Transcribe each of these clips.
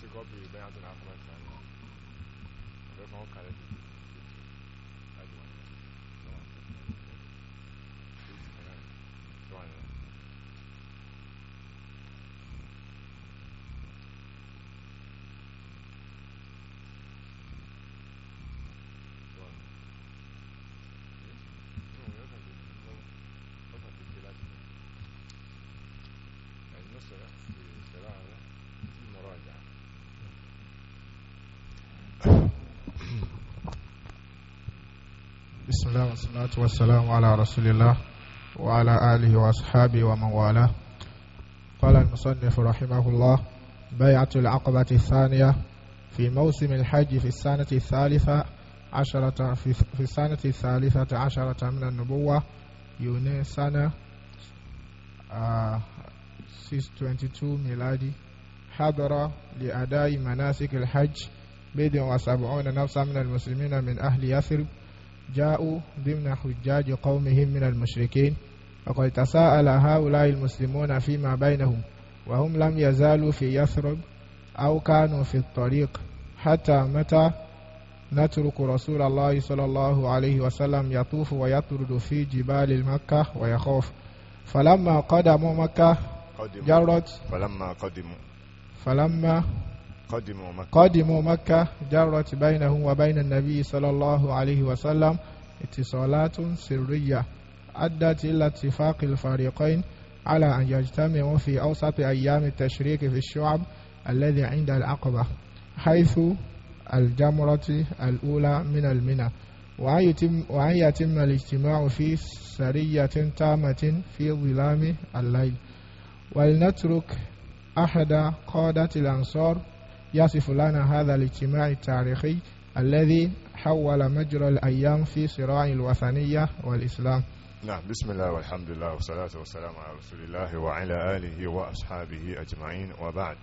这个笔怎样子拿出来的？我帮我看的。بسم الله والصلاة والسلام على رسول الله وعلى آله وأصحابه ومن والاه قال المصنف رحمه الله بيعة العقبة الثانية في موسم الحج في السنة الثالثة عشرة في السنة الثالثة عشرة من النبوة يوني سنة 622 ميلادي حضر لأداء مناسك الحج بضع وسبعون نفسا من المسلمين من أهل يثرب جاءوا ضمن حجاج قومهم من المشركين وقد تساءل هؤلاء المسلمون فيما بينهم وهم لم يزالوا في يثرب أو كانوا في الطريق حتى متى نترك رسول الله صلى الله عليه وسلم يطوف ويطرد في جبال مكة ويخوف فلما قدموا مكة قدموا جرت فلما قدموا فلما قدموا مكة قدموا مكة جرت بينهم وبين النبي صلى الله عليه وسلم اتصالات سرية أدت إلى اتفاق الفريقين على أن يجتمعوا في أوسط أيام التشريك في الشعب الذي عند العقبة حيث الجمرة الأولى من المنى وأن يتم, وأن يتم الاجتماع في سرية تامة في ظلام الليل ولنترك أحد قادة الأنصار يصف لنا هذا الاجتماع التاريخي الذي حول مجرى الأيام في صراع الوثنية والإسلام نعم بسم الله والحمد لله والصلاة والسلام على رسول الله وعلى آله وأصحابه أجمعين وبعد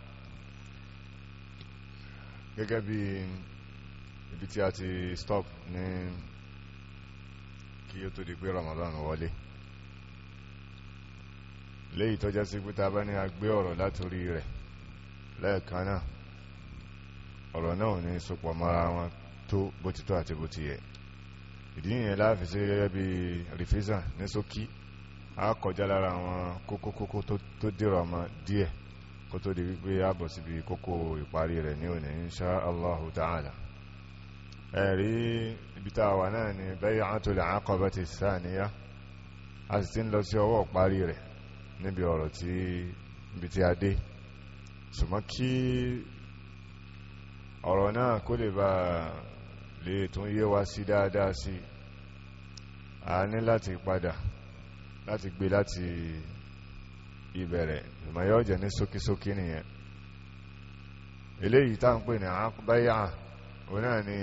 gẹ́gẹ́ bí ibi tí a ti stop ní kí ó tó di pé Ramadan wọlé léyìí tó sí pé ta bá ní ọ̀rọ̀ látorí rẹ̀ lẹ́ẹ̀kan náà ọ̀rọ̀ náà ní sopọ̀ mara wọn tó bó àti bó ti ìdí yẹn láàfin sí gẹ́gẹ́ bí ní sókí a kọjá lára àwọn kókókókó tó dèrò ọmọ díẹ̀ kó tó di wípé a bọ̀ ìparí rẹ̀ ní òní wà náà a sì ti ń lọ sí ọwọ́ rẹ̀ níbi ọ̀rọ̀ tí ibi a dé ṣùgbọ́n kí ọ̀rọ̀ náà kó lè bá lè tún yé wa sí dáadáa sí a ní láti padà láti gbé láti ìbẹ̀rẹ̀ ìmọ̀yọ́ jẹ́ ní sókísókí nìyẹn eléyìí tá ń pè ní àkúbáyà òun náà ni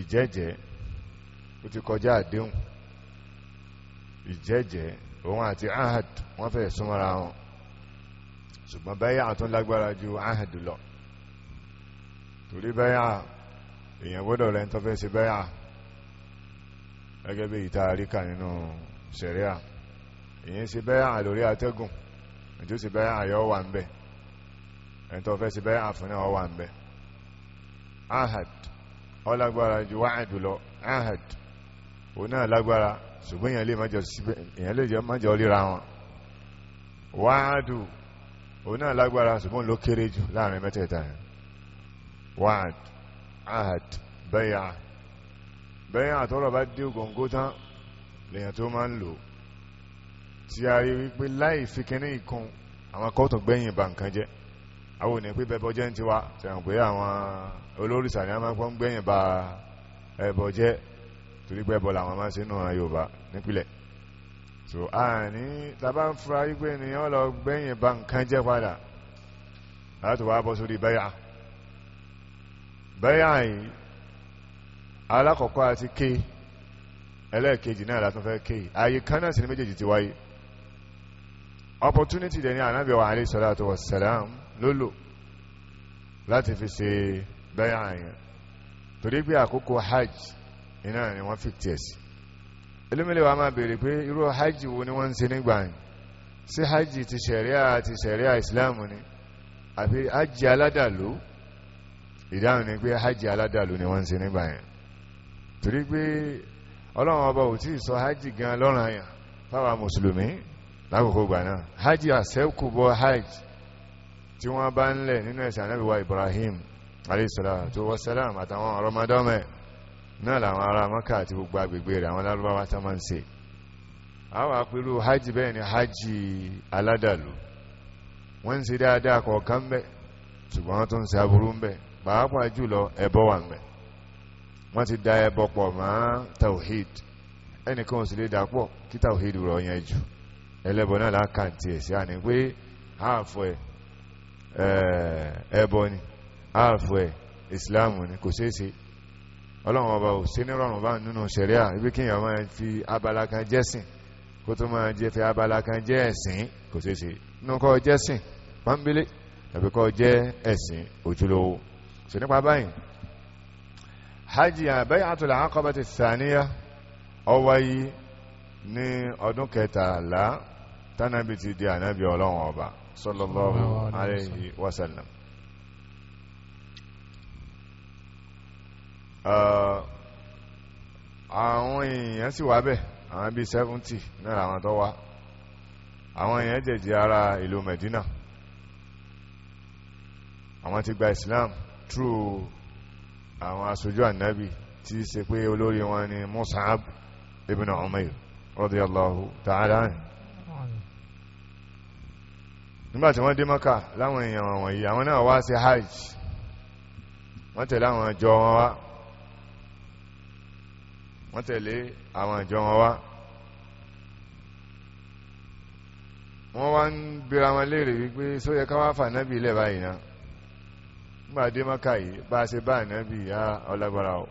ìjẹ́jẹ́ ó ti kọjá àdéhùn ìjẹ́jẹ́ òun àti ahad wọ́n fẹ́ súnmọ́ra wọn ṣùgbọ́n báyà tó lágbára ju áhàdù lọ torí báyà èèyàn gbọ́dọ̀ rẹ̀ tó fẹ́ ṣe báyà gẹ́gẹ́ bí ìta àríkà nínú ṣẹ̀ríà èèyàn ṣe báyà lórí atẹ́gùn ètò ṣe báyà yọ wà ń bẹ̀ ẹni tó fẹ́ ṣe báyà fún náà wà ń bẹ̀ áhàd ó lágbára ju áhàdù lọ áhàd òun náà lágbára ṣùgbọ́n ló kéré jù láàrin mẹ́tẹ̀ẹ̀ta yẹn wad ahad bẹ́yà bẹ́yà tọ́rọ̀ bá dé gòǹgó tán lèyàn tó máa ń lò tí a rí wípé láì fi kíní ìkun àwọn kọ́ọ̀tù gbẹ̀yìn bà nǹkan jẹ́ àwọn òní pé bẹ́bọ jẹ́ ń tiwa tẹ̀wọ̀n pé àwọn olórìṣà ni a máa pọ́n gbẹ̀yìn bà ẹbọ jẹ́ torí pé ẹbọ làwọn máa ń ṣe nù Yorùbá nípìnlẹ̀ so àní tàbá ń fura wípé ènìyàn lọ gbẹ̀yìn bá nǹkan jẹ́ padà láti wá bọ́ sórí bẹ́yà bẹ́yà yìí alákọ̀ọ́kọ́ àti ké ẹlẹ́ẹ̀kejì náà látún fẹ́ ké ààyè kan náà sí ní méjèèjì ti wáyé opportunity dẹ̀ ní ànábì wa alayhi salatu wassalam lólò láti fi ṣe bẹ́yà yẹn torí pé àkókò hajj iná ni wọ́n fi tiẹ̀ ẹlòmílẹ̀ wa máa bèèrè pé irú hajj wo ni wọ́n ń ṣe nígbà yìí sí hajj ti ṣẹ̀ríà ti ṣẹ̀ríà islam ni àbí hajj aládàlú ìdáhùn ni pé hajj aládàlú ni wọ́n ń ṣe nígbà yẹn torí pé ọlọ́run ọba ò tí ì sọ hajj gan lọ́ràn yàn fáwọn mùsùlùmí lákòókò gbà náà hajj àṣẹ́kù bọ hajj tí wọ́n bá ń lẹ̀ nínú ẹ̀sìn anábìwá ibrahim alayhi salatu wassalam àtàwọn ọ̀rọ̀mọdọ́mẹ́ náà làwọn ará mọ́kà àti gbogbo agbègbè rẹ̀ àwọn lárúbáwá tá máa ń ṣe àwọn àpérò hajj bẹ́ẹ̀ ni hajj aládàlú wọ́n ń ṣe dáadáa kọ̀ọ̀kan ń bẹ̀ ṣùgbọ́n wọ́n tó ń ṣe aburú ń bẹ̀ pàápàá jùlọ ẹbọ wà ń bẹ̀ wọ́n ti da ẹbọ pọ̀ mọ́ tawhid ẹnìkan ò sì lè dàpọ̀ kí tawhid rọ̀ yẹn jù ẹlẹ́bọ náà lákàntì ẹ̀ sí àní pé ààfọ̀ ẹ̀ ẹbọ ni ààfọ̀ ẹ̀ ìsìláàmù ni kò ṣeé ọlọ́run ọba ò sí nírọ̀rùn bá nínú ṣẹ̀ríà ibi kíyàn máa fi abala kan jẹ́sìn kó tó máa jẹ́ fi abala kan jẹ́ ẹ̀sìn kò ṣeé ṣe nínú kọ́ jẹ́sìn pọ́nbílé tàbí kọ́ jẹ́ ẹ̀sìn ojúlówó ṣe nípa báyìí hajj bay'atul aqabati thaniya ó wáyé ní ọdún kẹtàlá tánàbì ti di ànábì ọlọ́run ọba sallallahu alayhi wa sallam àwọn èèyàn sì wá bẹ̀ àwọn bíi seventy náà làwọn tó wá àwọn èèyàn jẹ̀jẹ̀ ara ìlú Medina àwọn ti gba Islam through àwọn aṣojú ànábì tí í ṣe pé olórí wọn ni Mus'ab ibn Umair radiyallahu ta'ala anhu nígbàtí wọ́n dé Mákà láwọn èèyàn wọ̀nyí àwọn náà wá sí hajj wọ́n tẹ̀lé àwọn àjọ wọn wá wọ́n tẹ̀lé àwọn ìjọ wọn wá wọ́n wá ń bèèrè wọn léèrè wípé só yẹ ká wá fà náàbì ilẹ̀ báyìí náà nígbà dé mọ́kà yìí bá a ṣe bá náàbì ya ọlágbára ọ̀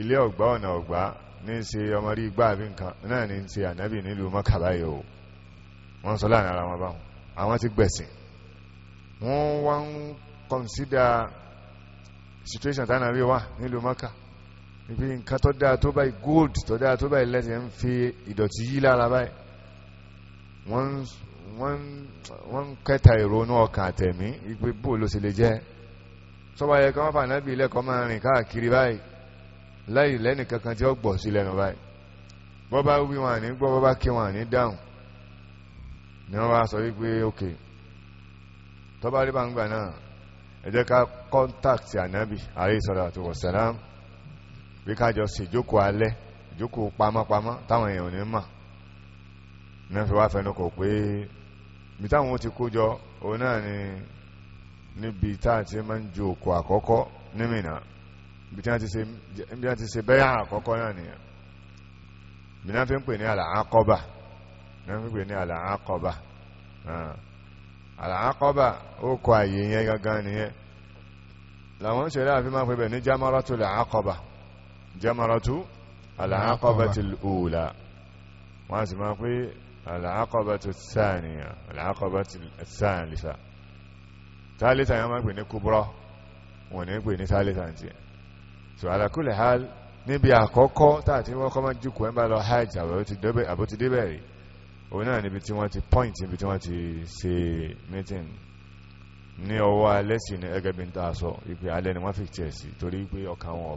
ilé ọ̀gbá ọ̀nà ọ̀gbá ní ṣe ọmọ rí igbá àbí nǹkan náà ní ṣe ànábì nílùú mọ́kà báyìí o wọ́n sọ láàrin ara wọn báwọn àwọn ti gbẹ̀sìn wọ́n wá ń kọ̀nsídà situation tánàbí wà nílùú mọ́kà ibi nǹkan tó dáa tó báyìí gold tó dáa tó báyìí lẹ́sẹ̀ ń fi ìdọ̀tí yí lára báyìí wọ́n ń kẹta ìrònú ọkàn àtẹ̀mí ìgbé bó ló ṣe lè jẹ́ sọ́wọ́ ayẹ kan fà nábì ilẹ̀kọ́ máa rìn káàkiri báyìí láì lẹ́nì kankan tí ó gbọ́ sí lẹ́nu báyìí bọ́ bá wí wọn àní gbọ́ bọ́ bá kí wọn àní dáhùn ni wọ́n bá sọ wípé òkè tọ́bárí bá ń gbà náà ẹ ká kọ́ńtàkì ànábì alayhi salatu wassalam bí kájọ sí ìjókòó alẹ́ ìjókòó pamọ́pamọ́ táwọn èèyàn ní mà náà fi wá fẹnu kò pé táwọn ti kó jọ òun náà ni níbi táà ti máa ń ju òkú àkọ́kọ́ ní Mínà ibi ti ṣe bẹ́yà àkọ́kọ́ náà nìyẹn náà fi ń pè ní náà fi ń kọ àyè yẹn jamaratu al-aqabati al-ula wọ́n sì máa pé al-aqabatu al-thaniya al-aqabatu al-thalitha thalitha yẹn máa pè ní kubra wọ́n ní pè ní thalitha ti so ala kulli hal níbi àkọ́kọ́ tààtí wọ́n kọ́ máa jùkú ẹ̀ ń bá lọ hajj àbótí débẹ̀ rí òun náà níbi tí wọ́n ti point níbi tí wọ́n ti ṣe meeting ní ọwọ́ alẹ́sìn ẹgẹ́bí ń tàà sọ ìpè alẹ́ ni wọ́n fi tiẹ̀ sí torí pé ọkàn wọn ò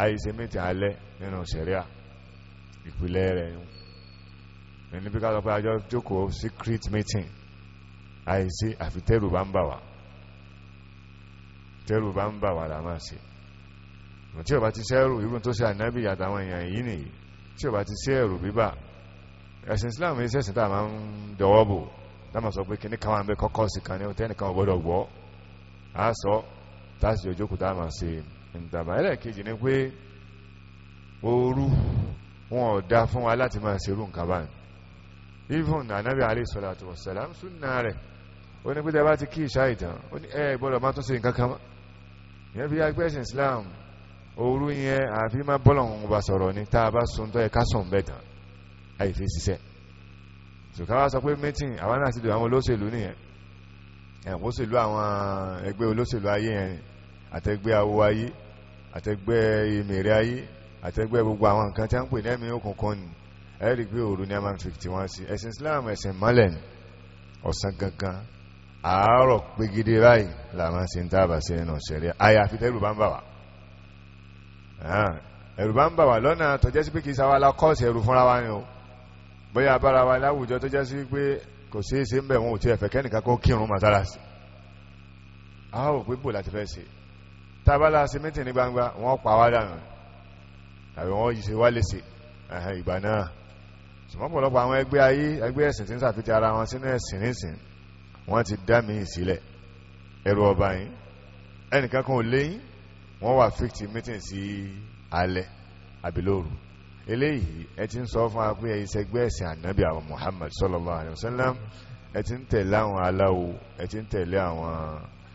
àìsè méjì alẹ́ nínú sẹ̀ríà ìpìlẹ̀ rẹ̀ ni níbi ká sọ pé àjọ jókòó secret meeting àìsè àfi tẹ́rù bá ń bà wá tẹ́rù bá ń bà wá là máa ṣe tí o bá ti sẹ́rù irú tó ṣe ànábì àtàwọn èèyàn yìí nìyí tí o bá ti sẹ́rù bíbà ẹ̀sìn Islam ní sẹ́sìn tá a máa ń dọwọ́ bò dáma sọ pé kíní káwọn abẹ́ kọ́kọ́ sí kan ní tẹ́nìkan ò gbọ́dọ̀ gbọ́ á sọ tá a sì jòjókòó tá a máa ṣe ìdàbà ẹlẹ́ẹ̀kejì ni pé ooru wọn ò dá fún wa láti máa ṣerú nǹkan báyìí even anabi alayhi salatu wa salam sunna rẹ̀ ó ní pé tẹ́ bá ti kí ìṣá ìtàn ó ní ẹ gbọ́dọ̀ tún ṣe nǹkan kan mọ́ Islam ooru yẹn àfi máa bọ́lọ̀ wọn bá sọ̀rọ̀ ni tá a bá sun tó ẹ ká sùn bẹ́ẹ̀ tán àyè fi ṣiṣẹ́ ṣùkà wá sọ àwọn ẹgbẹ́ olóṣèlú ayé yẹn àtẹgbẹ́ awo ayé àtẹgbẹ́ ìmẹ̀rẹ̀ ayé àtẹgbẹ́ gbogbo àwọn nǹkan tí a ń pè ní ẹ̀mí òkùnkùn ni ẹ̀rí pé òru ní ẹ̀mán fifty one sí ẹ̀sìn Islam ẹ̀sìn mọ́lẹ̀ ni ọ̀sán gangan àárọ̀ pégidé báyìí làwọn ṣe ń dábàá sí ẹnu ọ̀sẹ̀rẹ̀ àyàfi wa ni wa láwùjọ tọ́jẹ́ sí pé kò ṣeé ṣe ń bẹ̀ wọn ò tiẹ̀ fẹ́ kẹ́nìkan kó kírun mọ́sálásì a ó pé bò láti fẹ́ ṣe tábàlà ṣe mítìn ní gbangba wọ́n pa wá dànù tàbí wọ́n yìí se wá lè ṣe ẹ̀hẹ̀n ìgbà náà ṣùgbọ́n pọ̀lọpọ̀ àwọn ẹgbẹ́ ayé ẹgbẹ́ ẹ̀sìn tí ń sàfihàn ara wọn sínú ẹ̀sìn nísìn wọ́n ti dá mi ìsílẹ̀ ẹ̀rù ọba yìí ẹnìkan kan ò léyìn wọ́n wà fíktì mítìn sí alẹ́ àbílòrù eléyìí ẹ ti ń sọ fún wa pé ẹ̀yin ṣẹgbẹ́ ẹ̀sìn ànábì àwọn Muhammad sallallahu alaihi wasallam ẹ ti ń tẹ̀lé àwọn aláwo ẹ ti ń tẹ̀lé àwọn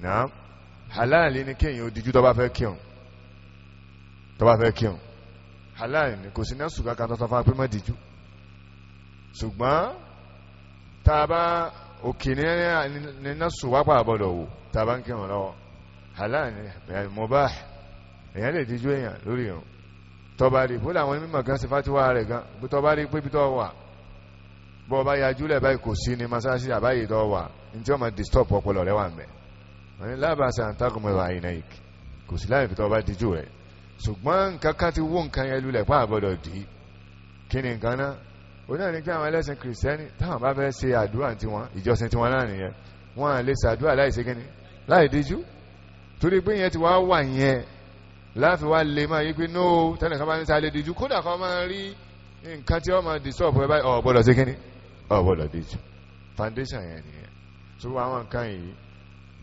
Na halal ní kéèyàn ó dijú tó bá fẹ́ kírun tó bá fẹ́ kírun halal ní kò sí nẹ́sù kankan tó sọ fún apẹ́mọ́ dijú ṣùgbọ́n tá a bá òkè ní nẹ́sù wápá àbọ̀dọ̀ wò tá a bá ń kírun lọ́wọ́ halal ní mubah èèyàn lè dijú èèyàn lórí irun tó bá rí fúlà àwọn mímọ̀ gan sí fátíwá rẹ̀ gan tó bá rí pé bí tó wà bọ́ bá yajú lẹ̀ báyìí kò sí ní masáàsì àbáyé tó wà ní tí wọ́n máa disturb ọpọlọ rẹ̀ wà mẹ́ wọ́n ní lábàáṣẹ́ àǹtàkùnmọ́ àìnáyìk kò sí láì fìtọ́ bá díjú rẹ̀ ṣùgbọ́n nǹkan ká ti wó nǹkan yẹn lulẹ̀ pa àbọ̀dọ̀ dì í kí ni nǹkan náà ó náà ní kí àwọn ẹlẹ́sìn kìrìsìtẹ́nì táwọn bá fẹ́ ṣe àdúrà tiwọn ìjọsìn tiwọn náà nìyẹn wọn à lè ṣàdúrà láì ṣe kíni láì díjú torí pé yẹn ti wá wà yẹn láàfin wá lè máa yí pé nóò tẹ́nìkan bá ń sa lè díjú kódà kan máa rí nǹkan tí wọ́n máa disturb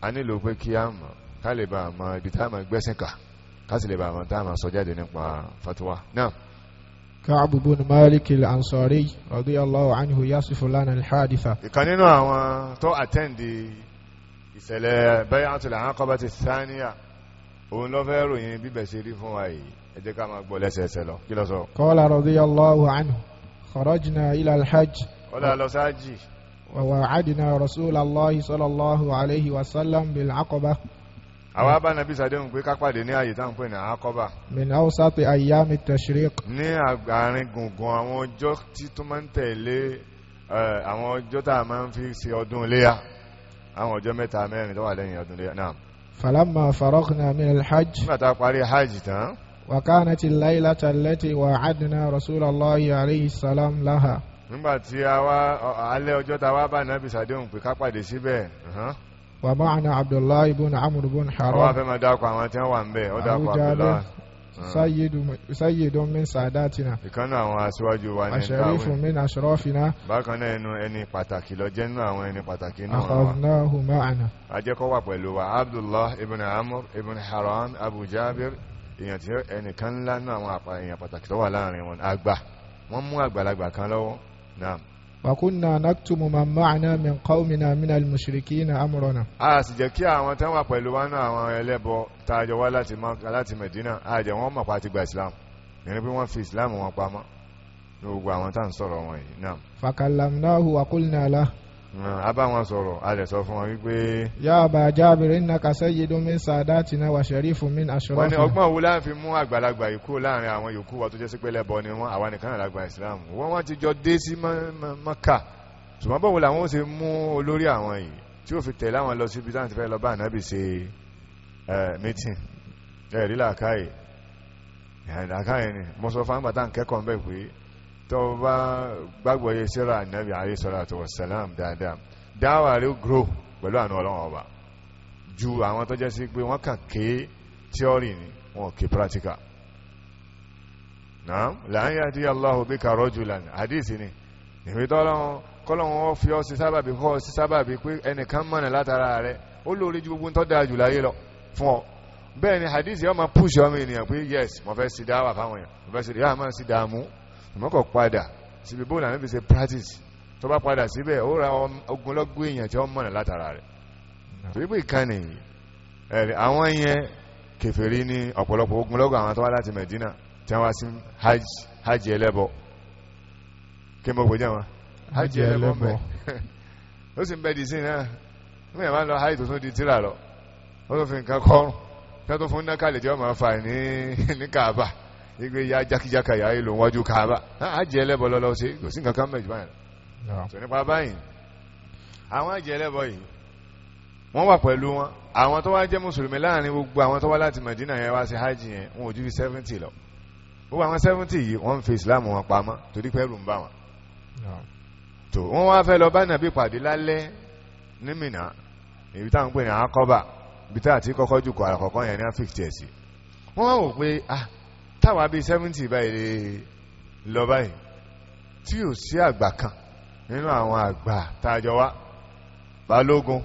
a nílò pé kí a mọ̀ ká lè bá àmọ́ ibi tá a máa gbẹ́sìn kà ká sì lè bá àmọ́ tá a máa sọ jáde nípa fatuwa náà. Ka'b ibn Malik al-Ansari radiyallahu anhu yasifu lana al-haditha. ìkan nínú àwọn tó àtẹ́ǹdì ìṣẹ̀lẹ̀ bay'atul aqabati thaniya òun ló ròyìn bíbẹ̀ ṣe rí fún wa yìí ẹ ká máa gbọ́ lẹ́sẹẹsẹ lọ kí ló sọ. qala radiyallahu anhu kharajna ووعدنا رسول الله صلى الله عليه وسلم بالعقبة àwa bá nàbí sàdéhùn pé kápàdé ní àyè táwọn pè ní àkọ́bà. min awsati ayyami tashriq. ní àárín gbùngbùn àwọn ọjọ́ tí tó máa ń tẹ̀lé àwọn ọjọ́ tá a máa ń fi ṣe ọdún iléyà àwọn ọjọ́ mẹ́ta mẹ́rin tó wà lẹ́yìn ọdún iléyà náà. falamma faraqna min alhajj. nígbà tá a parí hajj tán. wa kanati al-laylata allati wa'adna rasulallahi alayhi salam laha nígbàtí alẹ́ ọjọ́ ta wá bá nàbì sàdéhùn pé ká pàdé síbẹ̀ wà máa na abdullahi ibn amur ibn haram ọwọ́ afẹ́ máa dákọ̀ àwọn tí wọ́n wà ń bẹ̀ ó dákọ̀ abdullahi sayyidun min sadatina ìkànnà àwọn aṣíwájú wa ní asharifu min ashrafina bákan náà ẹnu ẹni pàtàkì lọ jẹ́ nínú àwọn ẹni pàtàkì náà wà akhadnahu ma'ana ajẹ́kọ́ wà pẹ̀lú wa abdullah ibn amur ibn haram abu jabir èèyàn tí ẹnìkan ńlá nínú àwọn èèyàn pàtàkì tó wà láàrin wọn àgbà wọ́n mú àgbàlagbà kan lọ́wọ́ نعم وكنا نكتم من معنا من قومنا من المشركين امرنا a sì jẹ́ kí àwọn tán wà pẹ̀lú wa náà àwọn ẹlẹ́bọ tá jọ wá láti Mákà láti Mẹdínà a jẹ́ wọ́n mọ̀ pa ti gba Islam ní pé wọ́n fi Islam wọn pamọ́ ní gbogbo àwọn tá ń sọ̀rọ̀ wọn yìí náà. فكلمناه وقلنا له a bá wọn sọ̀rọ̀ a lè sọ fún wọn wípé. yá àbá jábìrì nínú kàṣẹ́ yìí ló mi sàdá tìǹà wà ṣẹ̀rífù mi aṣọ́rọ́. wọ́n ní ọgbọ́n wo láàfin mú àgbàlagbà ikú láàrin àwọn yòókù wa tó jẹ́ sí pé lẹ́bọ ni wọ́n àwa nìkan àlágbà islam wọ́n wọ́n ti jọ dé sí mọ́kà ṣùgbọ́n bọ́wọ́ làwọn ó ṣe mú olórí àwọn yìí tí ó fi tẹ̀lé àwọn lọ síbi táwọn ti meeting ẹ̀rí làákàyè làákàyè ni mo sọ fún àgbàtà tó bá gbàgbọ́ yẹ síra ànábì alayhi salatu wassalam dáadáa dáwà rí grow pẹ̀lú àna ọlọ́wọ́n ọba ju àwọn tó jẹ́ sí pé wọ́n kàn ké tíọ́rì ni wọn ké practical náà láyé àti Allahu bika rajulan hadith ni ìrètọ́ ọlọ́run kọ́lọ́run ó fi ọ́ sí sábàbí kọ́ sí sábàbí pé ẹnìkan mọ̀nà látara rẹ̀ ó lóore ju gbogbo tó dáa jù láyé lọ fún ọ bẹ́ẹ̀ ni hadith yọ máa ọmọ ènìyàn pé yes mo fẹ́ sí dáwà fáwọn èèyàn mo fẹ́ sí dáwà máa sí dààmú àmọ́kọ̀ padà síbi bóòlù àná fi ṣe practice tó bá padà síbẹ̀ ó ra ogunlọ́gbọ̀ èèyàn tí ó mọ̀nà látara rẹ̀ torí pé ìkànnì ẹ̀rì àwọn yẹn kèfèrí ní ọ̀pọ̀lọpọ̀ ogunlọ́gbọ̀ àwọn tó wá láti Medina tí wọ́n wá sí hajj ẹlẹ́bọ kí mo gbọ́jọ́ wọn hajj ẹlẹ́bọ mẹ́ ó sì ń bẹ́ di sí náà ní ẹ̀ma lọ hajj tó tún di tíra lọ ó tó fi nǹkan kọrùn tó tó fún nákàlẹ̀ tí wọ́n máa fà ní ní igbe ya jákíjáka ya ilò wájú kaaba ah, a jẹ ẹlẹ́bọ lọ́lọ́ sí kò sí kankan mẹ́jì báyìí tó nípa báyìí àwọn jẹ ẹlẹ́bọ yìí wọ́n wà pẹ̀lú wọn àwọn tó wá jẹ́ mùsùlùmí láàrin gbogbo àwọn tó wá láti Mẹ̀dínà yẹn wá sí hajj yẹn wọn ò ju bí 70 lọ gbogbo àwọn 70 yìí wọ́n ń fi Islam wọn pamọ́ torí pé ẹ̀rù ń bá wọn tó wọ́n wá fẹ́ lọ bá nàbí pàdé lálẹ́ ní Mínà ibi táwọn pè ní àkọ́bà ibi tá àti kọ́kọ́ jù kọ́ àkọ́kọ́ yẹn ní 50 sí wọ́n wò pé ah táwa bíi seventy báyìí lọ báyìí tí ò sí àgbà kan nínú àwọn àgbà tààjọ wá balógun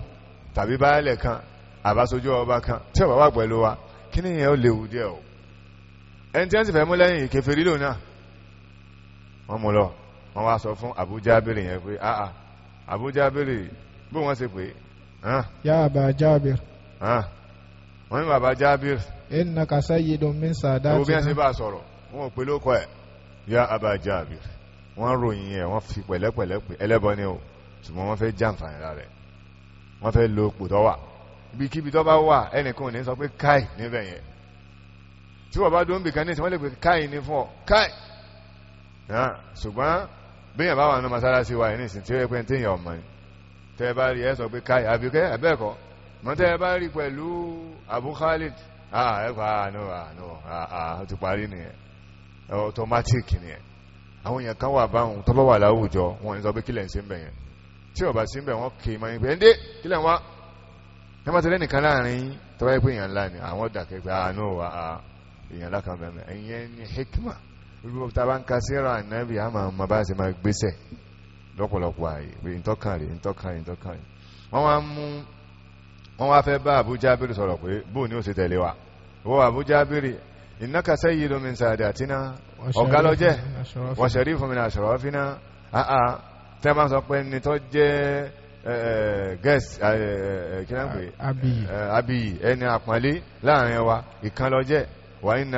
tàbí baálẹ̀ kan àbásojú ọba kan tí ọba wà pẹ̀lú wa kí ni yẹn ó léwu díẹ̀ o ẹni tí wọ́n sì fẹ́ mú lẹ́yìn kèfèrí lò náà wọ́n mú lọ wọ́n wá sọ fún Abu Jabir yẹn pé àà Abu Jabir bó wọ́n ṣe pé. yá àbá wọ́n ní bàbá jábìr. inna ka sayyidun min sadatina. owó bí wọ́n ṣe bá a sọ̀rọ̀ wọn ò pè lóko ẹ̀ yá abá jábìr wọ́n ròyìn ẹ̀ wọ́n fi pẹ̀lẹ́pẹ̀lẹ́ pé ẹlẹ́bọ ni o ṣùgbọ́n wọ́n fẹ́ jàǹfààní rẹ̀ wọ́n fẹ́ lo òpò tọ́wà ibi kíbi tọ́ bá wà ẹnìkan ò ní sọ pé káì níbẹ̀ yẹn tí wọ́n bá dún bì kan ní ìsìn wọ́n lè pè káì ní fún ọ káì ṣùgbọ́n bíyàn bá wà nínú masára wa ẹ̀ ní ìsìn tí ó yẹ pé téèyàn ọmọ ni tẹ́ bá rí ẹ sọ pé káì àbíkẹ́ àbẹ́ẹ̀kọ́ mọ́tẹ́ ẹ bá rí pẹ̀lú Abu Khalid ah ẹ̀kọ́ àánú àánú àá ti parí nìyẹn automatic nìyẹn àwọn èèyàn kan wà báwọn tó bá wà láwùjọ wọn ní sọ pé kílẹ̀ ń ṣe ń bẹ̀ yẹn tí ọba sí ń bẹ̀ wọ́n kì í mọ́ ẹgbẹ́ ẹ́ndé kílẹ̀ wá ẹ ni ni hikma irú ta bá ń ka síra ànábì a máa mọ bá ṣe máa gbéṣẹ̀ lọ́pọ̀lọpọ̀ ààyè ìtọ́kàrí ìtọ́kàrí ìtọ́kàrí wọ́n wá mú wọ́n wá fẹ́ bá Abu Jabir sọ̀rọ̀ pé bóò ni ó sì tẹ̀lé wa wọ́n Abu Jabir innaka sayyidun min sadatina ọ̀gá lọ́jẹ́ wa sharifun min ashrafina àà tẹ́ bá sọ pé ní tó jẹ́ guest kíláàpẹ̀ abiyi ẹni àpọ́nlé láàrin wa ìkan lọ́jẹ́ wọ́n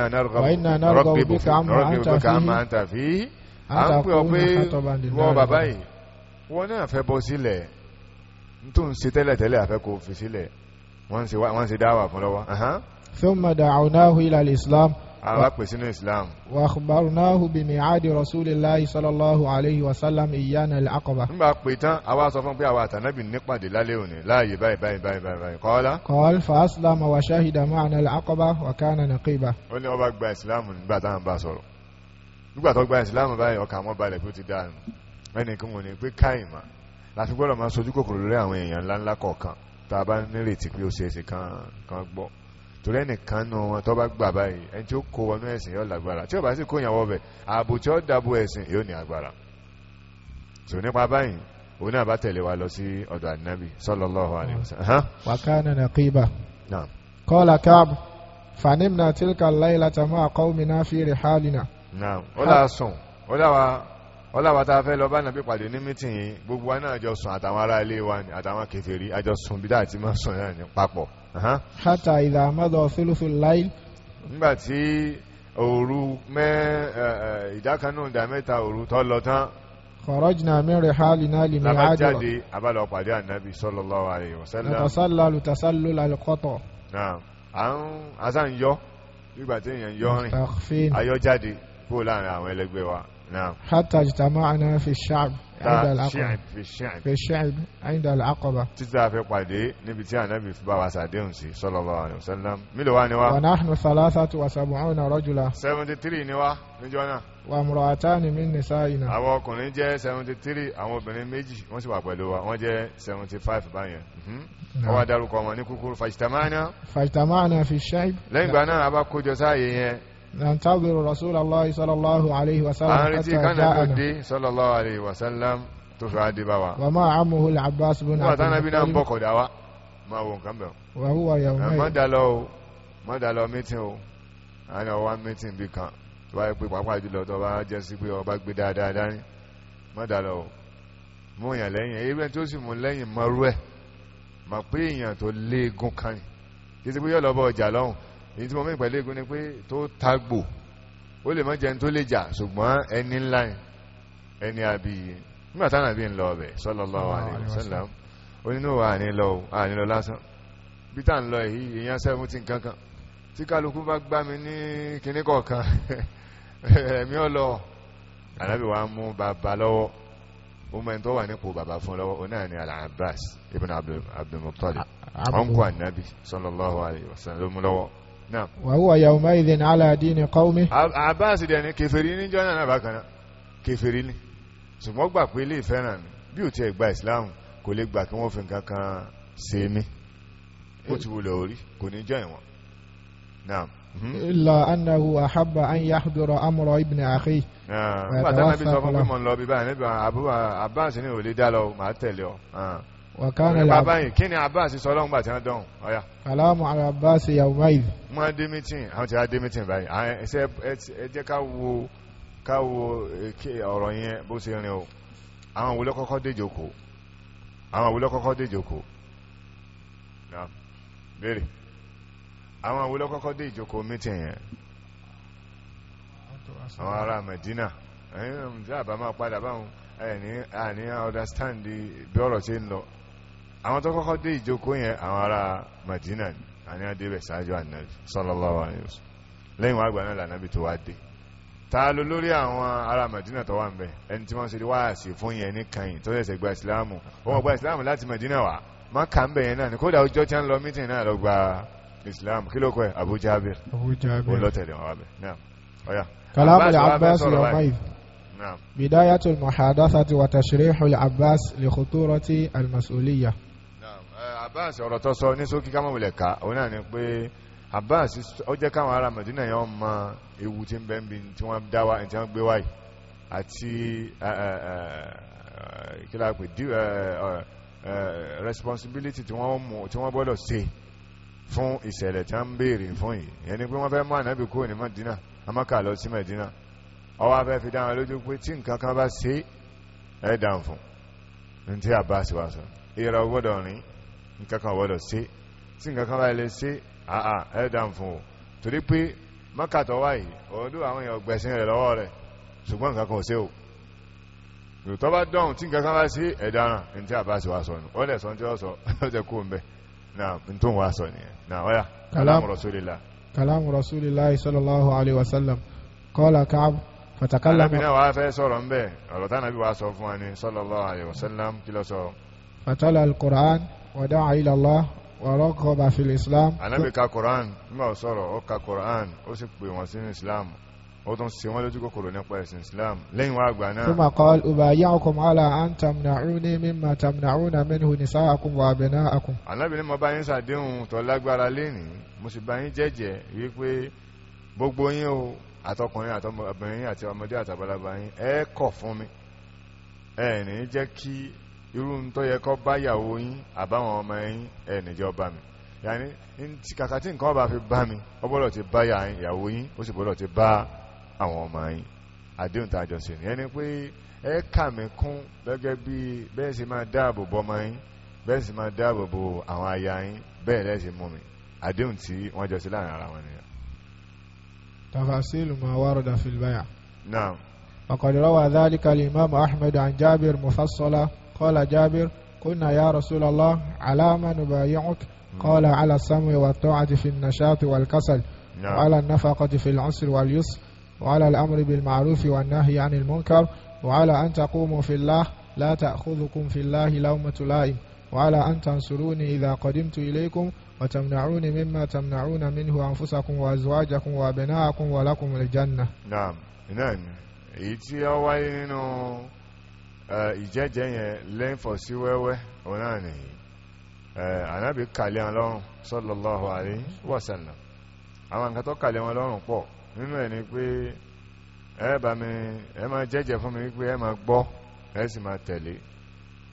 náà fẹ́ bọ́ sílẹ̀ tó ń ṣe tẹ́lẹ̀tẹ́lẹ̀ àfẹ́ kò fi sílẹ̀ wọ́n ṣe dáwà fún lọ́wọ́ ثم دعوناه إلى الإسلام أراكبسين الإسلام وأخبرناه بميعاد رسول الله صلى الله عليه وسلم إيانا العقبة نبا قيتا أوا سو فون بي أوا تنبي نيبادي لالي اوني لاي باي باي باي باي باي قال قال فأسلم وشهد معنا العقبة وكان نقيبا ó ní ó bá gba Islam nígbà tá ń bá sọ̀rọ̀ nígbà tó gba Islam báyìí ọkàn mọ́ balẹ̀ pé ó ti dáa ẹnìkan ò ní pé káìmá láti gbọ́dọ̀ máa sojú kòkòrò lórí àwọn èèyàn ńláńlá kọ̀ọ̀kan tá a bá nírètí pé ó ṣe é ṣe kan gbọ́ torí ẹnìkan nù wọn tó bá gbà báyìí ẹni tí ó kó wọnú ẹ̀sìn yóò lágbára tí ó bá sì kó ìyàwó ọbẹ̀ ààbò tí ó dàbò ẹ̀sìn yóò ní agbára tò nípa báyìí òun náà bá tẹ̀lé wa lọ sí ọ̀dọ̀ ànábì sallallahu alaihi wasallam. wa kana naqiba ọláwà tá a fẹ́ lọ bá nàbí pàdé ní mítìyìn gbogbo wa náà jọ sùn àtàwọn ará ilé wa ni àtàwọn kèfèrí àjọ sùn bí dáàtí máa sùn náà ní papọ̀. hátà ìlà àmọ́dọ̀ fílùfì láì. nígbà tí òru mẹ́ ìdákanú ìdá mẹ́ta òru tó lọ tán. kọ̀rọ̀jìnà mẹ́rin hali náà lè mẹ́rin àjọ. lábàjáde abálọ̀ pàdé ànábì sallallahu alaihi wasallam. natasallalu tasallulan qata. à نعم حتى اجتمعنا في الشعب عند العقبة في الشعب في الشعب عند العقبة تزافي قدي نبتيا نبي في بابا سعدين صلى الله عليه وسلم ملوا ونحن ثلاثة وسبعون رجلا 73 نوا نجونا وامرأتان من نسائنا àwọn ọkùnrin jẹ́ 73 àwọn obìnrin méjì wọ́n sì wà pẹ̀lú wa wọ́n jẹ́ 75 báyẹn هو wá dárúkọ wọn ní kúkúrú fàjítàmáàna fàjítàmáàna fi ṣáìb lẹ́yìn ìgbà náà a bá ننتظر رسول الله صلى الله عليه وسلم حتى جاءنا صلى الله عليه وسلم تفعدي بوا وما عمه العباس بن عبد ما هو كم وهو ما wa meeting bi kan tó bá yẹ èyí tí mo mẹ́ pẹ̀lú egun ni pé tó tagbò ó lè mọ́ jẹun tó lè jà ṣùgbọ́n ẹni ńlá ẹni àbíyẹ nígbà táwọn àbí ń lọ ọbẹ̀ sallallahu alaihi wasallam onínú wa ní lọ àní lọ lásán bí tá ń lọ èyí èyàn sẹ́fún tí nǹkankan tí kálukú bá gbá mi ní kinní kọ̀ọ̀kan ẹ̀mí ọlọ alábì wa mú bàbá lọ́wọ́ ó mẹ́ni tó wà nípò bàbá fún lọ́wọ́ ó náà ní al-Abbas ibn Abdul Muttalib ọ̀nkọ́ ànábì sallallahu alaihi wasallam lọ́wọ́ نعم وهو يومئذ على دين قومه عباس دي ni kèfèrí ni jona na bakana kèfèrí ni ṣùgbọ́n gbà pé ilé ìfẹ́ náà ni bí ò ti ẹ̀ gba ìsìláàmù kò lè gbà kí wọ́n fi nǹkan kan ṣe mí ó ti wulẹ̀ orí kò ní jọ ìwọ̀n náà mhm. illa annahu ahabba an yahdura ibn akhi pàtàkì sọ fún pé mọ̀ ń lọ bí báyìí níbi àbúrò Abbas ní ò lè dá lọ màá tẹ̀lé ọ wàkánà làbá báyìí kí ni Abbas sọ lọ́hùn gbà tí wọ́n dọ̀hùn ọ̀yà. kàlámù ala Abbas yahoo yìí. wọ́n dé mítìn àwọn tí wọ́n dé mítìn báyìí ẹ jẹ́ ká wo ká wo eh, ọ̀rọ̀ yẹn bó ṣe rìn o àwọn òwúlọ́ kọ́kọ́ déjòkó àwọn òwúlọ́ kọ́kọ́ déjòkó béèrè àwọn òwúlọ́ kọ́kọ́ déjòkó mítìn yẹn àwọn ará Medina ẹ̀yìn tí àbá máa padà báwọn ẹ̀ ní understand bí ọ̀rọ̀ ṣe ń lọ àwọn tó kọ́kọ́ dé ìjókòó yẹn àwọn ará Madina ni àní adébẹ̀ ṣáájú ànábì sallallahu alaihi wasallam lẹ́yìn wàá gbà náà lànàbì tó wá dé ta ló lórí àwọn ará Madina tó wà ń bẹ ẹni tí wọ́n ṣe wáàsí fún yẹn ní kàyìn tó ṣẹ̀ṣẹ̀ gba ìsìláàmù wọ́n gba ìsìláàmù láti Madina wá má kà ń bẹ yẹn náà ni kódà ọjọ́ tí wọ́n lọ mítìn náà lọ gba ìsìláàmù kí ló kọ́ ẹ̀ Abu بداية المحادثة وتشريح العباس لخطورة المسؤولية Abbas ọ̀rọ̀ tó sọ ní sókí kámọ̀ wulẹ̀ ká òun náà ni pé Abbas ó jẹ́ káwọn ará Madina yẹn ọmọ ewu tí ń bẹ́ ń bi tí wọ́n dá tí wọ́n gbé wáyì àti kílá responsibility tí wọ́n mú tí wọ́n gbọ́dọ̀ ṣe fún ìṣẹ̀lẹ̀ tí wọ́n béèrè fún yìí yẹn pé wọ́n fẹ́ Madina amáka Madina ọwọ́ afẹ́ fi dáhùn lójú pé tí nǹkan kan bá ṣe ìrọ̀ gbọ́dọ̀ rìn nǹkan kan wọ́dọ̀ sí tí nǹkan kan báyìí lè sí àà ẹ̀dà fún o torí pé mọ́kàtọ̀ wáyìí ọdún àwọn èèyàn gbẹ̀sìn rẹ̀ lọ́wọ́ rẹ̀ ṣùgbọ́n nǹkan ò sí o tọ́ bá dọ̀hún tí nǹkan kan bá sí ẹ̀dáràn ní tí a bá sì sọ nù ó lẹ̀ sọ tí ó sọ ó jẹ́ kó ń bẹ̀ náà ní tó ń wá sọ nìyẹn náà ọ̀yà kàlámù rasulillah kàlámù rasulillah sallallahu alayhi wa sallam kọ́lá káàbù fatakala mi. alábìnrin wa fẹ́ sọ̀rọ̀ ń bẹ̀ ọ̀rọ̀ wa sọ fún wa ni sallallahu alayhi wa sallam kí fatala al ودعا إلى الله ورغب في الإسلام Ànábì ka Quran nígbà ó sọ̀rọ̀ ó ka Quran ó sì pè wọ́n sínú Islam ó tún ṣe wọ́n lójú kòkòrò nípa ẹ̀sìn Islam lẹ́yìn wá àgbà náà. ثم قال أبايعكم على أن تمنعوني مما تمنعون منه نساءكم وأبناءكم. Ànábì ní mo bá yín ṣàdéhùn tó lágbára lénìí mo sì bá yín jẹ́jẹ́ wípé gbogbo yín o àtọkùnrin àtọmọbìnrin àti ọmọdé àtàbálàbà yín ẹ kọ̀ fún mi ẹ ní jẹ́ kí irú ń tó yẹ kọ́ báyàwó yín àbáwọn ọmọ yín ẹnìjọ bá mi yàní kàkà tí nǹkan ọba fi bá mi ó gbọ́dọ̀ ti bá ìyàwó yín ó sì gbọ́dọ̀ ti bá àwọn ọmọ yín àdéhùn tá a jọ ṣe nìyẹn ni pé ẹ kà mí kún gẹ́gẹ́ bí bẹ́ẹ̀ sì máa dáàbò bo ọmọ yín bẹ́ẹ̀ sì máa dáàbò bo àwọn aya yín bẹ́ẹ̀ lẹ́ẹ̀ mú mi àdéhùn tí wọ́n jọ ṣe láàrin ara wọn nìyẹn. tafasilu ma warada fil baya. naam. ọ̀kọ̀dọ̀rọ̀ wa dhalika al ahmed an jabir قال جابر قلنا يا رسول الله على ما نبايعك قال على السمع والطاعة في النشاط والكسل نعم. وعلى النفقة في العسر واليسر وعلى الأمر بالمعروف والنهي عن المنكر وعلى أن تقوموا في الله لا تأخذكم في الله لومة لائم وعلى أن تنصروني إذا قدمت إليكم وتمنعوني مما تمنعون منه أنفسكم وأزواجكم وأبناءكم ولكم الجنة نعم نعم إيتي وينو ìjẹ́jẹ́ yẹn lẹ́ǹfọ̀ sí wẹ́wẹ́ òun náà ànábì lọ́rùn sallallahu alaihi wa àwọn nǹkan tó kàlẹ́ wọn lọ́rùn pọ̀ nínú ẹ̀ ni pé ẹ ẹ máa jẹ́jẹ́ fún mi wípé ẹ máa gbọ́ ẹ sì máa tẹ̀lé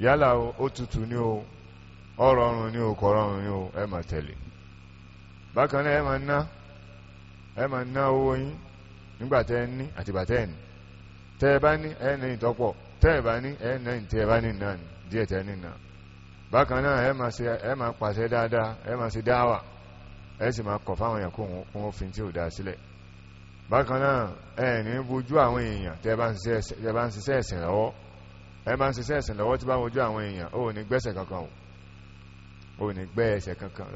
yálà ó tutù ní o ọ̀rọ̀ ní o ẹ máa tẹ̀lé bákan náà ẹ máa ná ẹ máa ná owó yín nígbà tẹ́ ẹ ní àtìgbà ẹ ní tẹ́ tẹ́ẹ̀bá ní ẹ̀ẹ́nà tí ẹ̀bá nìna díẹ̀ tẹ́ nìna bákan náà ẹ máa pàṣẹ dáadáa ẹ máa ṣe dáwà ẹ sì máa kọ̀ fáwọn èèyàn kún òfin tí ò dá sílẹ̀ bákan náà ẹ ní bójú àwọn èèyàn tẹ́ bá ń ṣiṣẹ́ ẹ̀sìn lọ́wọ́ ẹ bá ń ṣiṣẹ́ ẹ̀sìn lọ́wọ́ tí bá wojú àwọn èèyàn ó ní gbẹ́sẹ̀ kankan ó ní gbẹ́ ẹsẹ̀ kankan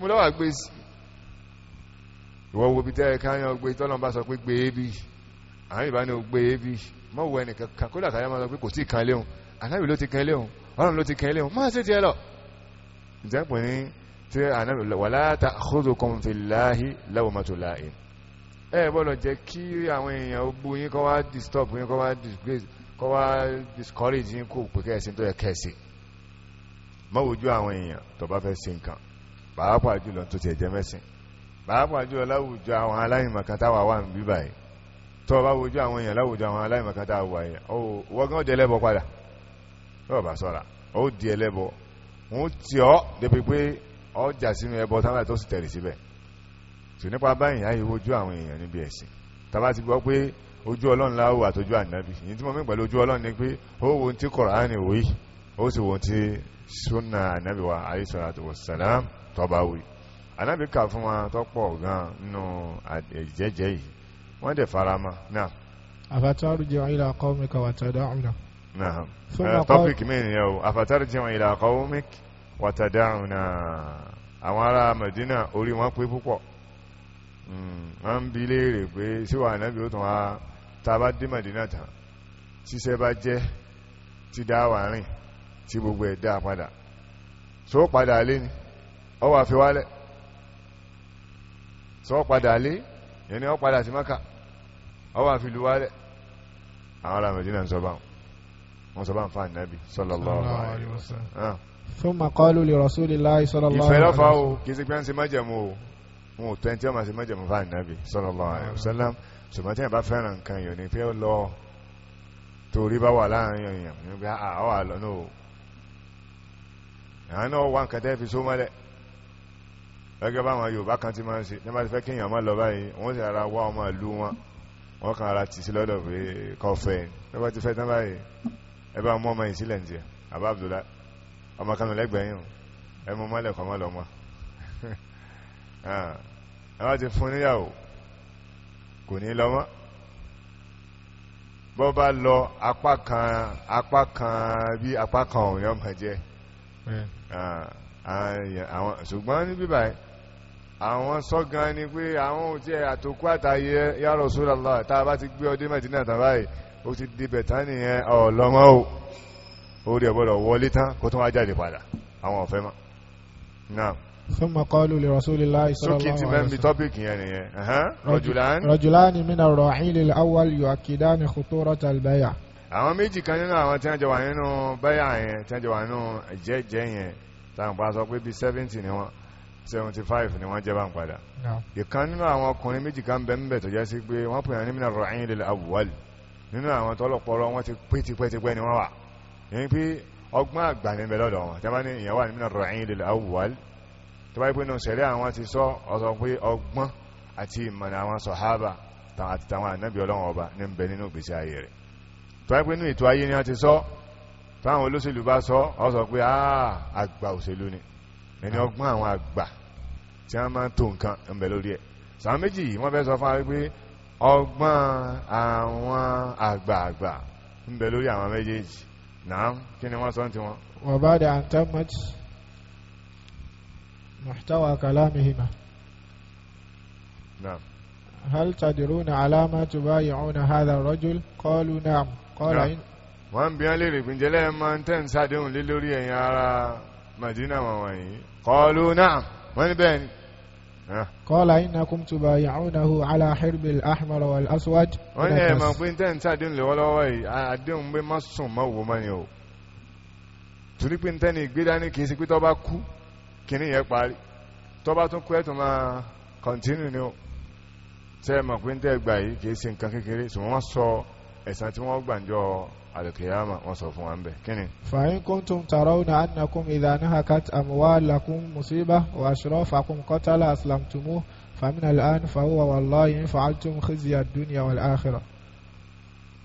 lọ́wọ́ wojú ìwọ wo bí tẹ́ ẹ̀ká yàn gbé tọ́lọ́n bá sọ pé gbé ébí e àwọn ìbá ní o gbé ébí e mọ́ wọ ẹnìkan kan kó dàkàyà máa sọ pé kò tí kan léhun anábì ló ti kan léhun ọlọ́run ló ti kan léhun máa sí ti ẹ lọ ìjẹ́pọ̀ ní tí pàápàá jù láwùjọ àwọn aláìmọ̀kátà wà wà ń bí báyìí tó bá wojú àwọn èèyàn láwùjọ àwọn aláìmọ̀kátà wà yìí wọ́gán jẹ́ lẹ́bọ̀ padà tó bá sọ́ra ó di ẹlẹ́bọ̀ wọ́n ti ọ́ débi pé ọjà sínú ẹbọ tábà tó sì tẹ̀lé síbẹ̀ tò nípa báyìí àyè wojú àwọn èèyàn níbi ẹ̀sìn tábà ti gbọ́ pé ojú ọlọ́run láwù àtọjú ànábì yìí tí mo mí sunna ànábì wa alayhi salatu wassalam tó anábì kà fún wa tó pọ̀ gan nínú ìjẹ́jẹ́ yìí wọ́n dẹ̀ fara mọ́ náà. àfàtàrù jẹun ilà ọkọ mi kà wà ọ̀nà. náà topic mi nìyẹn o àfàtàrù jẹun ilà ọkọ mi wà tàdá ọ̀nà àwọn ará Mẹ̀dínà orí wọn pé púpọ̀ hmm, wọ́n ń bi léèrè pé síwá anábì ó tún wá tá a bá dé Mẹ̀dínà tán ṣiṣẹ́ bá jẹ́ ti dá wà rìn tí gbogbo ẹ̀ dá padà tó padà lé ni ọwọ́ àfiwálẹ̀ sọ padà lé ẹni ọ padà sí maka ọ wà fi luwálẹ̀ àwọn ará Mẹdínà ń sọ bá wọn sọ bá ń fa ànábì sallallahu alaihi wasallam ah. thumma qalu li rasulillahi sallallahu alaihi wasallam ìfẹ́ lọ́fà o kì í sí pé ń ṣe májẹ̀mú o wọn ò tẹ́ntí ọmọ sí májẹ̀mú fa ànábì sallallahu alaihi wasallam ṣùgbọ́n tí ẹ̀ bá gẹ́gẹ́ báwọn Yorùbá kan ti máa ń ṣe ní máa ti fẹ́ kí èèyàn máa lọ báyìí wọ́n sì ara wá ọmọ ìlú wọn wọ́n kan ara tì sí lọ́dọ̀ pé kọfẹ́ ẹ bá ti fẹ́ tán báyìí ẹ bá mú ọmọ yìí sílẹ̀ ní tiẹ̀ àbá Abdullah ọmọ kan lẹ́gbẹ̀ẹ́ yìí ẹ mú mọ́lẹ̀ kọ́ mọ́ lọ́mọ ah, ẹ bá ti ṣùgbọ́n ní bíbáyìí àwọn sọ́gan ni pé àwọn òtí ẹ̀ àtòkú àtàyẹ ya Rasulullah tá bá ti gbé ọdé Mẹ́dínà tàbáyì ó ti di bẹ̀tá nìyẹn ọ̀lọ́mọ́ ò orí ọ̀gbọ́dọ̀ wọlé tán kó tún wá jáde padà àwọn ọ̀fẹ́ mọ́ قالوا لرسول الله صلى الله عليه وسلم رجلان من الرحيل الأول يؤكدان خطورة البيع àwọn méjì kan nínú àwọn tí wọ́n jọ wà nínú bẹ́yà yẹn tí wọ́n jọ wà nínú jẹ́jẹ́ yẹn táwọn bá pé bí 70 ni wọ́n 75 ni wọ́n jẹ́ bá ń padà ìkan nínú àwọn ọkùnrin méjì kan bẹ̀ ń bẹ̀ tó jẹ́ sí pé wọ́n pèèyàn nímìnà rọ̀hìn ilẹ̀ awwal nínú àwọn tọ́lọ̀pọ̀lọ́ wọ́n ti pé tipẹ́tipẹ́ ni wọ́n wà yẹn pé ọgbọ́n àgbà ní bẹ̀ lọ́dọ̀ wọn tẹ́bá ní ìyàwó nímìnà rọ̀hìn ilẹ̀ awwal tó bá pé nù sẹ̀rẹ́ àwọn ti sọ ọ̀sọ̀ pé ọgbọ́n àti ìmọ̀nà àwọn sọ̀hábà àti tàwọn ànábì ọlọ́wọ̀n ọba ní ẹni ọgbọ́n àwọn àgbà tí wọ́n máa ń tó nǹkan ń bẹ lórí ẹ̀ sàmì méjì yìí wọ́n fẹ́ sọ fún wa pé ọgbọ́n àwọn àgbààgbà ń bẹ lórí àwọn méjèèjì náà kí ni wọ́n sọ ti wọn. wọ́n bá dà ń mọ́tì محتوى كلامهما نعم هل تدرون على تبايعون هذا الرجل قالوا نعم قال نعم. إن wọ́n bí wọ́n lè rí pínjẹ́lẹ́ máa ń tẹ́ ń sádéhùn lé qalu na'am wọ́n ní bẹ́ẹ̀ ni. qala innakum tubay'unahu ala hirbil ahmar wal aswad. wọ́n ní ẹ̀ mọ̀ pé tẹ́ ń tàdín lọ́wọ́lọ́wọ́ yìí àdéhùn pé má sùn má wò mọ́ ni o torí pé tẹ́ ni ìgbéra ní kìí sí pé tó bá kú kìíní yẹn parí tó bá tún kú ẹ̀ tó máa kọ̀ntínú ni o tẹ́ ẹ̀ mọ̀ pé tẹ́ gbà yìí kìí sí nǹkan kékeré ṣùgbọ́n wọ́n sọ ẹ̀san tí wọ́n gbàǹjọ́ alìkìyàmà wọ́n sọ fún wa ń bẹ̀ kíni. fàyín kúntùm tàràwùnà annakum ìdáná hakat amwalakum musiba wa ashrafakum qatala aslamtumu famin al'an fahuwa wallahi in fa'altum khizya ad-dunya wal akhirah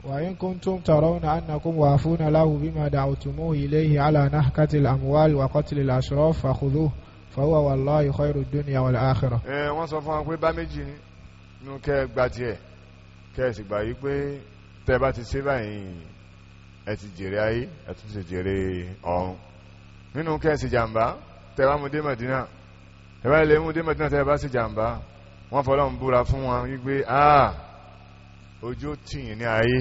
وإن كنتم ترون أنكم وافون له بما دعوتموه إليه على نحكة الأموال وقتل الأشراف فخذوه فهو والله خير الدنيا والآخرة wọ́n sọ fún wa pé bá méjì ní kẹ́ gbà tiẹ̀ sì gbà yí pé tẹ́ bá ti ṣe báyìí ẹ ti jèrè ayé ẹ tún ti jèrè ọ̀run nínú kẹ́ẹ̀sì jàǹbá tẹ́ bá mú dé Mẹ̀dínà tẹ́ bá ilé mú dé Mẹ̀dínà tẹ́ bá sì jàǹbá wọ́n fọlọ́ ń búra fún wọn wípé ah ojú tìyìn ní ayé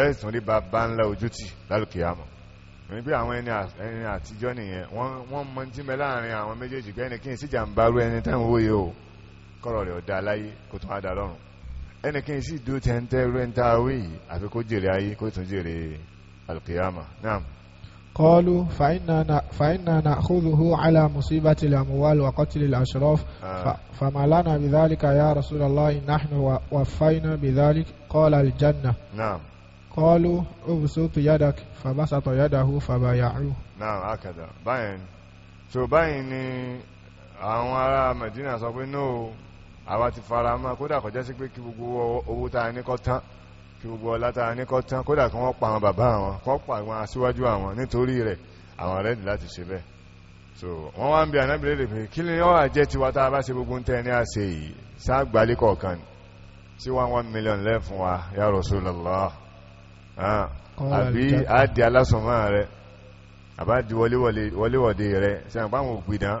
ẹ tún rí bàbá ńlá ojú tì lálùkì àmọ́ ní pé àwọn ẹni àtijọ́ nìyẹn wọ́n mọ tí mẹ láàrin àwọn méjèèjì gbẹ́ni kí n sì jàǹbá rú ẹni táwọn owó yìí o kọ́rọ̀ rẹ̀ ọ̀dà láyé kó tún á dà lọ́rùn ẹnìkan sì dúró tẹ́ntẹ́ rẹ́ntà wíì àfi kó jèrè ayé kó tún jèrè alkiyama náà قالوا فإننا, فإننا نأخذه على مصيبة الأموال وقتل الأشراف آه. فما لنا بذلك يا رسول الله نحن وفينا بذلك قال الجنة نعم قالوا ابسط يدك فبسط يده فبايعوه نعم هكذا باين سو باين àwọn ará Medina sọ pé no àwa ti fara mọ́ kódà kọjá sí pé kí gbogbo owó tá a tán kí gbogbo ọlá tá a tán kódà kí wọ́n pa àwọn bàbá àwọn kó pa àwọn aṣíwájú àwọn nítorí rẹ̀ àwọn rẹ̀ ní láti ṣe bẹ́ẹ̀ so wọ́n wá ń bi ànábìlẹ̀ pé kí ni ó wà jẹ́ tiwa tá a bá ṣe gbogbo tẹ́ ní àṣẹ yìí sáàgbálẹ̀ kọ̀ọ̀kan sí one one million lẹ́fún wa ya Rasulullah àbí àdì alásùnmọ́ rẹ̀ àbá di wọléwọ̀dé rẹ̀ sẹ́yìn pàwọn òpìdán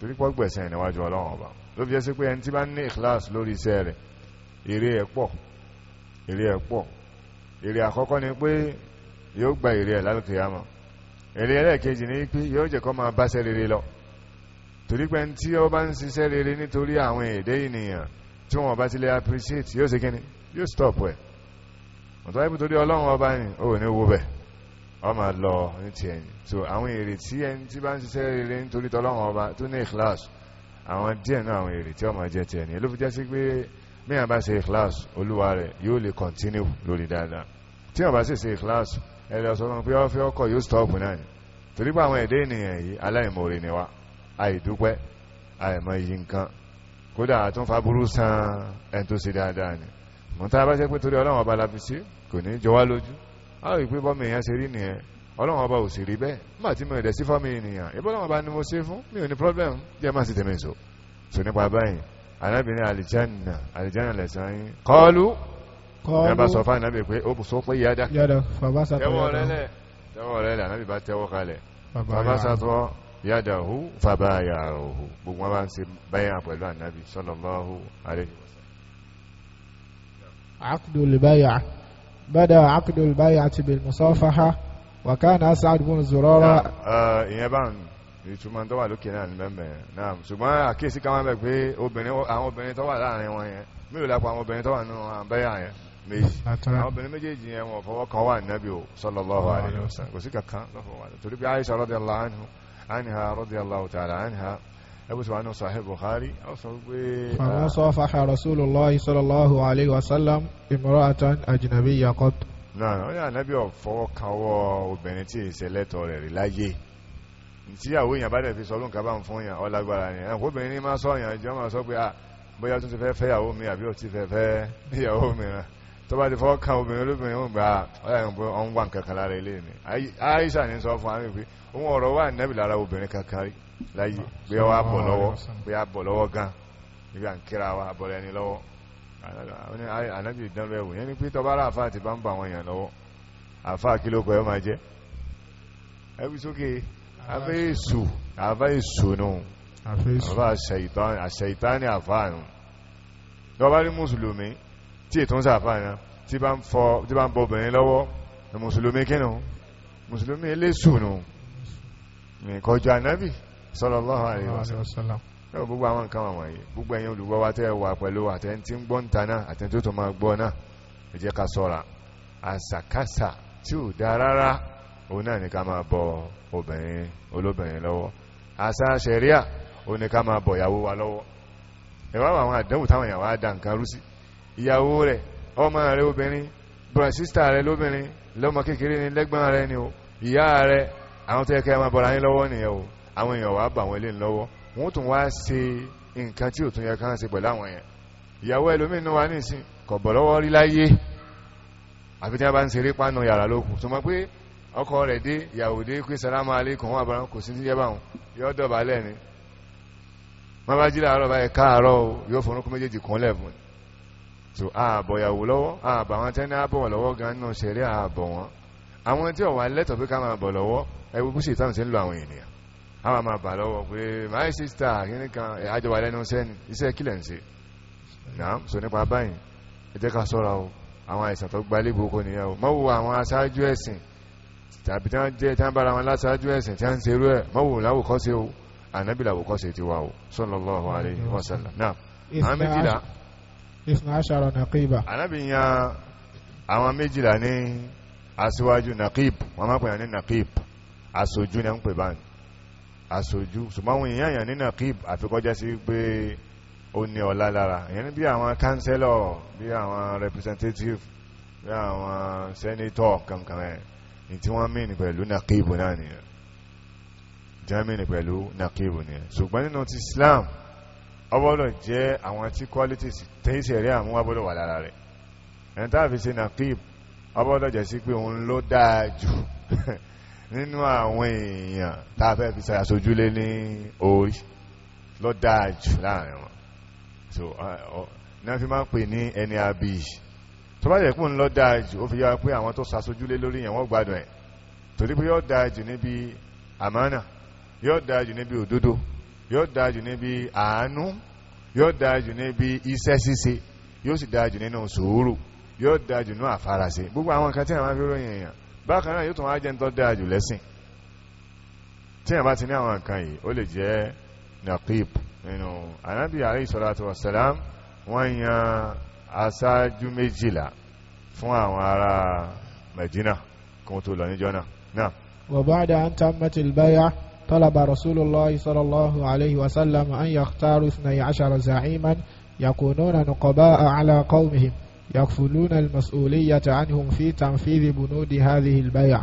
torí pọ́ gbẹ̀sẹ̀ níwájú ọlọ́run ọba ló fi jẹ́ sí pé ẹni tí bá ní ìkíláàs lórí iṣẹ́ rẹ̀ èrè ẹ̀ pọ̀ èrè ẹ̀ pọ̀ èrè àkọ́kọ́ ni pé yóò gba èrè ẹ̀ lálùkìyàmọ̀ èrè ẹlẹ́ẹ̀kejì ni pé yóò jẹ́ kó máa báṣẹ́ rere lọ torí pé ẹni tí ó bá ń ṣiṣẹ́ rere nítorí àwọn èdè ènìyàn tí wọ́n bá ti lè appreciate yóò ṣe kíni yóò stop ẹ̀ ọ̀tọ́ ẹ̀bù torí ọlọ́run ọba ni ò ní wo bẹ́ẹ̀ ọmọ lọ ní ti ẹ̀yìn so àwọn èrè tí ẹni tí bá ń ṣiṣẹ́ rere nítorí tọ́lọ́wọ́n ọba tó ní ìkìláàsù àwọn díẹ̀ náà àwọn èrè tí ọmọ jẹ́ ti ẹ̀yìn ló fi jẹ́ sí pé mẹ́yàn bá ṣe ìkìláàsù olúwa rẹ̀ yóò lè kọ̀ntínú lórí dáadáa tí ọba sì ṣe ìkìláàsù ẹ̀rọ sọ fún pé ọfẹ́ ọkọ̀ yóò stọ́ọ̀pù náà ni torí pé àwọn ẹ̀dẹ́ ènìyàn yìí aláìmoore ni wa àìdúpẹ́ àìmọ iyì nǹkan kódà àtúnfà burú san ẹni tó ṣe dáadáa ni mọ̀tá bá jẹ́ pé torí ọlọ́wọ́n ọba la fi ṣe kò ní jọ wá lójú a rí pé bọ́mọ èèyàn ṣe rí nìyẹn ọlọ́run ọba ò sì rí bẹ́ẹ̀ má ti mọ̀ ẹ̀dẹ̀ sí fọ́mọ ènìyàn ìbọn ọlọ́run ọba ni mo ṣe fún mi ò ní problem jẹ́ má sì tẹ̀mẹ̀ sọ sọ nípa báyìí arábìnrin àlìjánà àlìjánà lẹ̀sán yín kọ́ọ̀lù kọ́ọ̀lù ìjọba sọ fún ànábì pé ó sọ pé yádà tẹ́wọ́ rẹ́lẹ̀ tẹ́wọ́ rẹ́lẹ̀ ànábì bá tẹ́wọ́ kalẹ̀ بدا عقد البيعة بالمصافحة وكان أسعد بن زرارة ìyẹn bá ìtumọ̀ tó wà lókè náà ní bẹ́ẹ̀ náà ṣùgbọ́n àkíyèsí kan máa bẹ̀ pé àwọn obìnrin tó wà láàrin wọn yẹn mélòó lápá àwọn obìnrin tó wà nínú àbẹ́yà yẹn méjì àwọn obìnrin méjèèjì yẹn wọn fọwọ́ kan wà nábì ò ẹbùsùn wa ní sahih bukhari ọ sọ pé. àwọn ah, sọ fàáhà rasulullah sallallahu alayhi wa sallam imra'atan ajnabiyya qat. náà ó yà nábì ọ̀fọwọ́ kanwọ́ obìnrin tí èsè lẹ́tọ̀ rẹ̀ rí láyé tíyàwó èèyàn bá dẹ̀ fi sọ lóun kaba ń fún yàn ọlágbára yẹn ẹ̀kọ́ obìnrin ní máa sọ yàn ìjọ máa sọ pé ah, bóyá tún ti fẹ́ fẹ́ ìyàwó mi àbí ó ti fẹ́ fẹ́ ìyàwó mi rẹ̀ tó bá ti fọ́ kan obìnrin olóbìnrin ó gbà ọ̀yà yẹn pé wà nǹkan kan lára ilé mi Aisha ní sọ fún wa pé òun ọ̀rọ̀ wà nẹ́bì obìnrin kankan rí láyé bí ọ wá bọ̀ lọ́wọ́ bí a bọ̀ lọ́wọ́ gan nígbà ń kíra wa bọ̀ lẹ́ni lọ́wọ́ ànábì ìdánwò ẹ̀wò yẹn ni pé tọ́ bá rà àfáà ti bá ń bà wọn èèyàn lọ́wọ́ àfáà kí ló kọ ẹ máa jẹ́ ẹbí sókè afẹ́ èso afẹ́ èso nù àfẹ́ àṣẹ̀ìtánì àfáà nù tọ́ bá rí mùsùlùmí tí ètò ń sàfáà náà tí bá ń bọ obìnrin lọ́wọ́ mùsùlùmí kínú mùsùlùmí eléṣù nù kọjá ànábì sallallahu alaihi wasallam náà gbogbo àwọn nǹkan wọ̀nyí gbogbo ẹ̀yin olùgbọ́ wa tẹ́ wà pẹ̀lú àtẹ́ntí ń gbọ́ ń ta náà àtẹ́ntí tó máa gbọ́ náà ẹ jẹ́ ká sọ́ra àṣàkáṣà tí ò dá rárá òun náà ní ká máa bọ obìnrin olóbìnrin lọ́wọ́ àṣà ṣẹ̀ríà òun ní ká máa bọ ìyàwó wa ni lẹ́gbọ́n rẹ̀ ni o ìyá rẹ̀ àwọn tó yẹ kẹ́ máa bọ̀ra yín lọ́wọ́ nìyẹn àwọn èèyàn wàá bà wọn lé lọ́wọ́ wọ́n tún wá ṣe nǹkan tí ò tún yẹ ká ṣe pẹ̀lú àwọn èèyàn ìyàwó ẹlòmíín náà wà nísìn kò bọ̀ lọ́wọ́ rí láyé àfi tí wọ́n bá ń ṣeré pánú yàrá lókù tó mọ̀ pé ọkọ rẹ̀ dé ìyàwó dé pé salamu aleykum wọn àbára kò sí ní yẹ́bà wọn yóò dọ̀bálẹ̀ ni wọ́n bá jí láàárọ̀ báyìí káàárọ̀ yóò fọ́nrúkú méjèèjì kan lẹ́bùn so ààbọ̀yàwó lọ́wọ́ ààbà wọn tẹ́ ní ààbọ̀ lọ́wọ́ gan náà ṣẹlẹ̀ ààbọ̀ wọn àwọn tí ọ̀wà lẹ́tọ̀ pé ká máa bọ̀ lọ́wọ́ ẹgbẹ́ bó ṣe ìtàn sí ń lo àwọn ènìyàn àwọn máa bà lọ́wọ́ pé my sister kìíní kan àjọwà lẹ́nu sẹ́ni iṣẹ́ kílẹ̀ ń ṣe náà so nípa báyìí ẹ sọ́ra o àwọn àìsàn tó gbalé gbogbo nìyẹn o mọ́ àwọn aṣáájú ẹ̀sìn tàbí tán jẹ́ tán bára wọn láṣáájú ẹ̀sìn tí a ń serú ẹ̀ mọ́ wo o ànábì làwò kọ́ sí o sallallahu alaihi aṣojú ṣùgbọ́n àwọn èèyàn yàn nínú kíb àfikọ́jẹ́ sí pé ó ní ọ̀la lára èèyàn bí àwọn kánsẹ́lọ̀ bí àwọn representative bí àwọn senator, kankan ẹ̀ ní tí wọ́n mìíní pẹ̀lú nàkíbù náà nìyẹn germany pẹ̀lú nàkíbù nìyẹn ṣùgbọ́n nínú ti Islam ọbọ̀lọ̀ jẹ́ àwọn tí qualities tẹ́sẹ̀ rẹ̀ àmú ọbọ̀lọ̀ wà lára rẹ̀ ẹni tá a fi ṣe nàkíbù ọbọ̀lọ̀ jẹ́ sí pé òun ló dáa jù nínú àwọn èèyàn tá a fẹ́ fi ṣe aṣojúlé ní orí lọ láàrin wọn so náà fi máa ń pè ní ẹni àbí tó bá jẹ́ pé ń lọ dáa jù ó fi yára pé àwọn tó ṣaṣojúlé lórí yẹn wọ́n gbádùn ẹ̀ torí pé yóò dáa jù níbi àmánà yóò dáa jù níbi òdodo yóò dáa jù níbi àánú yóò dáa níbi iṣẹ́ ṣíṣe yóò sì dáa nínú sùúrù yóò dáa jù àfarasẹ gbogbo àwọn nǹkan tí àwọn fi ròyìn èèyàn bákan náà yóò tún wá jẹ́ ń tọ́ dáa jù lẹ́sìn tí a bá ti ní àwọn nǹkan yìí ó lè jẹ́ naqib nínú anábì alayhi wọ́n yan aṣáájú méjìlá fún àwọn ará Medina kún tó lọ níjọ́ náà wa ba'da an tammatil bay'a talaba rasulullahi sallallahu يكفلون المسؤولية عنهم في تنفيذ بنود هذه البيع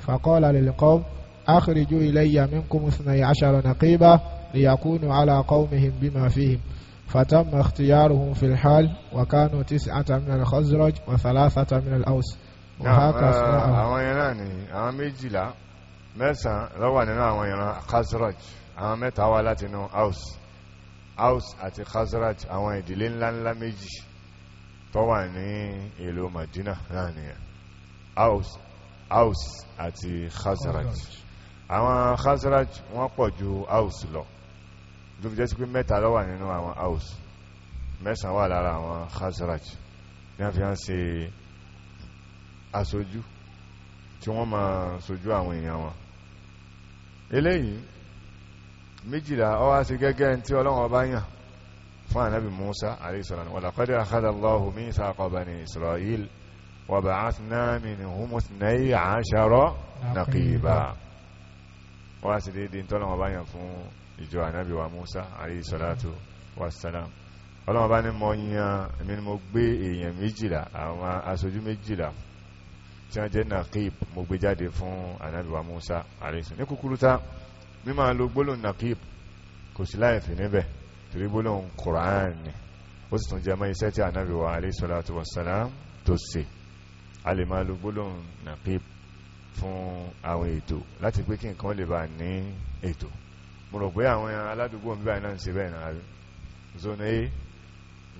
فقال للقوم أخرجوا إلي منكم اثني عشر نقيبة ليكونوا على قومهم بما فيهم فتم اختيارهم في الحال وكانوا تسعة من الخزرج وثلاثة من الأوس نعم، وهكذا آه، tó wà ní ìlú Madina náà Aus Aus àti Khazraj àwọn Khazraj wọ́n pọ̀ ju Aus lọ tó fi jẹ́ sí pé mẹ́ta ló wà nínú àwọn Aus mẹ́sàn wà lára àwọn Khazraj ní a fi hàn ṣe aṣojú tí wọ́n máa ṣojú àwọn èèyàn wọn eléyìí méjìlá ó sí gẹ́gẹ́ tí Ọlọ́run ọba yàn fún ànábì Musa alayhisalam walaqad akhadha Allahu mithaqa bani Isra'il wa ba'athna minhum ithnay 'ashara naqiba wọ́n á sì déédéé tọ́lọ́ wọn bá yàn fún ìjọ ànábì wa Musa alayhisalatu wassalam ọlọ́wọ́n bá ní mọ yan èmi ni mo gbé èèyàn méjìlá àwọn aṣojú méjìlá tí wọ́n jẹ́ naqib mo gbé jáde kò sí láìfì níbẹ̀ torí gbólóhùn Qur'an ni ó sì tún jẹ mọ́ iṣẹ́ tí ànábì wa alayhi salatu wassalam tó ṣe a lè máa lo gbólóhùn nàpíp fún àwọn ètò láti pé kí nǹkan lè bá ní ètò mo rò pé àwọn zone a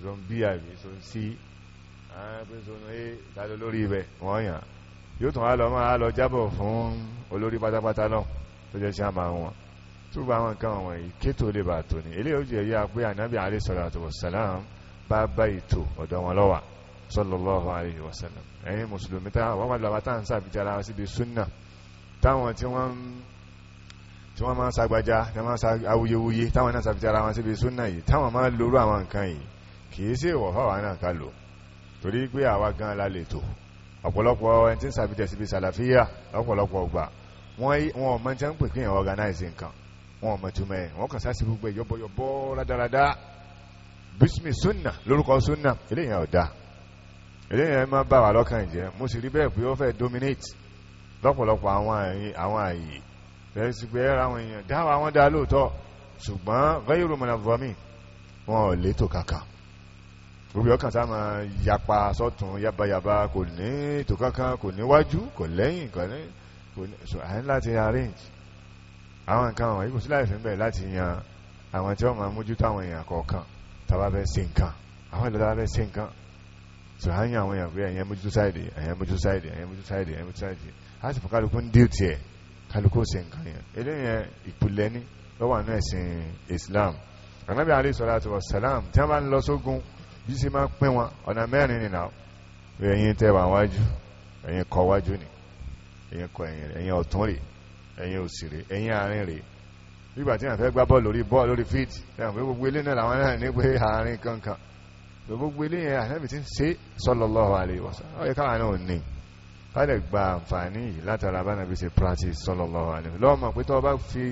zone b àbí zone c àwọn pé zone a dájọ́ lórí ibẹ̀ wọ́n yàn yóò tún á lọ máa lọ jábọ̀ fún olórí pátápátá náà tó jẹ́ sí àmà wọn tó bá wọn kan wọ̀nyí kétò lè bà tó ní ilé òjò yá pé ànábì alayhi salatu bá bá ètò ọ̀dọ̀ wọn lọ́wà sallallahu alayhi wa sallam ẹ̀yin mùsùlùmí tá wọ́n wọ́n lọ́wọ́ táà ń sàbíjà ara síbi súnà táwọn tí wọ́n tí wọ́n máa ń sagbájá tí wọ́n máa ń sa awuyewuye táwọn náà sàbíjà ara wọn síbi súnà yìí táwọn máa lórú àwọn nǹkan yìí kì í sí ìwọ̀ fáwọn náà ká lò wọn ò mọ̀túmọ̀ ẹ̀ wọn kàn sáà sí gbogbo ẹ̀ yọbọyọbọ rádaràdá bísímì sunna lórúkọ sunna eléyìí ọ̀dà eléyìí ẹ̀ máa bà wà lọ́kàn jẹ́ mo sì rí bẹ́ẹ̀ pé ó fẹ́ dominate lọ́pọ̀lọpọ̀ àwọn àyè fẹ́ẹ́ sì pé àwọn èèyàn dáwà wọn dá lóòótọ́ ṣùgbọ́n vayuru mọ̀nàvọ́mì wọn ò létò kankan gbogbo ọkàn sáà máa yapa sọ́tún yabayaba kò ní ètò kankan kò níwájú kò lẹ́yìn kò ní so àyìn láti arrange àwọn nǹkan wọ̀nyí kò sí láì fi ń bẹ̀ láti yan àwọn tí wọ́n máa mójútó àwọn èèyàn kọ̀ọ̀kan tàbá fẹ́ ṣe nǹkan àwọn ìlú tàbá fẹ́ ṣe nǹkan tó á yan àwọn èèyàn pé ẹ̀yẹn mójútó sáìdì ẹ̀yẹn mójútó sáìdì ẹ̀yẹn mójútó sáìdì ẹ̀yẹn mójútó sáìdì á sì fún kálukú ń dí tiẹ̀ kálukú ṣe nǹkan yẹn eléyẹn ìpìlẹ̀ ní lọ́wọ́ àná ẹ̀sìn Islam Ànábì alayhi salatu wa salam tí wọ́n bá ń lọ sógun bí ṣe máa pín wọn ọ̀nà mẹ́rin nìyà ẹ̀yìn tẹ́ wà wájú ẹ̀yìn kọ wájú ni ẹ̀yìn kọ ẹ̀yìn ọ̀tún rèé ẹ̀yin òsìrè ẹ̀yin àárín rèé nígbà tí àfẹ́ gbá bọ́ọ̀lù lórí bọ́ọ̀lù lórí fíìtì ẹ̀hàn pé gbogbo ilé náà làwọn náà ní pé àárín kankan gbogbo ilé yẹn ànábì tí ń ṣe sallallahu alaihi wasallam ọ̀yẹ́ káwọn náà ní fàdẹ̀ gba àǹfààní yìí látara bánàbí ṣe practice sallallahu alaihi lọ́mọ pé tọ́ bá fi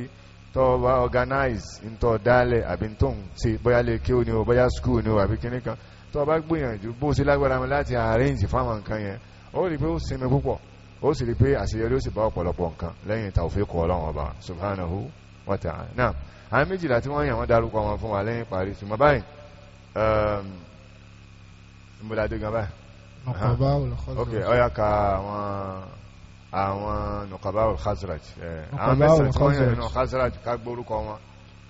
tọ́ bá organize ntọ́ dálẹ̀ àbí tó ń ṣe bóyá lè kí ni o bóyá school ni o àbí kíní kan tọ́ bá gbìyànjú bó ṣe lágbára mi láti arrange fáwọn nǹkan yẹn ó rí pé ó sinmi púpọ̀ ó sì rí pé àṣeyọrí ó sì bá ọ̀pọ̀lọpọ̀ nǹkan lẹ́yìn tàwfíkù ọlọ́run ọba subhanahu wa ta'ala náà àwọn méjìlá tí wọ́n yàn wọ́n dárúkọ wọn fún wa lẹ́yìn parí ṣùgbọ́n báyìí ìmúdádé ehm, gan báyìí ok ọya ka àwọn àwọn nùkọ̀bá olùkásíraj eh, àwọn mẹ́sàn tí wọ́n yàn nínú olùkásíraj ká gbórúkọ wọn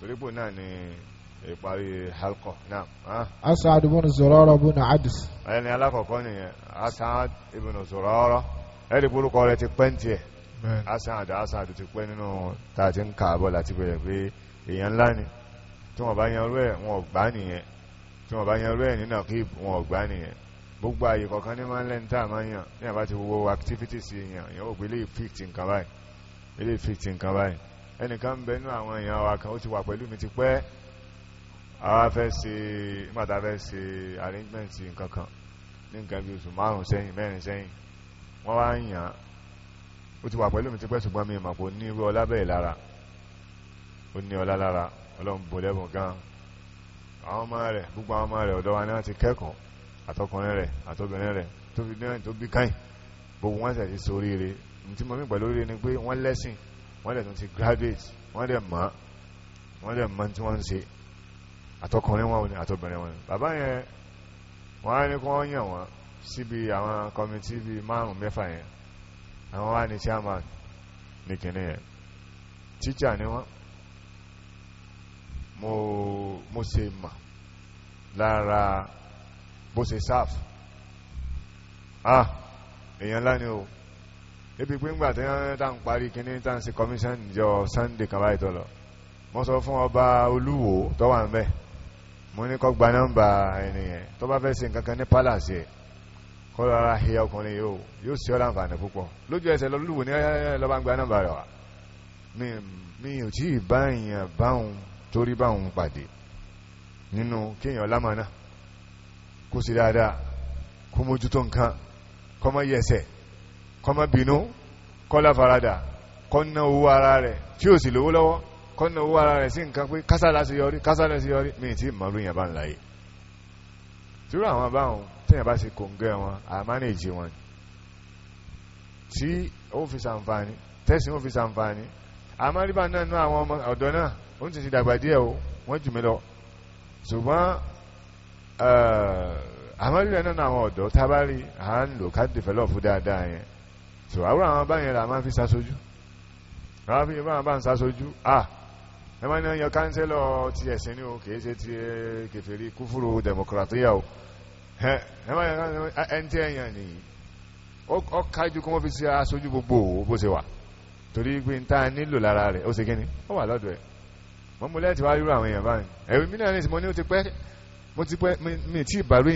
torípò náà ni ìparí halkọ náà. asad ibn zurara ibn adis. ẹni alákọ̀ọ́kọ́ nìyẹn asad ibn zurara ẹ̀rì polúkọ rẹ̀ ti pẹ́ ní tiẹ̀ asan àdá asan àdó ti pẹ́ nínú ta ti ń kà bọ́ láti bẹ̀rẹ̀ pé èèyàn ńlá ni tí wọ́n bá yanrú ẹ̀ wọn ò gbá nìyẹn tí wọ́n bá yanrú ẹ̀ nínú kí wọn ò gbá nìyẹn gbogbo àyè kọ̀ọ̀kan ní máa ń lẹ́ni tá a máa ń yàn ní àbá ti wo activities èèyàn èèyàn ò gbé lè fíìtì nǹkan báyìí lè fíìtì nǹkan báyìí ẹnìkan ń bẹ nínú àwọn èèyàn wa kan ó ti wà pẹ̀lú mi ti pẹ́ àwa fẹ́ ṣe nígbà fẹ́ ṣe arrangement nǹkan kan ní nǹkan bí oṣù márùn-ún sẹ́yìn mẹ́rin sẹ́yìn wọ́n wá ń yàn ó ti wà pẹ̀lú mi ti pẹ́ ṣùgbọ́n mi ìmọ̀ kò ní irú ọlá bẹ́ẹ̀ lára ó ní ọlá lára ọlọ́run bò lẹ́bùn gan àwọn ọmọ rẹ̀ gbogbo àwọn ọmọ rẹ̀ ọ̀dọ́ wa ni wọ́n ti kẹ́kọ̀ọ́ àtọkùnrin rẹ̀ àtọbìnrin rẹ̀ tó fi dẹ́rìn tó bí káyìn gbogbo wọ́n tẹ̀sí sórí rẹ̀ ní tí mo mí pẹ̀lú rẹ̀ ni pé wọ́n lẹ́sìn wọ́n dẹ̀ tún ti graduate wọ́n dẹ̀ mọ́ wọ́n dẹ̀ mọ́ tí wọ́n ń ṣe àtọkùnrin wọn ni àtọbìnrin wọn ni bàbá yẹn wọ́n á ní kí wọ́n yàn wọ́n síbi àwọn kọmitì bíi márùn mẹ́fà yẹn àwọn wá ní chairman ní kìnnì yẹn tíjà ni wọ́n mo mo ṣe mà lára bó ṣe sáf ah èèyàn ńlá o ebi pé ńgbà tí wọ́n tá parí kìnnì tá ń commission ìjọ sunday kan báyìí tó lọ mo sọ fún ọba olúwo tó wà ń bẹ̀ mo ní kó gba nọ́mbà ẹnìyẹn tó bá fẹ́ ṣe nǹkan kan ní palace yẹn kọ́ rárá hìyà ọkùnrin yóò yóò sí ọ́ láǹfààní púpọ̀ lójú ẹsẹ̀ lọ́lúwò ní lọ́ba ń gba nọ́mbà rẹ̀ wá mi ò tí ì bá èèyàn báhùn torí báhùn pàdé nínú kéèyàn lámànà kó sí dáadáa kó mójútó nǹkan kó má yẹsẹ̀ kó má bínú kó láfaradà kó owó ara rẹ̀ tí ò sì lówó lọ́wọ́ kó owó ara rẹ̀ sí nǹkan pé kásálà sí yọrí kásálà sí yọrí mi ì tí ì mọ̀rú yẹn bá ń tí ó àwọn báhùn tíyàn bá ṣe kòǹgẹ́ wọn a mánéjì wọn tí ó fi sàǹfàní tẹ́sí ó fi sàǹfàní a máa rí bá náà ní àwọn ọmọ ọ̀dọ́ náà ó ti ti dàgbà díẹ̀ o wọ́n jù mí lọ ṣùgbọ́n àwọn eh, rí náà àwọn ọ̀dọ́ tá à ń lò ká dìfẹ́lọ́fù dáadáa yẹn ah ẹ máa ń yan kánsẹ́lọ̀ ti ẹ̀sìn ní o kìí ṣe ti eh, kèfèrí kúfúrú democratia o ẹ máa yan kánsẹ́lọ̀ ẹni tí ẹ̀yàn nìyí ó kájú kó wọ́n fi ṣe aṣojú gbogbo o bó ṣe wà torí pé n tá nílò lára rẹ̀ ó ṣe kí ni ó wà lọ́dọ̀ ẹ̀ wọ́n mú lẹ́ẹ̀tì wá rírọ àwọn èèyàn báyìí ẹ̀rí mílíọ̀nù ní ìsìnkú ní ó ti pẹ́ mo ti pẹ́ mi tí ìbàrú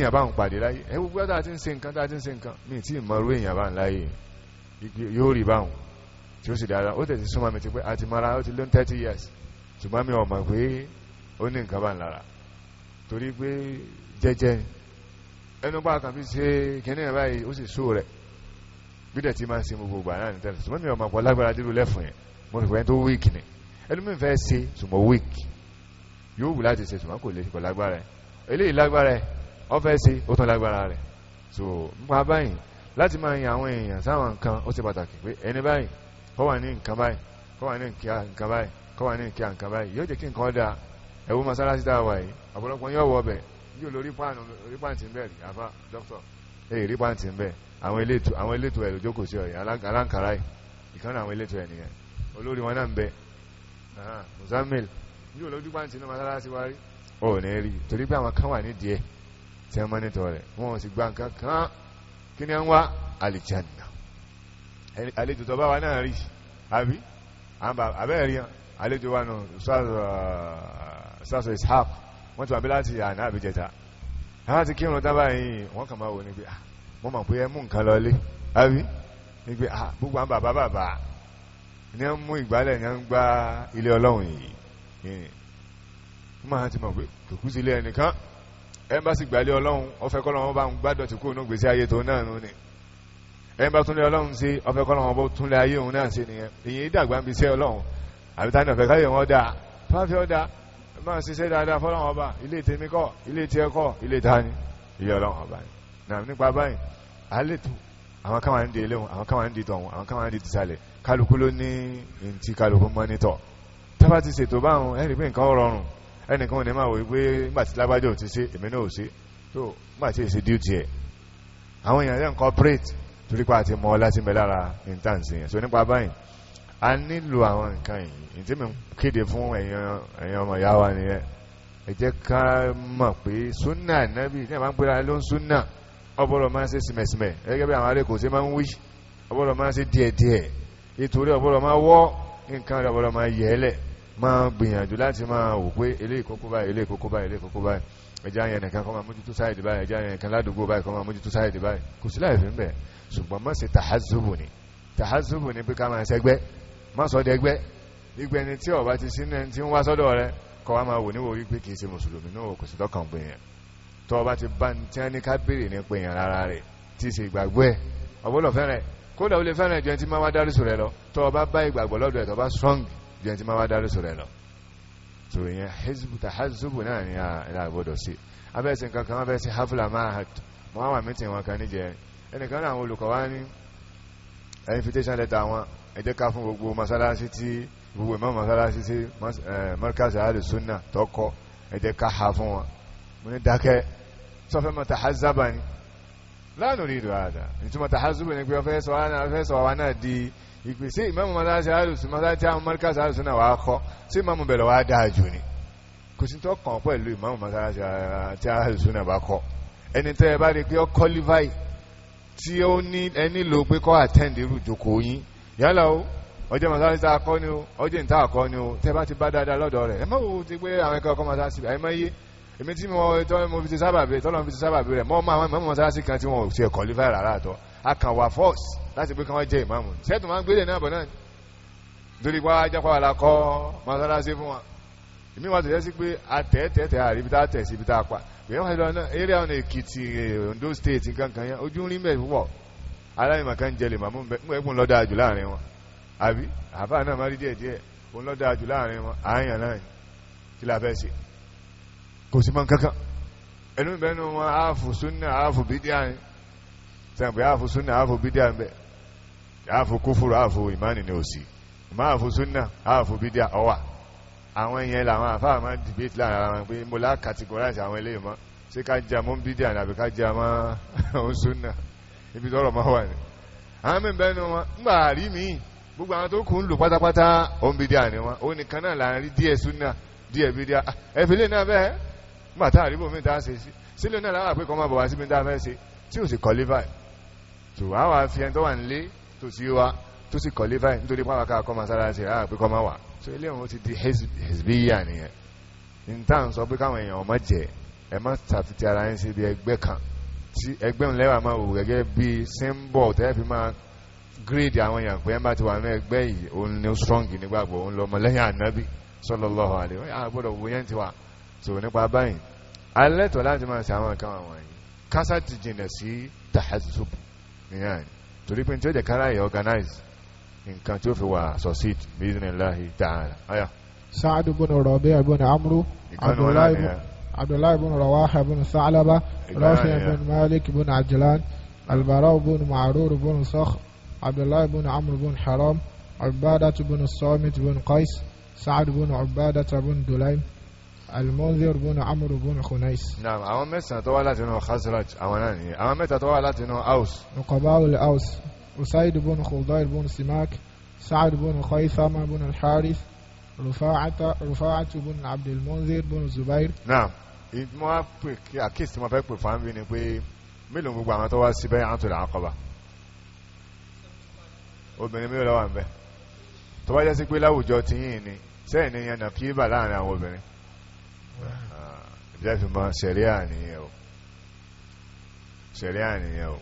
mara ó ti lé 30 years ṣùgbọ́n mi ò mọ̀ pé ó ní nǹkan bá ń lára torí pé jẹ́jẹ́ ẹnu bá kàn fi ṣe kìíní ẹ̀ báyìí ó sì só rẹ̀ bí dẹ̀ ti máa ń ṣe gbogbo ìgbà náà ní tẹ́lẹ̀ ṣùgbọ́n mi ò mọ̀ pọ̀ lágbára dúró lẹ́fun yẹn mo rò pé ẹni tó wíìkì ni ẹni mi fẹ́ ṣe ṣùgbọ́n wíìkì yóò wù láti ṣe ṣùgbọ́n kò lè kò lágbára ẹ̀ eléyìí lágbára ẹ̀ ọ so nípa báyìí láti máa yin àwọn èèyàn sáwọn nǹkan ó ṣe pàtàkì pé ẹni báyìí kọ́ wà ní nǹkan báyìí kọ́ wà kọ́ wà ní ìkẹ́ àǹkà báyìí yóò jẹ́ kí nǹkan dá ẹ̀wọ́ masalasi tá a wà yìí ọ̀pọ̀lọpọ̀ yóò wọ ọbẹ̀ yóò lo rípàǹtì ń bẹ̀ rí àfa dókítọ̀ èyí rípàǹtì ń bẹ̀ àwọn elétò àwọn elétò ẹ̀ lójókòó sí ọ̀yẹ́ aláǹkàrá yìí ìkan àwọn elétò ẹ̀ nìyẹn olórí wọn náà ń bẹ masalasi wá rí ò ní rí torí pé àwọn kan wà ní díẹ̀ tí wọ́n mọ́nítọ̀ rẹ̀ wọ́n sì gba nǹkan àlejò wa nù sọ́sọ̀ ishaq wọ́n ti wà bí láti àná àbíjẹta àwọn ti kírun tábà yìí wọ́n kàn máa wò ní pé ah, mo mọ̀ pé ẹ mú nǹkan lọlé àbí ní pé ah, gbogbo àwọn bàbá bàbá ní ń mú ìgbálẹ̀ ní ń gba ilé ọlọ́run yìí wọ́n máa ti mọ̀ pé kòkú sí ilé ẹnìkan ẹ bá sì gbàlé ọlọ́run ọfẹ́ kọ́lọ́run bá ń gbádọ̀ tí kúrò ní gbèsè ayé tó náà nù ni ẹ sí ọfẹ́ kọ́lọ́run bó ayé òun náà sí nìyẹn èyí dàgbà ń bí sẹ́ ọlọ́run àbítánà fẹ́ káyọ̀ wọn dáa tó bá fi ọ́ dáa máa ṣiṣẹ́ dáadáa fọ́lọ́wọ́n ọba ilé tèmi kọ́ ilé tiẹ̀ kọ́ ilé tani ilé ọlọ́wọ́n ọba ni náà nípa báyìí àlétò àwọn kan wà ń di eléhùn àwọn kan wà ń di tọ̀hún àwọn kan wà ń di tìsàlẹ̀ kálukú ló ní ntí kálukú mọ́nítọ̀ tábà ti ṣètò báwọn ẹ̀rí pé nǹkan rọrùn ẹnìkan ò ní máa wò wípé nígbà tí lágbájá ò ti ṣe èmi náà ò ṣe tó nígbà tí èsì díùtì ẹ̀ àwọn èèyàn lẹ́nu corporate torípa a nílò àwọn nǹkan yìí ìtí mi kéde fún ẹ̀yin ọmọ ìyá wa nìyẹn ẹ jẹ́ ká mọ̀ pé súnà nábì ní àwọn pẹ̀lú ló ń súnà ọbọ̀lọ̀ máa ń ṣe sìmẹ̀sìmẹ̀ gẹ́gẹ́ bí àwọn arékò ṣe máa ń wí ọbọ̀lọ̀ máa ń ṣe díẹ̀díẹ̀ nítorí ọbọ̀lọ̀ máa wọ́ nǹkan rẹ̀ ọbọ̀lọ̀ máa yẹ̀ẹ́lẹ̀ máa gbìyànjú láti máa wò pé eléyìí kókó báyìí eléyìí kókó báyìí eléyìí kókó báyìí ẹja yẹn nìkan kọ́ máa mójútó sáyẹ̀dì báyìí ẹja yẹn nìkan ládùúgbò báyìí kọ́ máa mójútó sáyẹ̀dì báyìí kò sí láì ń bẹ̀ ṣùgbọ́n má ṣe tàhazùbù ni tàhazùbù ni pé ká máa ṣẹgbẹ́ má sọ dẹgbẹ́ gbígbẹ́ ẹni tí ọba ti sínú ẹni tí ń wá sọ́dọ̀ rẹ kọ́ wa máa wò níwò wípé kìí ṣe mùsùlùmí náà kò sí tọ́kàn pé yẹn tọ́ ọba ti bá ní tí wọ́n ní ká béèrè ní pé rárá rẹ̀ tí ṣe ìgbàgbọ́ ẹ̀ ọgbọ́dọ̀ fẹ́rẹ̀ kódà ó lè fẹ́rẹ̀ ju tí máa wá dárí sọ̀rọ̀ lọ tọ́ ọba bá ìgbàgbọ́ lọ́dọ̀ ẹ̀ tọ́ strong ju ẹni tí máa wá dárí sọ̀rọ̀ lọ tó yẹn hezbo tahazubu náà ni a gbọ́dọ̀ sí abẹ́sẹ̀ nǹkan kan abẹ́sẹ̀ hafla mahad mọ́ àwọn mítìn wọn kan níjẹ ẹnìkan náà àwọn olùkọ́ wá ní invitation letter wọn ẹ jẹ́ ká fún gbogbo masalasi tí gbogbo ìmọ̀ masalasi tí markaz alìsúnà tọ́kọ ẹ jẹ́ ká ha fún wọn mo ní dákẹ́ sọfẹ́ mọ̀ta hazaba ni láàánú rí ìdò àdá ìtumọ̀ ta hazaba ni pé ọfẹ́ sọ wa náà di ìpè sí ìmọ̀ masalasi alìsúnà masalasi àwọn markaz alìsúnà wà á kọ́ sí ìmọ̀ bẹ̀rẹ̀ wà á dáa jù ni kò sí tó kàn pẹ̀lú ìmọ̀ masalasi alìsúnà bá kọ́ ẹni tẹ́ tí ó ní ẹni lò pé kọ́ attend irú ìjókòó yín yálà o ọjọ́ masalasi akọ́ ni o ọjọ́ ìta akọ́ ni o tẹ́ bá ti bá dáadáa lọ́dọ̀ rẹ̀ ẹ má wo ti pé àwọn ẹ̀kọ́ ọkọ́ masalasi àyè máa yé èmi tí mo tọ́ mo fi ti sábà bẹ tọ́lọ́ fi ti sábà bẹ mọ́ ọmọ àwọn ìmọ̀ kan tí wọn ti ẹ̀kọ́ lífà rárá àtọ́ akànwà force láti pé kí wọ́n jẹ́ ìmáàmù sẹ́tù máa ń gbélé náà bọ̀ náà torí pa ajápa wà lákọ́ masalasi fún wa èmi wà tẹ̀lé sí pé àtẹ̀tẹ̀tẹ̀ àríbítà tẹ̀ sí ibi tá a pa èèyàn wà lọ́nà eré àwọn èkìtì Ondo state nǹkan kan yẹn ojú rí mẹ́ púpọ̀ aláìmọ̀ kan jẹ lè mọ̀ mú ẹkùn lọ́dà jù láàrin wọn àbí àbá náà má rí díẹ̀ díẹ̀ òun lọ́dà jù láàrin wọn àáyàn náà kí la fẹ́ ṣe kò sí mọ́ kankan ẹnu ìbẹ́nu wọn àáfù súnà àáfù bídíà ni sẹ́ǹpẹ̀ àáfù súnà àáfù bídíà ń bẹ̀ àáfù kúfùrù àáfù ìmánì ni òsì ìmá súnà àáfù bídíà ọwà àwọn èèyàn làwọn àfáà máa dìbìtì láàrin ara wọn pé mo lá categorize àwọn ilé ìmọ̀ sí ká jẹ mọ́ bídí àdàbí ká jẹ mọ́ òun súnà ibi tọ́rọ̀ máa wà ní àwọn mẹ́bẹ̀ ní wọn ńgbà rí mi gbogbo àwọn tó kù ń lò pátápátá òun bídí àní wọn ó nìkan náà là ń rí díẹ̀ súnà díẹ̀ bídí ah, ẹ̀fẹ́lẹ́ náà bẹ́ẹ̀ ńgbà tá àríbò mi ta ṣe sílẹ̀ náà láwà pé kọ́ máa síbi tá a fẹ́ ṣe tí ò sì kọ́lé so ilé ọ̀hún ti di hezbiya nìyẹn nǹkan sọ pé káwọn èèyàn ọmọ jẹ ẹ má tàfitì ara yín síbi ẹgbẹ́ kan tí ẹgbẹ́ ń lẹ́wà máa wò gẹ́gẹ́ bí symbol tẹ́lẹ̀ fi máa gírèdì àwọn èèyàn pé ẹ bá ti wà ní ẹgbẹ́ yìí òun ní strong nígbàgbọ́ òun lọ́mọ lẹ́yìn ànábì sallallahu alaihi wasallam àgbọ̀dọ̀ wò yẹn ti wà so nípa báyìí alẹ́tọ̀ láti máa ṣe àwọn nǹkan àwọn yìí kásá ti jìnà sí tàhásùsùpù nìyẹn torí pé ní tí ó jẹ́ kára organize nǹkan tí ó fi wà succeed biznillahi ta'ala aya sa'ad ibn rabi' ibn amru abdullah ibn abdullah ibn rawaha ibn sa'laba rafi' ibn malik ibn ajlan البراء بن معرور بن صخ عبد الله بن عمرو بن حرام عبادة بن الصامت بن قيس سعد بن عبادة بن دليم المنذر بن عمرو بن خنيس نعم أما متى طوالت إنه خزرج أو ناني أما متى طوالت إنه أوس نقباء الأوس أسيد بن خلدير بن سماك سعد بن خيثمة بن الحارث رفاعة رفاعة بن عبد المنذر بن الزبير نعم mo pè kí àkíyèsí mo fẹ́ pè fún mi ni pé mélòó gbogbo àwọn tó wá sí bẹ́ẹ̀ àtúntò àkọ́bà obìnrin mélòó lọ́wọ́ ń bẹ tó bá jẹ́ sí pé láwùjọ ti yìn ni sẹ́yìn ni yànnà kí bà láàrin àwọn obìnrin jẹ́ fi mọ́ sẹ̀ríà nìyẹn o sẹ̀ríà nìyẹn o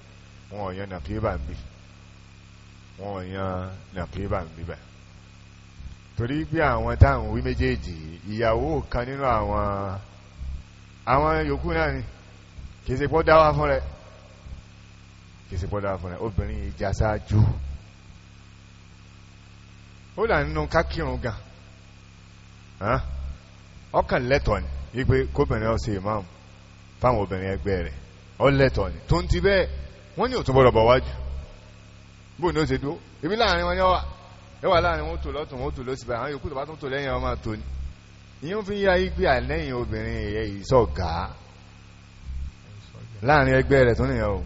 wọn ò yànnà kí bà ń bíi wọn ò yan nàpébà ń bíbà torí pé àwọn táwọn wí méjèèjì ìyàwó kan nínú àwọn àwọn yòókù náà ni kìí pọ́ dáwà fún rẹ̀ kìí pọ́ dáwà fún rẹ̀ obìnrin ìjà sáájú ó dà nínú kákírùn gan ọkàn lẹ́tọ̀ ni wípé kóbìnrin ọ̀sẹ̀ imam fáwọn obìnrin ẹgbẹ́ rẹ̀ ọ lẹ́tọ̀ ni tó ń ti bẹ́ẹ̀ wọ́n ní òtún bọ̀ wájú bóun ní ó ṣe dúró ibi láàrin wọn yẹn wà ẹ wà láàrin wọn tò lọ́tún wọn tò lọ́sì báyìí àwọn yòókù tó bá tún tò lẹ́yìn ọmọ tó ní ìyẹn fi ń yá igbe àlẹ́yìn obìnrin ẹ̀yẹ ìsọ̀gá láàrin ẹgbẹ́ rẹ̀ tó nìyẹn o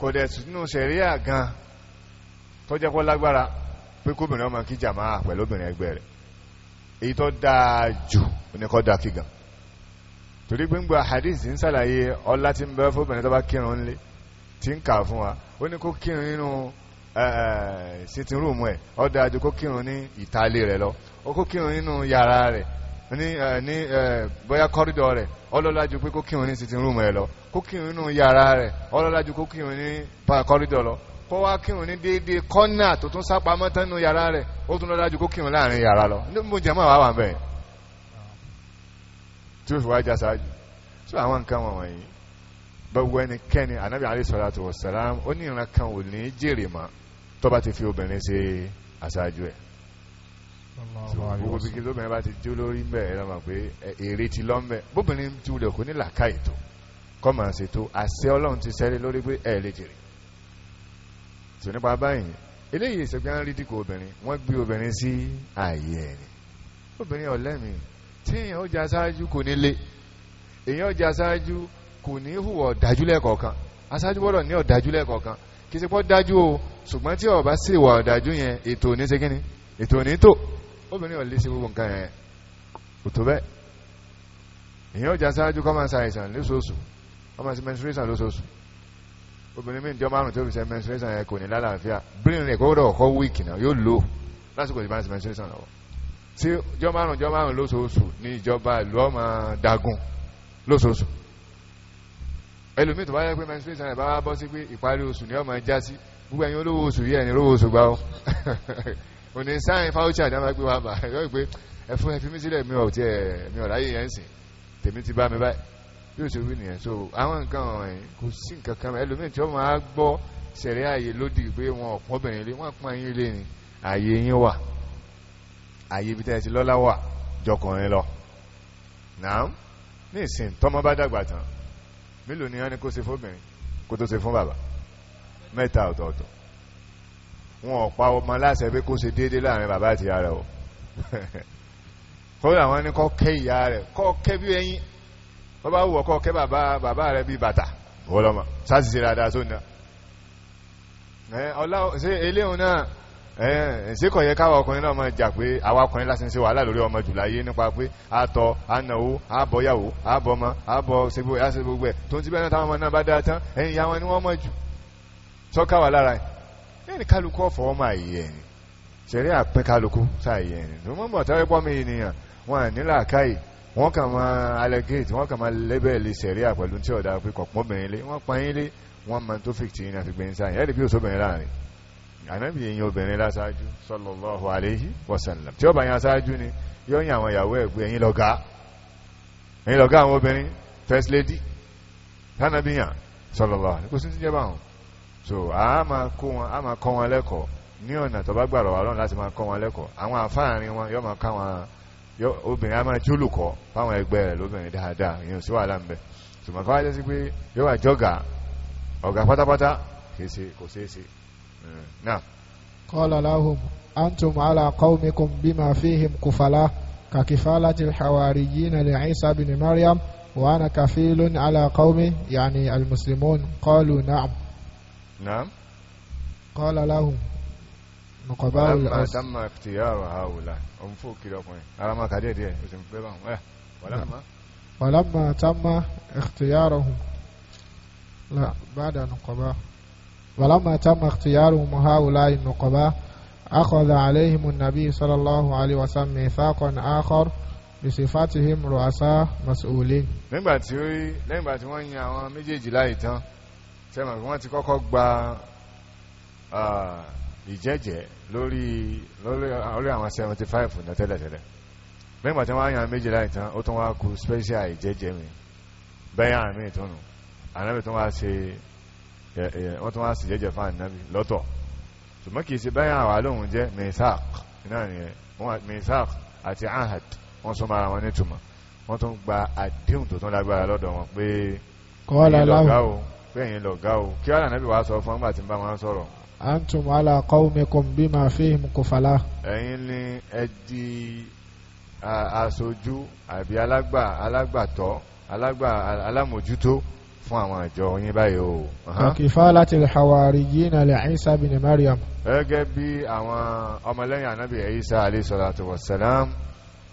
kò dẹ̀ sínú sẹ̀ríà gan tọ́jẹ́ kó lágbára pé kóbìnrin ọmọ kí jàmáà pẹ̀lú obìnrin ẹgbẹ́ rẹ̀ èyí tó dáa jù oníkọ́ dáa kí torí gbẹ́ngbà hadith ń sàlàyé ọlá tí ń bẹ fóbìnrin tó bá kírun ńlé tí ń kà fún wa ó ní kó kírun nínú sitin rúùmù ẹ̀ ó dájú kó kírun ní ìtàlẹ̀ rẹ̀ lọ ó kó kírun nínú yàrá rẹ̀ ní bóyá kọ́rídọ̀ rẹ̀ ọlọ́lá ju pé kó kírun ní sitin rúùmù ẹ̀ lọ kó kírun nínú yàrá rẹ̀ ọlọ́lá ju kó kírun ní kọ́rídọ̀ lọ kó wá kírun ní déédéé kọ́nà tó tún sápamọ́ tẹ́nu yàrá rẹ̀ ó tún lọ́lá ju kó kírun láàrin yàrá lọ níbo jẹ́mọ́ àwa wà bẹ́ẹ̀ tí ó fi wá já ṣáájú tí àwọn nǹkan wọ̀nyí gbogbo ẹnikẹ́ni anabi alayhi salatu wa salam ó ní ìran kan ò ní jèrè mọ́ tó bá ti fi obìnrin ṣe aṣáájú ẹ̀ gbogbo bí kìlọ́ mẹ́rin bá ti jó lórí mbẹ́ ẹ̀rọ mọ̀ pé èrè ti lọ́ mbẹ́ bóbìnrin ti wulẹ̀ kó ní làákàyè tó kọ́ máa ṣe tó àṣẹ ọlọ́run ti sẹ́lẹ̀ lórí pé ẹ̀ lè jèrè tò nípa báyìí eléyìí ìṣẹ́gbẹ́ ń rí dìkò obìnrin wọ́n gbé obìnrin sí ààyè ẹ̀rìn obìnrin ọ̀lẹ́mì tí èèyàn ó jẹ́ aṣáájú kò nílé èèyàn ó jẹ́ aṣáájú kò ní hùwà ọ̀dájú lẹ́ẹ̀kọ̀ọ̀kan aṣáájú gbọ́dọ̀ ní ọ̀dájú lẹ́ẹ̀kọ̀ọ̀kan kì í ṣe pọ́ dájú o ṣùgbọ́n tí ó bá sì wà ọ̀dájú yẹn ètò òní ṣe kíni ètò òní tò obìnrin ò lè ṣe gbogbo nǹkan yẹn kò tó bẹ́ẹ̀ èyàn ọjà aṣáájú kọ́ máa ń ṣàìsàn lóṣooṣù kọ́ máa ń ṣe menstruation lóṣooṣù obìnrin mi jọ márùn tó fi ṣe menstruation yẹn kò ní lálàáfíà brain rẹ̀ kó dọ̀kọ́ wíìkì náà yóò lò lásìkò tí bá ń ṣe menstruation lọ́wọ́ tí jọ márùn jọ márùn lóṣooṣù ní ìjọba ìlú ọmọ lóṣooṣù ẹlòmíì tó bá yẹ pé menstruation ẹ̀ bá bọ́ sí pé ìparí oṣù ni ọmọ já sí gbogbo ẹ̀yin olówó oṣù yìí ẹ̀ni olówó oṣù gbá ọ òní sáyìn fáwọ́chì àdámá gbé wa bà yọ pé ẹ̀fún ẹ̀fí mi sílẹ̀ mi ò tí ẹ̀ mi ò ráyè yẹn sìn tèmi ti bá mi báyìí yóò ṣe wí nìyẹn so àwọn nǹkan ọ̀hìn kò sí nǹkan kan ẹlòmíì tí wọ́n máa gbọ́ sẹ̀rẹ̀ ààyè lódì pé wọn ọ̀pọ̀bìnrin lé wọ́n pọ́n yín lé ni ààyè yín wà ààyè ibi tẹ́ẹ̀ ti lọ́lá wà jọkùnrin lọ náà ní ìsìn tọ́mọ bá dàgbà tán mélòó ni wọ́n ní kó ṣe fóbìnrin kó tó ṣe fún bàbá mẹ́ta ọ̀tọ̀ọ̀tọ̀ wọn ò ọmọ láṣẹ pé kó ṣe déédéé láàrin bàbá àti ìyá rẹ̀ o kódà wọ́n ní kó kẹ́ ìyá rẹ̀ kó kẹ́ bí ẹyin wọ́n bá wùwọ́ kó kẹ́ bàbá bàbá rẹ̀ bí bàtà wọ́n lọ́mọ sáà sì ṣe dáadáa náà ṣé kò yẹ káwọn ọkùnrin náà máa jà pé àwa ọkùnrin láti ń ṣe wàhálà lórí ọmọ jùlá yé nípa pé àtọ ànáwó àbọyàwó àbọmọ àbọ ṣe gbogbo ẹ tó ń ti bẹ́ẹ̀ náà táwọn ọmọ náà bá dáa tán ẹ̀yìn ìyá wọn ni wọ́n mọ̀ jù sọ́kà wà lára ẹ̀ ní kálukú ọ̀fọ̀ ọmọ àyè ẹ̀ ṣẹ̀rí àpín kálukú sáàyè ẹ̀ tó mọ̀ tẹ́wẹ́ pọ́ mi ènìyàn wọn ní làákàyè wọ́n kàn máa allegate wọ́n kàn máa lẹ́bẹ̀ẹ́lì ṣẹ̀rí àpẹ̀lú tí ọ̀dà pé kọ̀pọ̀ bẹ̀yìn lé wọ́n pa yín lé wọ́n máa tó fìtì yín àfi gbẹ̀yìn sáàyè ẹ̀ ànábì yìí obìnrin lásáájú sallallahu alayhi wa sallam tí ó bá yan asáájú ni yóò yìn àwọn ìyàwó ẹ̀gbẹ́ ẹ̀yìn lọ́gá ẹ̀yìn lọ́gá àwọn obìnrin first lady tánàbí yàn sallallahu alayhi kò sí ti jẹ́ so a máa kó wọn a máa kọ́ wọn lẹ́kọ̀ọ́ ní ọ̀nà tó bá gbàrọ̀ wà lọ́nà láti máa kọ́ wọn lẹ́kọ̀ọ́ àwọn àfáàrin wọn yóò máa ká wọn obìnrin a máa jólùkọ́ fáwọn ẹgbẹ́ rẹ̀ lóbìnrin dáadáa ìyẹn sí wàhálà نعم قال لهم أنتم على قومكم بما فيهم كفلاء ككفالة الحواريين لعيسى بن مريم وأنا كفيل على قومي يعني المسلمون قالوا نعم نعم قال لهم نقباء الأس تم اختيار هؤلاء أمفوك كده على ما كده ولما ولما تم اختيارهم لا بعد نقباء ولما تم اختيارهم هؤلاء النقباء أخذ عليهم النبي صلى الله عليه وسلم ميثاقا آخر بصفاتهم رؤساء مسؤولين nígbà tí lẹ́yìn ìgbà tí wọ́n yan àwọn méjèèjì láì tán sẹ́mọ̀ pé wọ́n ti kọ́kọ́ gba ìjẹ́jẹ́ lórí lórí àwọn 75 náà tẹ́lẹ̀tẹ́lẹ̀ lẹ́yìn ìgbà tí wọ́n yan méjì láì tán ó tún wá kù special ìjẹ́jẹ́ mi bẹ́yà mi ìtúnu ànábì tún wá ṣe wọ́n tún wá sì jẹ́jẹ́ fún ànábì lọ́tọ̀ ṣùgbọ́n kìí ṣe báyà wà lóhun jẹ́ mesaq náà mesaq àti ahad wọ́n sọ mara wọn nítumọ̀ wọ́n tún gba àdéhùn tó tún lágbára lọ́dọ̀ wọn pé ẹ̀yin lọ̀gá o kí wọ́n ànábì wá sọ fún ọgbà tí ń bá wọn sọ̀rọ̀. antum ala qawmikum bima fihim kufala. ẹ̀yin ni ẹ di aṣojú àbí alágbà alágbàtọ́ alágbà alámòjútó fún àwọn àjọ yín báyìí o. kàkìfà láti hawariyina li Isa bin Maryam. gẹ́gẹ́ bí àwọn ọmọlẹ́yìn anábì Isa alayhi salatu wassalam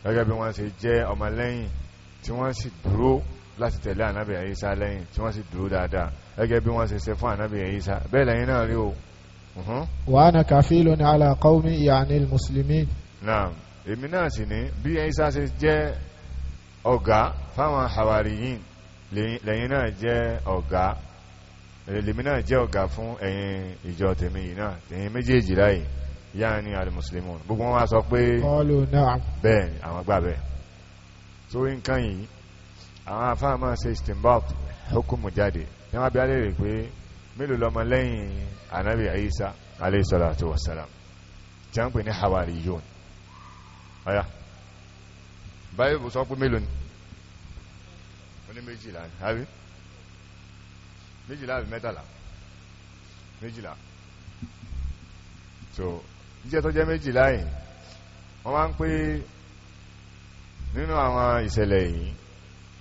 gẹ́gẹ́ bí wọ́n ṣe jẹ́ ọmọlẹ́yìn tí wọ́n sì dúró láti tẹ̀lé anábì Isa lẹ́yìn tí wọ́n sì dúró dáadáa gẹ́gẹ́ bí wọ́n ṣe ṣe fún anábì Isa bẹ́ẹ̀ lẹ́yìn náà rí o. wa ana kafilun ala qawmi yani al lẹ́yìn náà jẹ́ ọ̀gá lèmi náà jẹ́ ọ̀gá fún ẹ̀yin ìjọ tèmi yìí náà ẹ̀yin méjèèjì láyìí yá ni alimuslimun gbogbo wọn wá sọ pé bẹ́ẹ̀ ni àwọn gbà bẹ́ẹ̀ tó nǹkan yìí àwọn afáà máa ṣe istinbat hukumu jáde ní wọ́n bí a lè rí pé mélòó lọ́mọ lẹ́yìn anabi Isa alayhi salatu wassalam tí wọ́n pè ní hawariyun ọ̀yà báyìí sọ pé mélòó oní méjìlá ní àbí méjìlá àbí mẹ́tàlá méjìlá so jíjẹ́ tó jẹ́ méjìlá yìí wọ́n máa ń pè nínú àwọn ìṣẹ̀lẹ̀ yìí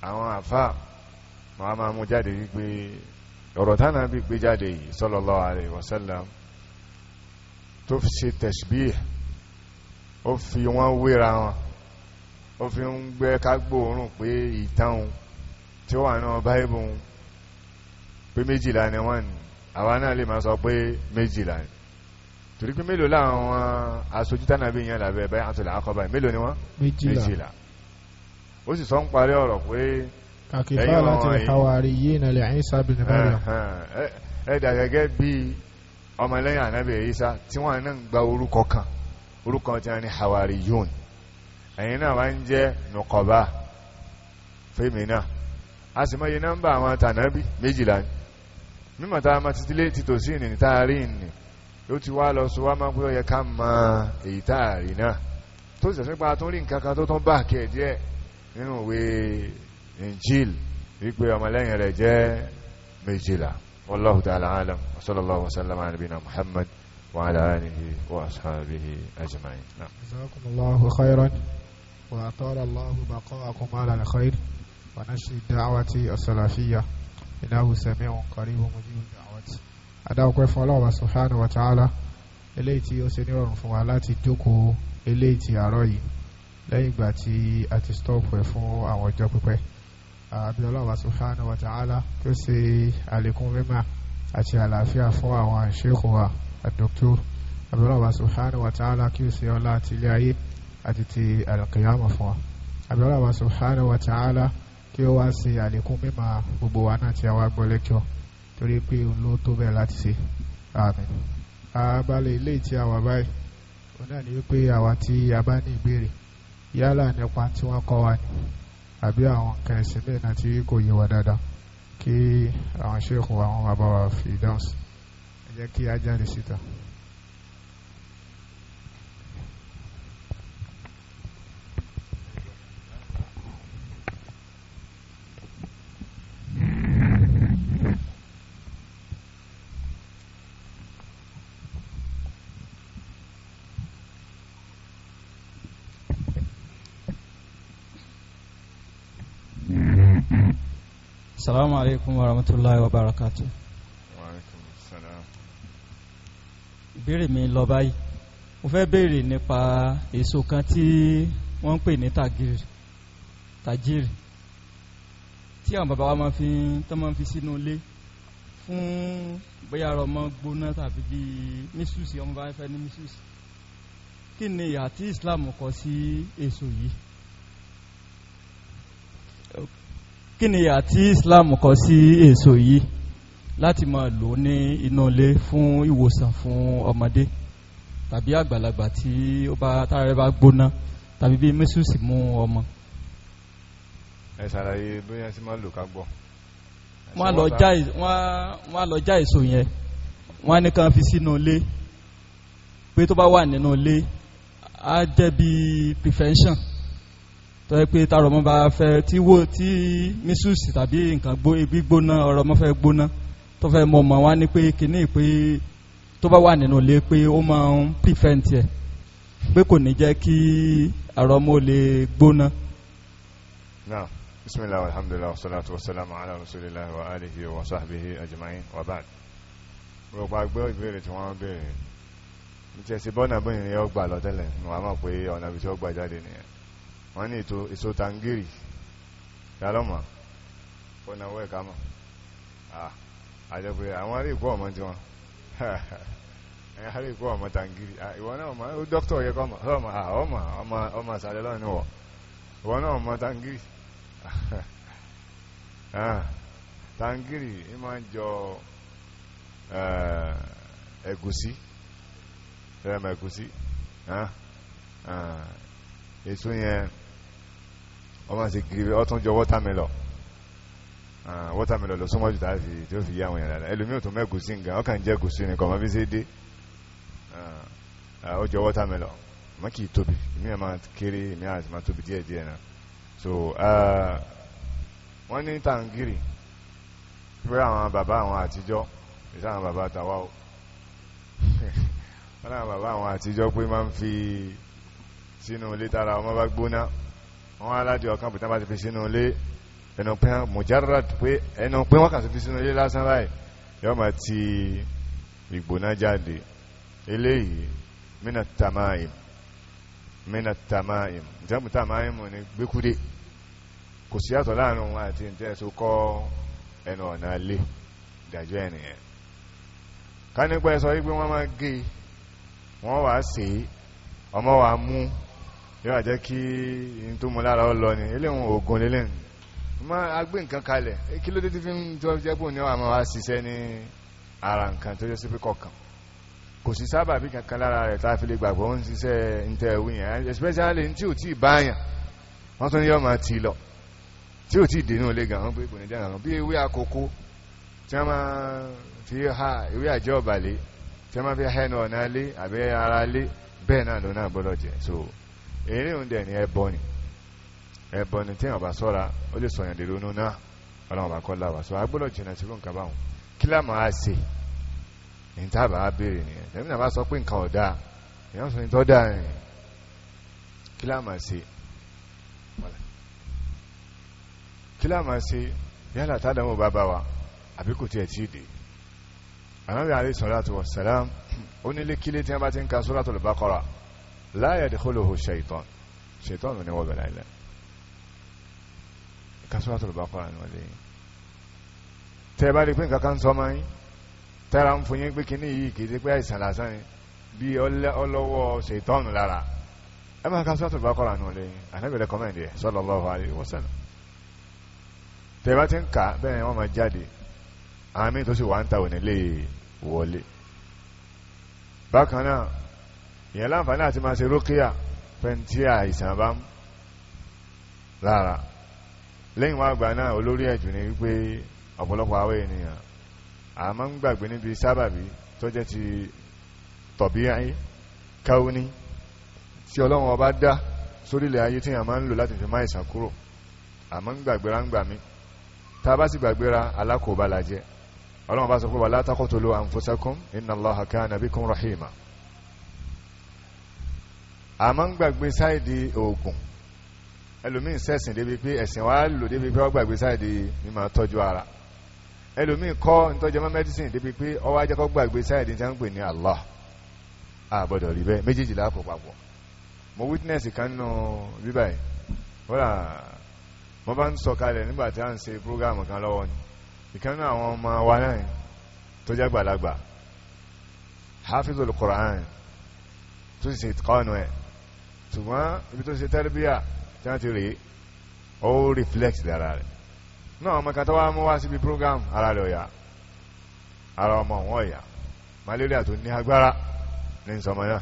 àwọn àfá wọ́n a mú jáde wípé ọ̀rọ̀ tánà bí gbé jáde yìí sallallahu alaihi wasallam tó fi ṣe tashbih ó fi wọ́n wéra wọn ó fi ń gbé kágbóòrùn pé ìtàn tí ó wà náà báyìbùn pé méjìlá ni wọ́n ni àwa náà lè máa sọ pé méjìlá ni torí pé mélòó láwọn aṣojú tánàbí yẹn làbẹ́ báyìí àti làákọ́bà mélòó ni wọ́n méjìlá ó sì sọ ń parí ọ̀rọ̀ pé ẹ̀dà gẹ́gẹ́ bí ọmọlẹ́yìn ànábì Ìsá tí wọ́n náà gba orúkọ kan orúkọ tí wọ́n ní Hawariyun ẹ̀yin náà wá ń jẹ́ nùkọ̀bá fèmínà a sì mọ́ye nọ́mbà àwọn tànábì méjìlá ní mímọ̀ tá a máa ti tilé títò sí ìnìyàn tá a rí ìnì ló ti wá lọ sọ wá máa pé ó yẹ ká mọ èyí tá a rí náà tó sì sẹ́sẹ́pá tó rí nǹkan kan tó tán bá kẹ́ nínú ìwé Injil wípé ọmọlẹ́yìn rẹ̀ jẹ́ méjìlá wallahu ta'ala ونشر الدعوة السلفية إنه سميع قريب مجيب الدعوة أدعوك فالله سبحانه وتعالى eléyìí tí ó ṣe nírọ̀rùn fún wa láti jókòó eléyìí tí àárọ̀ yìí lẹ́yìn ìgbà tí a ti stọ́ọ̀pù ẹ̀ fún àwọn ọjọ́ pípẹ́ àbí Ọlọ́hun subhanahu wa ta'ala kí ó ṣe àlékún mímà àti àlàáfíà fún àwọn ṣéèkù wa àdókítọ́ àbí Ọlọ́hun subhanahu wa ta'ala kí ó ṣe ọlá àti ilé ayé àti ti àlùkìyàmọ̀ fún wa àbí Ọlọ́hun subhanahu wa ta'ala kí ó wá ṣe àlékún mímọ̀ gbogbo wa náà tí a wá gbọ́ lecture torí pé òun ló tó bẹ́ẹ̀ láti ṣe àmín abalẹ̀ ilé tí a wà báyìí òun náà ni wípé àwa tí a bá ní ìbéèrè yálà nípa tí wọ́n kọ́ wa ni àbí àwọn nǹkan ẹ̀sìn mìíràn náà tí kò yé wa dáadáa kí àwọn ṣéèkù àwọn bàbá wa fi dáhùn sí ẹ jẹ́ kí a jáde síta. Assalamu alaikum warahmatullahi wabarakatuh. Wa alaikum assalam. Ìbéèrè mi lọ báyìí. Mo fẹ́ béèrè nípa èso kan tí wọ́n ń pè ní tàgírì. Tàjírì. Tí àwọn bàbá wa máa fi tán máa fi sínú ilé fún bóyá ọ̀rọ̀ ọmọ gbóná tàbí bí mísùsì ọmọ bá fẹ́ ní mísùsì. Kí ni ìhà tí Islam kọ sí èso yìí? kí ni àti Islam kọ sí èso yìí láti máa lò ní inú ilé fún ìwòsàn fún ọmọdé tàbí àgbàlagbà tí ó bá tára rẹ̀ bá gbóná tàbí bí mẹ́sùsì mú ọmọ ẹ ṣàlàyé bóyá sí máa lò ká wọ́n lọ já èso yẹn wọ́n á fi sínú ilé pé tó bá wà nínú ilé á jẹ́ bí prevention tó yẹ pé táàrọ̀ ọmọ bá fẹ́ tí wo tí mísùsì tàbí nǹkan gbígbóná ọ̀rọ̀ ọmọ fẹ́ gbóná tó fẹ́ mọ ọmọ wa ni pé kíní pé tó bá wà nínú ilé pé ó máa ń prevent ẹ̀ pé kò ní jẹ́ kí àrọ̀ ọmọ lè gbóná. náà bisimilah alhamdulilah wasalaatu wasalaamu ala rasulillah wa alihi wa sahbihi ajma'in wa ba'd. gbogbo àgbẹ̀ ìbéèrè tí wọ́n béèrè ní tẹ̀sí bọ́nà bóyá ọgbà lọ́tẹ́lẹ̀ ni wọ́n á mọ̀ pé ọ̀nà ibi tí ó gbà jáde nìyẹn wọ́n ní ètò èso tangiri yálọ́mà ọ̀nàwó ẹ̀ká mọ̀ àjẹ́pẹ̀ àwọn arí ìkú ọmọ tí wọ́n arí ìkú ọmọ tangiri ìwọ̀n náà ọmọ ó dókítà yẹ kọ́ ọmọ ọmọ ọmọ ìsàlẹ̀ lọ́nà wọ̀ ìwọ̀n tangiri tangiri ní máa ń jọ ẹ̀gúsí ẹ̀mẹ̀gúsí èso yẹn wọ́n máa ṣe kiri bẹ́ẹ̀ ọtún jọ wọ́tàmẹ́lọ̀ wọ́tàmẹ́lọ̀ lọ súnmọ́ jù tá tí ó fi yá àwọn èèyàn dáadáa ẹlòmíì tó mẹ́ gùsí nǹkan ọkàn jẹ́ gùsí nìkan ọmọ bí ṣe dé ó jọ wọ́tàmẹ́lọ̀ mọ́ kì í tóbi èmi àmà kéré èmi àti máa tóbi díẹ̀ díẹ̀ náà so wọ́n ní tàǹgìrì pé àwọn bàbá àwọn àtijọ́ ìṣe àwọn bàbá tàwa o wọ́n náà bàbá àwọn àtijọ́ pé máa ń fi sínú ilé tára ọmọ bá gbóná wọ́n aládìí ọ̀kan bùtán bá ti fi sínú ilé ẹnu pé mujarrad pé ẹnu pé wọ́n kà sí fi sínú ilé lásán láì yọ́ ma ti ìgbóná jáde eléyìí mina tamaim mina tamaim ìjọba tamaim ní gbékúdé kò sí yàtọ̀ láàrin wọn àti ìjẹ́ tó kọ́ ẹnu ọ̀nà ilé ìdájọ́ ẹnìyẹn ká nípa ẹ̀sọ́ wípé wọ́n máa gé e, wọ́n wàá sèé ọmọ wàá mú yóò jẹ́ kí n tó mú lára ọ ni eléwọn oògùn lélẹ̀ ma agbé nǹkan kalẹ̀ kí ló dé tí fi ń tó jẹ́ bò ní àwọn àmọ́ wa ṣiṣẹ́ ní ara nǹkan tó jẹ́ sí pé kò sí sábà bí kankan lára rẹ̀ tá fi lè gbàgbọ́ ń ṣiṣẹ́ ń especially tí ò tí ì báyàn wọ́n tún yọ́ máa ti lọ tí ò tí ì dénú ilé gan-an pé kò ní dáhàn bí ewé àkókò bẹ́ẹ̀ náà ló náà gbọ́dọ̀ jẹ́ so èrè oúnjẹ ni ẹbọ ni tí wọn bá sọ́ra ó lè sọ̀yàn dèrò inú náà ọlọ́run bá kọ́ láwà sọ agbọ́dọ̀ jìnà sí nǹkan báwọn kí lá máa ṣe ní á béèrè nìyẹn tẹ̀mí bá sọ pé nǹkan ọ̀dà èèyàn sọ ní tọ́ da rìn kí lá máa ṣe kí lá máa ṣe yálà tádàmú bá bá wa àbí kò tiẹ̀ tí ì wassalam ó nílé kílé tí wọ́n bá ti baqara لا يدخله الشيطان الشيطان من هو بالعلم كسوة البقاء والدين tẹ́ẹ̀bá rí pé nǹkan kan sọ máa yín tẹ́ra ń fún yín pé kíní yìí kìí pé àìsàn lásán yín bí ọlọ́wọ́ ṣètọ́nù lára ẹ máa ka sọ́tò bá kọ́ra nù lé ànábì rẹ́kọ́mẹ́ndì ẹ̀ sallallahu alaihi wasallam tẹ́ẹ̀bá ti ń kà bẹ́ẹ̀ ni wọ́n máa jáde àmì tó sì wà ń ta òní lè wọlé bákan náà ìyẹn láǹfààní àti máa ṣe rókíyà fẹ́ntí àìsàn bá ń lára lẹ́yìn wá àgbà náà olórí ẹ̀jù ni wípé ọ̀pọ̀lọpọ̀ àwọn ènìyàn a máa ń gbàgbé níbi sábàbí tó jẹ́ ti tọ̀bíyàn káwóní tí ọlọ́run ọba dá sórílẹ̀ ayé tí a máa ń lò láti fi máa ìsàn kúrò a máa ń gbàgbéra ń gbà mí ta bá sì gbàgbéra alákòóbá ọlọ́run bá sọ pé wala taqtulu anfusakum inna Allaha kana bikum rahima àmọ́ ń gbàgbé sáìdì oògùn ẹlòmíì sẹ́sìn débi pé ẹ̀sìn wa lò débi pé ó gbàgbé sáìdì mímọ̀ tọ́jú ara ẹlòmíì kọ́ ìtọ́jú ọmọ mẹ́dísìn débi pé ó wá jẹ́ gbàgbé sáìdì tí a ń pè ní Allah àbọ̀dọ̀ rí bẹ́ẹ̀ méjèèjì lápò papọ̀ mo witness kan nínú bíbá yìí wọ́n mo bá ń sọ kalẹ̀ nígbà tí a ń ṣe prógámù kan lọ́wọ́ ni ìkan náà àwọn ọmọ wa náà tó jẹ́ gbàlagbà hafizul Qur'an tó sì ṣe ìtọ́nù ẹ̀ ṣùgbọ́n ibi tó ṣe tẹ́lẹ̀bíyà tí wọ́n ti rèé ó reflect lára rẹ̀ náà ọmọ kan tó wá mú wá síbi program ara rẹ̀ ọ̀yà ara ọmọ wọn ọ̀yà malaria tó ní agbára ní nsọmọ náà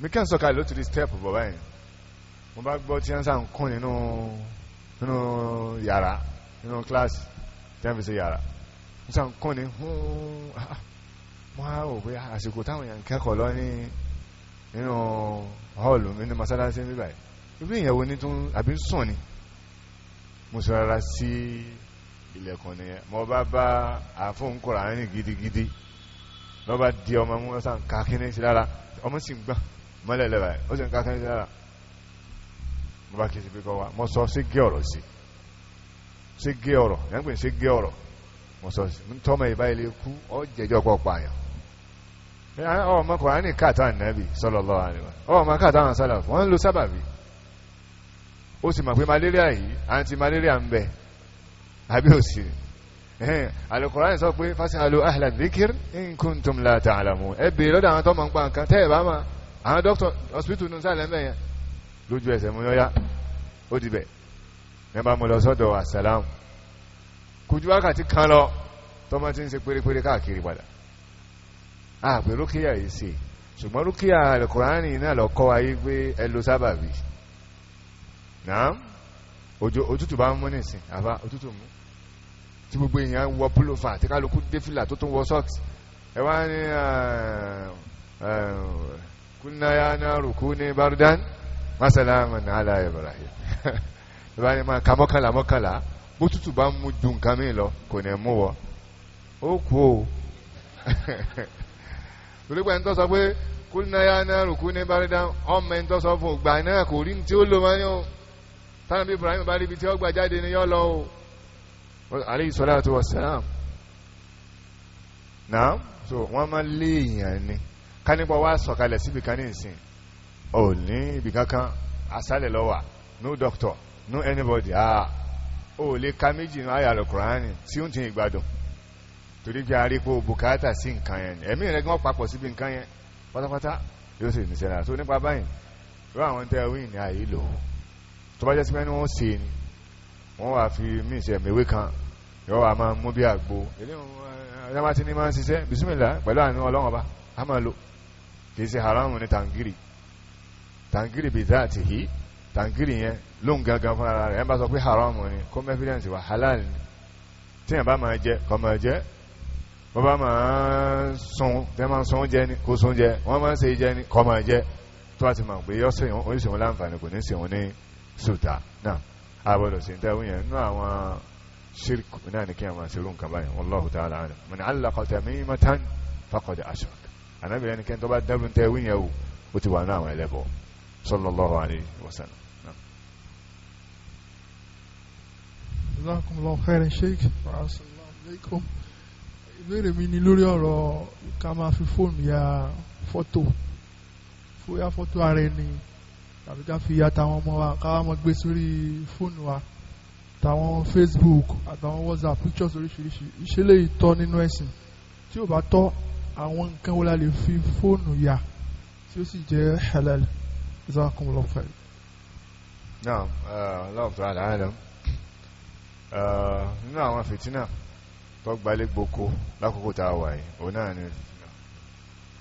mi kẹ́ ń sọ̀kalẹ̀ ló ti di step bọ̀bá yẹn mo bá gbọ́ tí wọ́n sá ń kún nínú nínú yàrá nínú kíláàsì tí wọ́n fi ṣe yàrá wọ́n sá kún ní hún ah, ah. mo á rò pé ah, àsìkò táwọn èèyàn kẹ́kọ̀ọ́ lọ ní nínú họ́ọ̀lù nínú masalasi níbà yìí ibi ìyàwó ní tún àbí sùn ni mo sì rárá sí ilẹ̀kùn nìyẹn mo bá bá àfún Kùránì gidigidi lọ́ba di ọmọ mú ọ́sà ń ka kíní sí lára ọmọ sì ń gbà mọ́lẹ̀ lẹ́bàá ó sì ń ka sí lára mo bá kí sí pé kọ́ wa mo sọ sí gé ọ̀rọ̀ sí sí gé ọ̀rọ̀ yẹn pè gé ọ̀rọ̀ mo sọ sí tọ́mọ ìbáyìí lè kú ọ́ jẹjọ́ pọ̀ pààyàn Eh, oh, ọmọ kòránì káàtà nàbì sallallahu alaihi wasallam oh, ọmọ káàtà àwọn sálà wọ́n ń lo sábàbí ó sì mọ̀ pé malaria yìí àti malaria ń bẹ àbí òsì eh, alùkùránì sọ pé fasi'alu ahla dhikr in kuntum la ta'lamun ẹ bèèrè lọ́dọ̀ àwọn tó mọ̀ ń pa nǹkan bá mọ̀ àwọn dókítà hospital nù sálẹ̀ mẹ́yẹn lójú ẹsẹ̀ mú yọ́yá ó ti bẹ̀ ẹ bá mọ̀ lọ sọ́dọ̀ àsàlámù kùjú wákàtí kan lọ tọ́mọ ti ń ṣe pérépéré káàkiri padà àpè ah, rúkìá yìí ṣe ṣùgbọ́n rúkìá alukurani náà lọ kọ́ ayé pé ẹ lo sábàbí náà òjò òtútù bá ń mú nìsín àbá òtútù mú tí gbogbo èèyàn wọ púlòfà tí kálukú dé fìlà tó tún wọ sọ́ọ̀tì ẹ wá ní kúnnáyà náà rùkú ní bardan masalaman ala ibrahim ẹ bá ní máa ka mọ́kànlá mọ́kànlá bó tútù bá ń mú ju nǹkan mi lọ kò ní mú wọ ó kú o. torí pé ẹni tó sọ pé kúlínàyà náà rùkú ní bárídá ọmọ ẹni tó sọ fún ògbà náà kò rí tí ó lò mọ́ ní o tánàbí Ibrahim bá ríbi tí ó gbà jáde ní yọ́ lọ o alayhi salatu wassalam náà so wọ́n máa lé èèyàn ni ká nípa wá sọ̀kalẹ̀ síbi kan ní ò ní ibì kankan asálẹ̀ lọ́wà no doctor no anybody ah ò lè ka méjì ní àyà Al-Qur'ani tí ó ti ìgbádùn torí pé a rí pé o bùkátà sí nǹkan yẹn ẹ̀mí rẹ̀ gan papọ̀ síbi nǹkan yẹn pátápátá yóò sì níṣẹ́ náà tó nípa báyìí ló àwọn tẹ́ wí ní ààyè lò tó bá jẹ́ sí mẹ́ni wọ́n ṣe ni wọ́n wà fi míì ṣe ẹ̀mẹ̀wé kan yóò wà máa mú bí àgbo ẹ̀dá eh, máa ti ní máa ń ṣiṣẹ́ bisimilá pẹ̀lú àánú ọlọ́wọ́n bá a máa lò kì í yẹn lóhun gangan fún rẹ̀ ẹ̀ bá sọ pé haramu ni kọ́mẹ́fídẹ́ǹsì wà halal ni tíyàn bá máa jẹ kọ́ máa jẹ wọ́n bá máa ń sun tẹ́ máa ń sun oúnjẹ ní kó sun oúnjẹ wọ́n máa ń ṣe jẹ ní kọ́ máa jẹ tó bá ti mọ̀ pé yọ́ sèwọ́n ó sèwọ́n láǹfààní kò ní sèwọ́n ní sùtà náà àbọ̀dọ̀ sí tẹ́wọ́n yẹn nínú àwọn ṣírkù náà ní kí a الله خيرا شيخ وعسى ìbéèrè mi ni lórí ọ̀rọ̀ ká máa fi fóònù ya fọ́tò fóyá fọ́tò ara ẹni tàbí ká fi ya tàwọn ọmọ wa ká wá mọ gbé sórí fóònù wa tàwọn Facebook àtàwọn WhatsApp pictures oríṣiríṣi ìṣẹ̀lẹ̀ ìtọ́ nínú ẹ̀sìn tí ò bá tọ́ àwọn nǹkan wo la lè fi fóònù ya tí ó sì jẹ́ halal ìzákùnlọ́ fẹ́. náà Allahu ta'ala alam eh, nínú àwọn fìtínà tó gbalé gboko lákòókò tá a wà yìí òun náà ni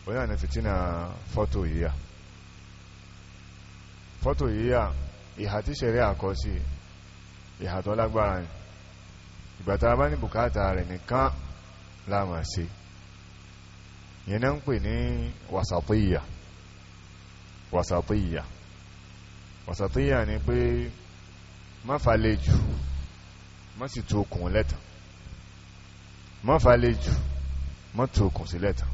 òun náà ni fìtínà fọ́tò yíyà fọ́tò yíyà ìhà tí ṣẹ̀rẹ́ àkọsí ìhà tó lágbára ni ìgbàtà bá ní bùkátà rẹ̀ nìkan láàmà sí yẹn náà ń pè ní wasatiyya wasatiyya ni pé má falẹ̀ jù má sì tó okùn lẹ́tàn mọ́ falẹ̀ jù mọ́ tó kùn sílẹ̀ tán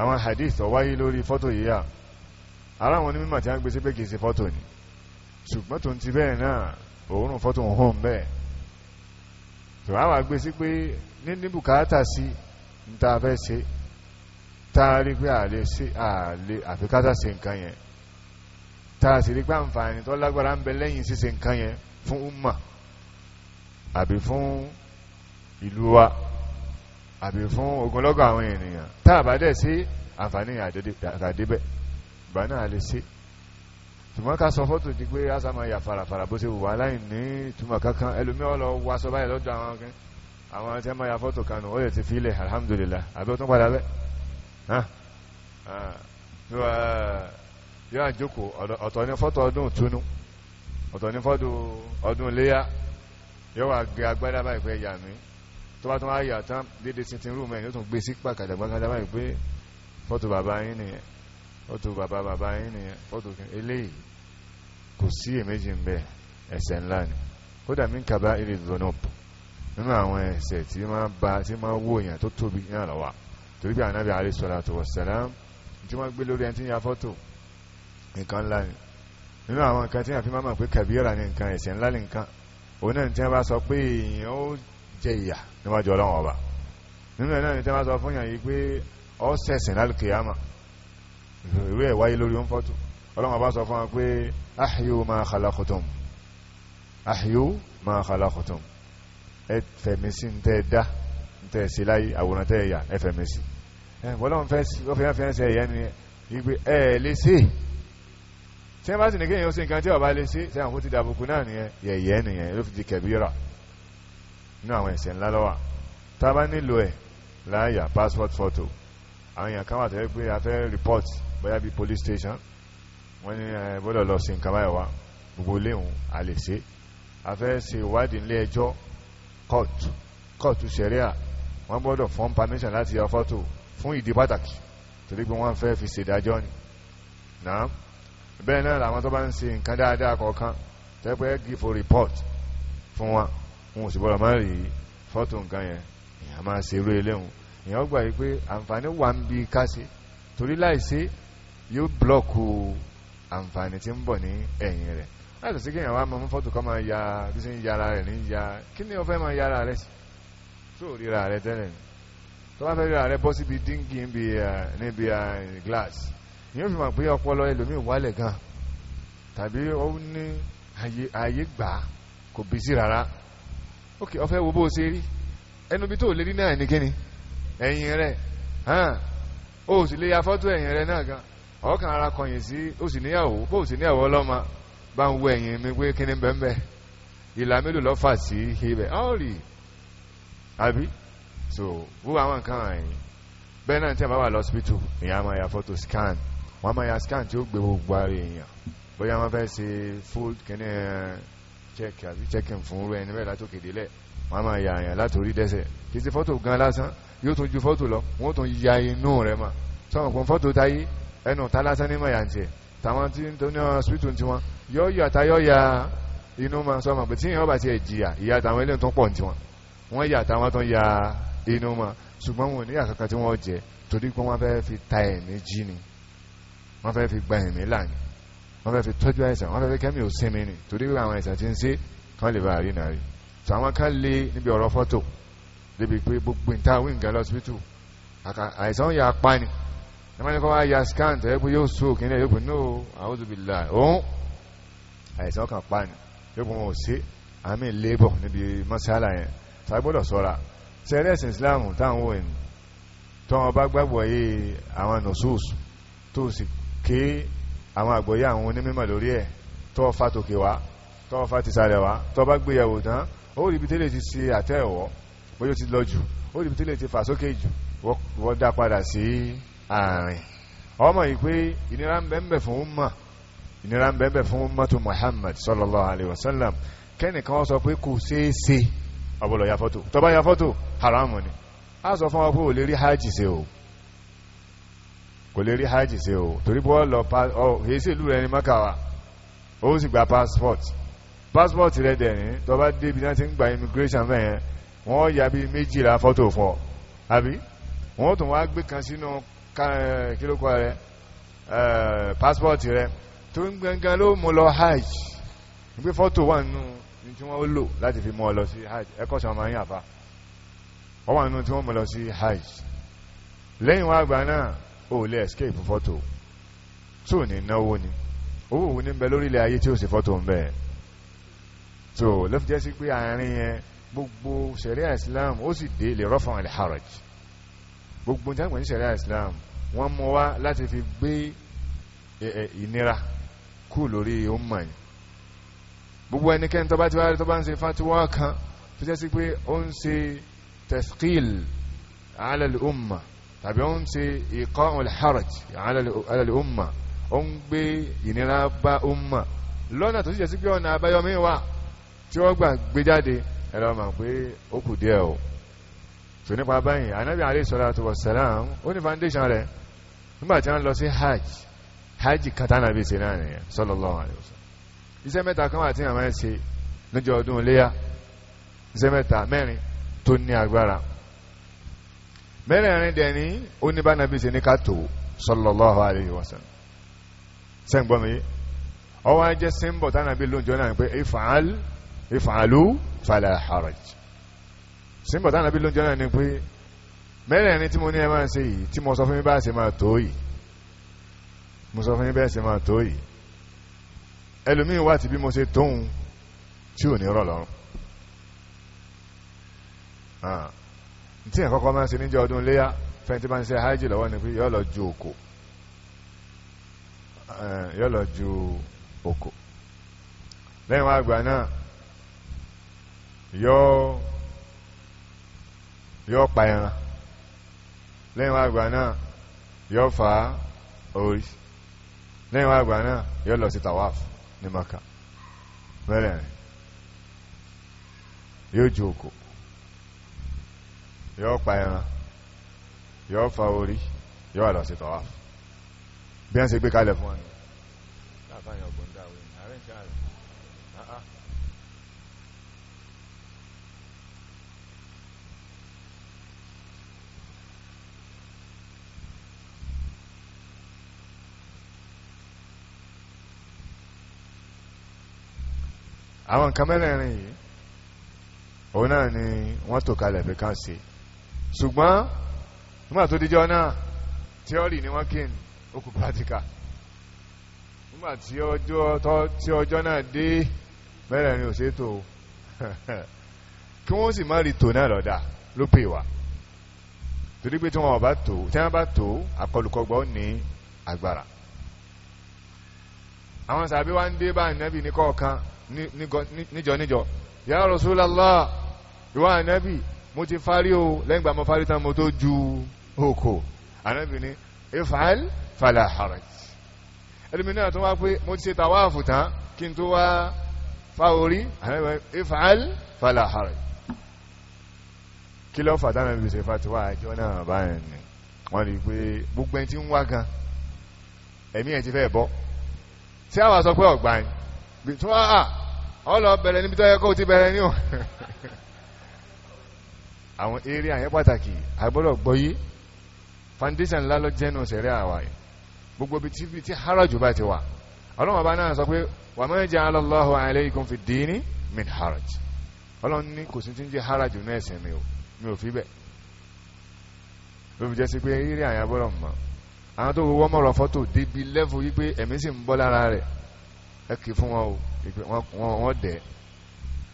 àwọn hadith tó wáyé lórí fọ́tò yíyà ara wọn ní mímọ̀ tí a ń gbé sí pé kìí ṣe fọ́tò ni ṣùgbọ́n tó ń ti bẹ́ẹ̀ náà òórùn fọ́tò hàn bẹ́ẹ̀ tó àwọn àgbé sí pé ní ní bùkátà sí ń ta fẹ́ ṣe táàrí pé àlè sí àlè àfikátà ṣe nǹkan yẹn táà sì rí pé àǹfààní tó lágbára ń bẹ lẹ́yìn ṣíṣe nǹkan yẹn fún ìlú wa àbí fún ogunlọ́gọ̀ àwọn ènìyàn tá a bá dẹ̀ sí àǹfààní àdébẹ̀ ìgbà náà lè sí ṣùgbọ́n ká sọ fọ́tò di pé asàmà yà farafara bó ṣe wù wá láì ní ìtumọ̀ kankan ẹlòmí ọlọ wa sọ báyìí lọ́dọ̀ àwọn akẹ́ àwọn tí a máa ya fọ́tò kanù ó lè ti fi ilẹ̀ alhamdulillah àbẹ́ tó padà bẹ́ yóò àjókò ọ̀tọ̀ ní tó bá tún wá yà tán dédé tintin rúùmù ẹ̀ yóò tún gbé sí pàkàdà gbàgàdà báyìí pé fọ́tò bàbá yín nìyẹn fọ́tò bàbá bàbá yín nìyẹn fọ́tò eléyìí kò sí èméjì ń bẹ ẹ̀ṣẹ̀ ńlá ni kódà mí kaba ilé zonopu nínú àwọn ẹ̀ṣẹ̀ tí máa ba tí máa wó èèyàn tó tóbi ní àlọ́wà torí bí anábì alayhi salatu wassalam tí wọ́n gbé lórí ẹni tí ya fọ́tò nǹkan ńlá ni nínú àwọn nǹkan tí wọ́n fi máa mọ̀ pé kàbíyàrá ni nǹkan ẹ̀ṣẹ̀ jẹ ìyà níwájú ọlọ́run ọba nínú ẹ̀ náà ni tẹ́ máa sọ fún yàn yìí pé ọ sẹ̀sìn lálùkìyàmà ìwé ẹ̀ wáyé lórí oúnfọ́tò ọlọ́run ọba sọ fún wa pé ahyu ma khalaqtum ahyu ma khalaqtum ẹ fẹ̀mí sí ń tẹ́ dá ń tẹ́ sí láyé àwòrán tẹ́ yà ẹ fẹ̀mí sí ẹ bọ́lọ́run fẹ́ fẹ́ sẹ́ ẹ̀yẹ́ ni ìgbé ẹ̀ lé sí tí wọ́n bá sì ní kéèyàn ó sì nǹkan tí ọba lé sí tí àwọn kó ti dàbùkù náà nìyẹn yẹ̀yẹ́ nìyẹn ló fi di kẹ̀bíra ní àwọn ẹ̀ṣẹ̀ ńlá lọ́wà tá bá nílò ẹ̀ láyà passport photo àwọn èèyàn kan wà tẹ́lẹ̀ pé a fẹ́ report bóyá bí police station wọ́n ní ẹ eh, gbọ́dọ̀ lọ sí nǹkan báyọ̀ wá gbogbo léhùn a lè ṣe a fẹ́ ṣe ìwádìí nílé ẹjọ́ court court sẹ̀ríà wọ́n gbọ́dọ̀ fún permission láti ya photo fún ìdí pàtàkì torí pé wọ́n fẹ́ fi ṣèdájọ́ ni náà bẹ́ẹ̀ náà làwọn tó bá ń ṣe nǹkan dáadáa kọ̀ọ̀kan tẹ́pẹ́ give a report fún wọn wọn ò sì bọ́lọ̀ máa rí fọ́tò nǹkan yẹn èyàn máa ṣe eré eléhùn èyàn gbà yí pé àǹfààní wà ń bi káṣe torí láìsí yóò blọ́ọ̀kù àǹfààní tí ń bọ̀ ní ẹ̀yìn rẹ̀ láti sí kéèyàn wá mọ fọ́tò kọ́ máa ya bí sí ń yára rẹ̀ ní ya kí ni o fẹ́ máa yára rẹ̀ sí tó ríra rẹ̀ tẹ́lẹ̀ tó bá fẹ́ ríra rẹ̀ bọ́ síbi díngì níbi glass yóò fi mọ̀ pé ọpọlọ ẹlòmíì wálẹ̀ gan tàbí ó ní ààyè gbà kò bí sí rárá ok ọfẹ́ wo bó ṣe rí ẹnu bí tó lè rí náà ní kíni ẹ̀yìn rẹ̀ hàn ó sì lè ya fọ́tò ẹ̀yìn rẹ̀ náà gan ọkàn ara kọyìn sí ó sì níyàwó bó sì níyàwó ọlọ́mọ bá ń wo ẹ̀yìn mi pé kíni bẹ́ẹ̀ ìlà mélòó lọ́ fà sí ibẹ̀ ọ́ rí àbí so wúwo àwọn nǹkan àyìn bẹ́ẹ̀ náà tí a bá wà lọ́sípítù ìyá máa ya fọ́tò scan wọ́n máa ya scan tí ó gbé gbogbo ara èèyàn bóyá wọ́n fẹ́ ṣe food kíní ẹ̀ẹ́ chẹ́kì àti chẹ́kì fún rẹ̀ ní mẹ́ta tó kéde lẹ̀ wọ́n máa ya àyàn látòrí dẹ́sẹ̀ kì í ṣe fọ́tò gan lásán yóò tún ju fọ́tò lọ wọ́n tún ya inú rẹ̀ mà sọ̀rọ̀ pọ̀ fọ́tò táyé ẹnu ta lásán ní mọ̀yà tiẹ̀ tàwọn tí ń tóní ọ̀rọ̀ spiritu ya inú ma ma pé tí ìyàn bá ti ẹ̀ jìyà ìyá àtàwọn ilé tó pọ̀ tiwọn wọ́n yà àtàwọn tó ya inú ma ṣùgbọ́n wọn ò ní àkàkà tí wọ́n wọ́n fẹ́ fi tọ́jú àìsàn wọ́n fẹ́ fi kẹ́mì òsinmi ni torí wípé àwọn àìsàn ti ń ṣe kán lè bá àrínà rí so àwọn kan lè níbi ọ̀rọ̀ fọ́tò débi pé gbogbo ìta wí nǹkan lọ́sibítù àìsàn yà apá ni wọ́n máa ní kọ́ wá ya scan tẹ́ pé yóò so òkè náà yóò pè no àwòzùbìlà òun àìsàn kan pa ni yóò pè wọn ò sí àmì labour níbi mọ́sálà yẹn sàgbọ́dọ̀ sọ́ra sẹ́rẹ́sì Islam táwọn òyìn tọ́wọ́n bá gbàgbọ́ yìí e, àwọn nọ́sọ́ọ̀sù tó sì ké àwọn àgbọ̀yé àwọn onímọ̀ lórí ẹ̀ tó fa tòkè wá tó fa tìsàlẹ̀ wá tó bá gbéyàwó tán ó rí ibi tẹ́lẹ̀ ti ṣe àtẹ́ ẹ̀wọ́ bóyá ti lọ jù ó rí ibi tẹ́lẹ̀ ti fà sókè jù wọ́n dá padà sí àárín ọmọ yìí pé ìnira ń bẹ́ẹ̀ fún mọ̀ ìnira ń bẹ́ẹ̀ fún mọ́tò Muhammad sallallahu alaihi wasallam, sallam kẹ́nìkan sọ pé kò ṣeé ṣe ọ̀bọ̀lọ̀ ya fọ́tò tó bá ya fọ́tò haramu ni a sọ fún wa o kò lè rí hajj ṣe o torí bọ́ lọ kìí sí ìlú rẹ ní mọ́kàwá ó sì gba passport passport rẹ dẹ̀ ní tó bá débi náà ti ń gba immigration fẹ́yẹn wọ́n ya bí méjìlá fọ́tò fọ́ àbí wọ́n tún wá gbé kan sínú kílókọ rẹ passport rẹ tó ń gbẹ̀ngàn ló mú lọ hajj gbé fọ́tò wà nínú tí wọ́n lò láti fi mú ọ lọ sí hajj ẹ̀kọ́ sọ ma àgbà náà ó lè escape fọ́tò tó ní náwó ni owó òun ní bẹ lórílẹ̀ ayé tí ó sì fọ́tò ń bẹ so ló fi jẹ́ sí pé àárín yẹn gbogbo sẹ̀ríà Islam ó sì dé lè rọ́fàn al-haraj gbogbo jágbẹ̀ ní sẹ̀ríà Islam wọ́n mú wá láti fi gbé ìnira kú lórí ọmọ tàbí ó ń ṣe iqa'u al-haraj ala al-umma ó ń gbé ìnira bá umma lọ́nà tó sì jẹ́ sí pé ọ̀nà àbáyọmí wà tí ó gbà gbé jáde ẹ̀rọ mà pé ó kù díẹ̀ o tò nípa báyìí anábì alayhi salatu wassalam ó ní foundation rẹ̀ nígbà tí wọ́n lọ sí hajj hajj katana bí ṣe náà nìyẹn sallallahu iṣẹ́ mẹ́ta kan mẹ́rẹ̀ẹ̀rin dẹ̀ni ó ní bá nàbí ṣe ní ká tó sallallahu alayhi wa sallam sẹ́ǹgbọ́n mi ọwọ́ ajẹ́ símbọ̀ tánàbí lóúnjọ́ náà pé if'al if'alu fala haraj símbọ̀ tánàbí lóúnjọ́ náà ni pé mẹ́rẹ̀ẹ̀rin tí mo ní ẹ máa ṣe yìí tí mo sọ fún mi máa tó mo sọ fún mi máa tó yìí wà tí bí mo ṣe tóun tí ò ní rọ̀ lọ́rùn ah tí ẹ̀ kọ́kọ́ máa ń ṣe níjọ́ ọdún léyà fẹ́ntì máa ń ṣe hajj lọ́wọ́ ni pé yọ́ ju òkò yọ́ lọ ju òkò lẹ́yìn wá àgbà náà yọ́ yọ́ pa ẹran lẹ́yìn wá àgbà náà yọ́ fa orí lẹ́yìn wá àgbà náà yọ́ lọ sí tawaf ní maka mẹ́rẹ̀ẹ̀rin yóò ju òkò yóò pa ẹran yóò fa orí yóò wà lọ sí tọ́wà bí wọ́n ṣe gbé kalẹ̀ fún wọn láàbáyàn ọgbọ̀n dáwé ààrẹ ìṣẹ́ ààrẹ àá àwọn nǹkan mẹ́rẹ̀ẹ̀rin yìí òun náà ni wọ́n tò kalẹ̀ fi kàn sí ṣùgbọ́n nígbà tó díjọ́ náà tíọ́rì ni wọ́n kí ní okù pàtíkà nígbà tí ọjọ́ náà dé bẹ́rẹ̀ ni ò ṣe tó kí wọ́n sì má rí tò náà lọ́dà ló pè wá torí pé tí wọ́n bá tó tí wọ́n bá tó àkọlùkọgbọ́ ní agbára àwọn sàbí wá ń dé bá ìnábì ní kọ̀ọ̀kan níjọ níjọ ya Rasulullah ìwà ìnábì mo ti fárí o lẹ́yìn gbà mo fárí tán mo tó ju oko anábì ní ifal fala haraj ẹlùmí náà tó wá pé mo ti ṣe tàwáàfù tán kí n tó wá fa orí anábì ifal fala haraj kí lọ́ fàtánà bí ṣe fàtíwá àjọ náà báyìí ni wọ́n rí pé gbogbo ẹni tí ń wá gan ẹ̀mí ẹ̀ ti fẹ́ bọ́ tí a wà sọ pé ọ̀gbà yìí tó wá à ah, ọ bẹ̀rẹ̀ níbi tó yẹ kó ti bẹ̀rẹ̀ ní àwọn eré àyẹ́ pàtàkì àgbọ́dọ̀ gbọ́yé foundation ńlá ló jẹ́ náà sẹ̀rẹ́ àwà yìí gbogbo bí tí tí harajù bá ti wà ọlọ́wọ́n bá náà sọ pé wa ma ja'ala Allahu alaykum fi dini min haraj ọlọ́run ní kò sí tí ń jẹ́ harajù náà ẹ̀sìn mi ò mi ò fi bẹ́ẹ̀ ló fi jẹ́ sí pé eré àyẹ́ àgbọ́dọ̀ mọ́ àwọn tó wọ́n mọ̀rọ̀ fọ́tò débi lẹ́fù wípé ẹ̀mí sì ń bọ́ lára rẹ̀ ẹ kì fún wọn o wọ́n dẹ̀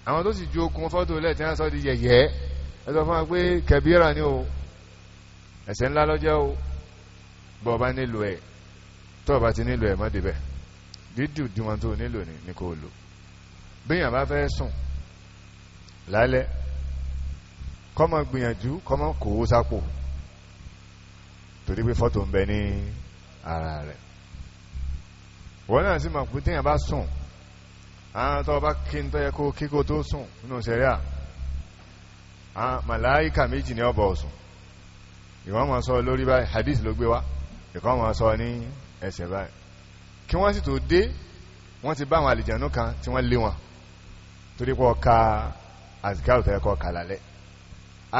àwọn tó sì ju okun fọ́tò lẹ́ẹ̀ tí wọ́n sọ di yẹ̀yẹ́ ẹ sọ fún wa pé kẹbíra ni o ẹ̀ṣẹ̀ ńlá lọ́jọ́ o bọ́ bá nílò ẹ̀ tó bá ti nílò ẹ̀ má débẹ̀ dídù díwọn tó nílò ní kò lò bíyàn bá fẹ́ sùn lálẹ́ kọ́mọ gbìyànjú kọ́mọ kòó sápò torí pé fọ́tò ń bẹ ní ara rẹ̀ wọ́n náà sì mọ̀ pé téèyàn bá sùn àwọn tó bá kí ń tọ́yẹ kó kíkó tó sùn nínú sẹ́ríà Ah, màláíkà méjì ní ọbọ̀ ọ̀sùn ìkan máa sọ lórí báyìí hadith ló gbé wá ìkan máa sọ ní ẹsẹ̀ báyìí kí wọ́n sì tó dé wọ́n ti bá àwọn àlìjànú kan tí wọ́n lé wọn torí pọ̀ ka àzìkáwò tó yẹ kọ́ kà lálẹ́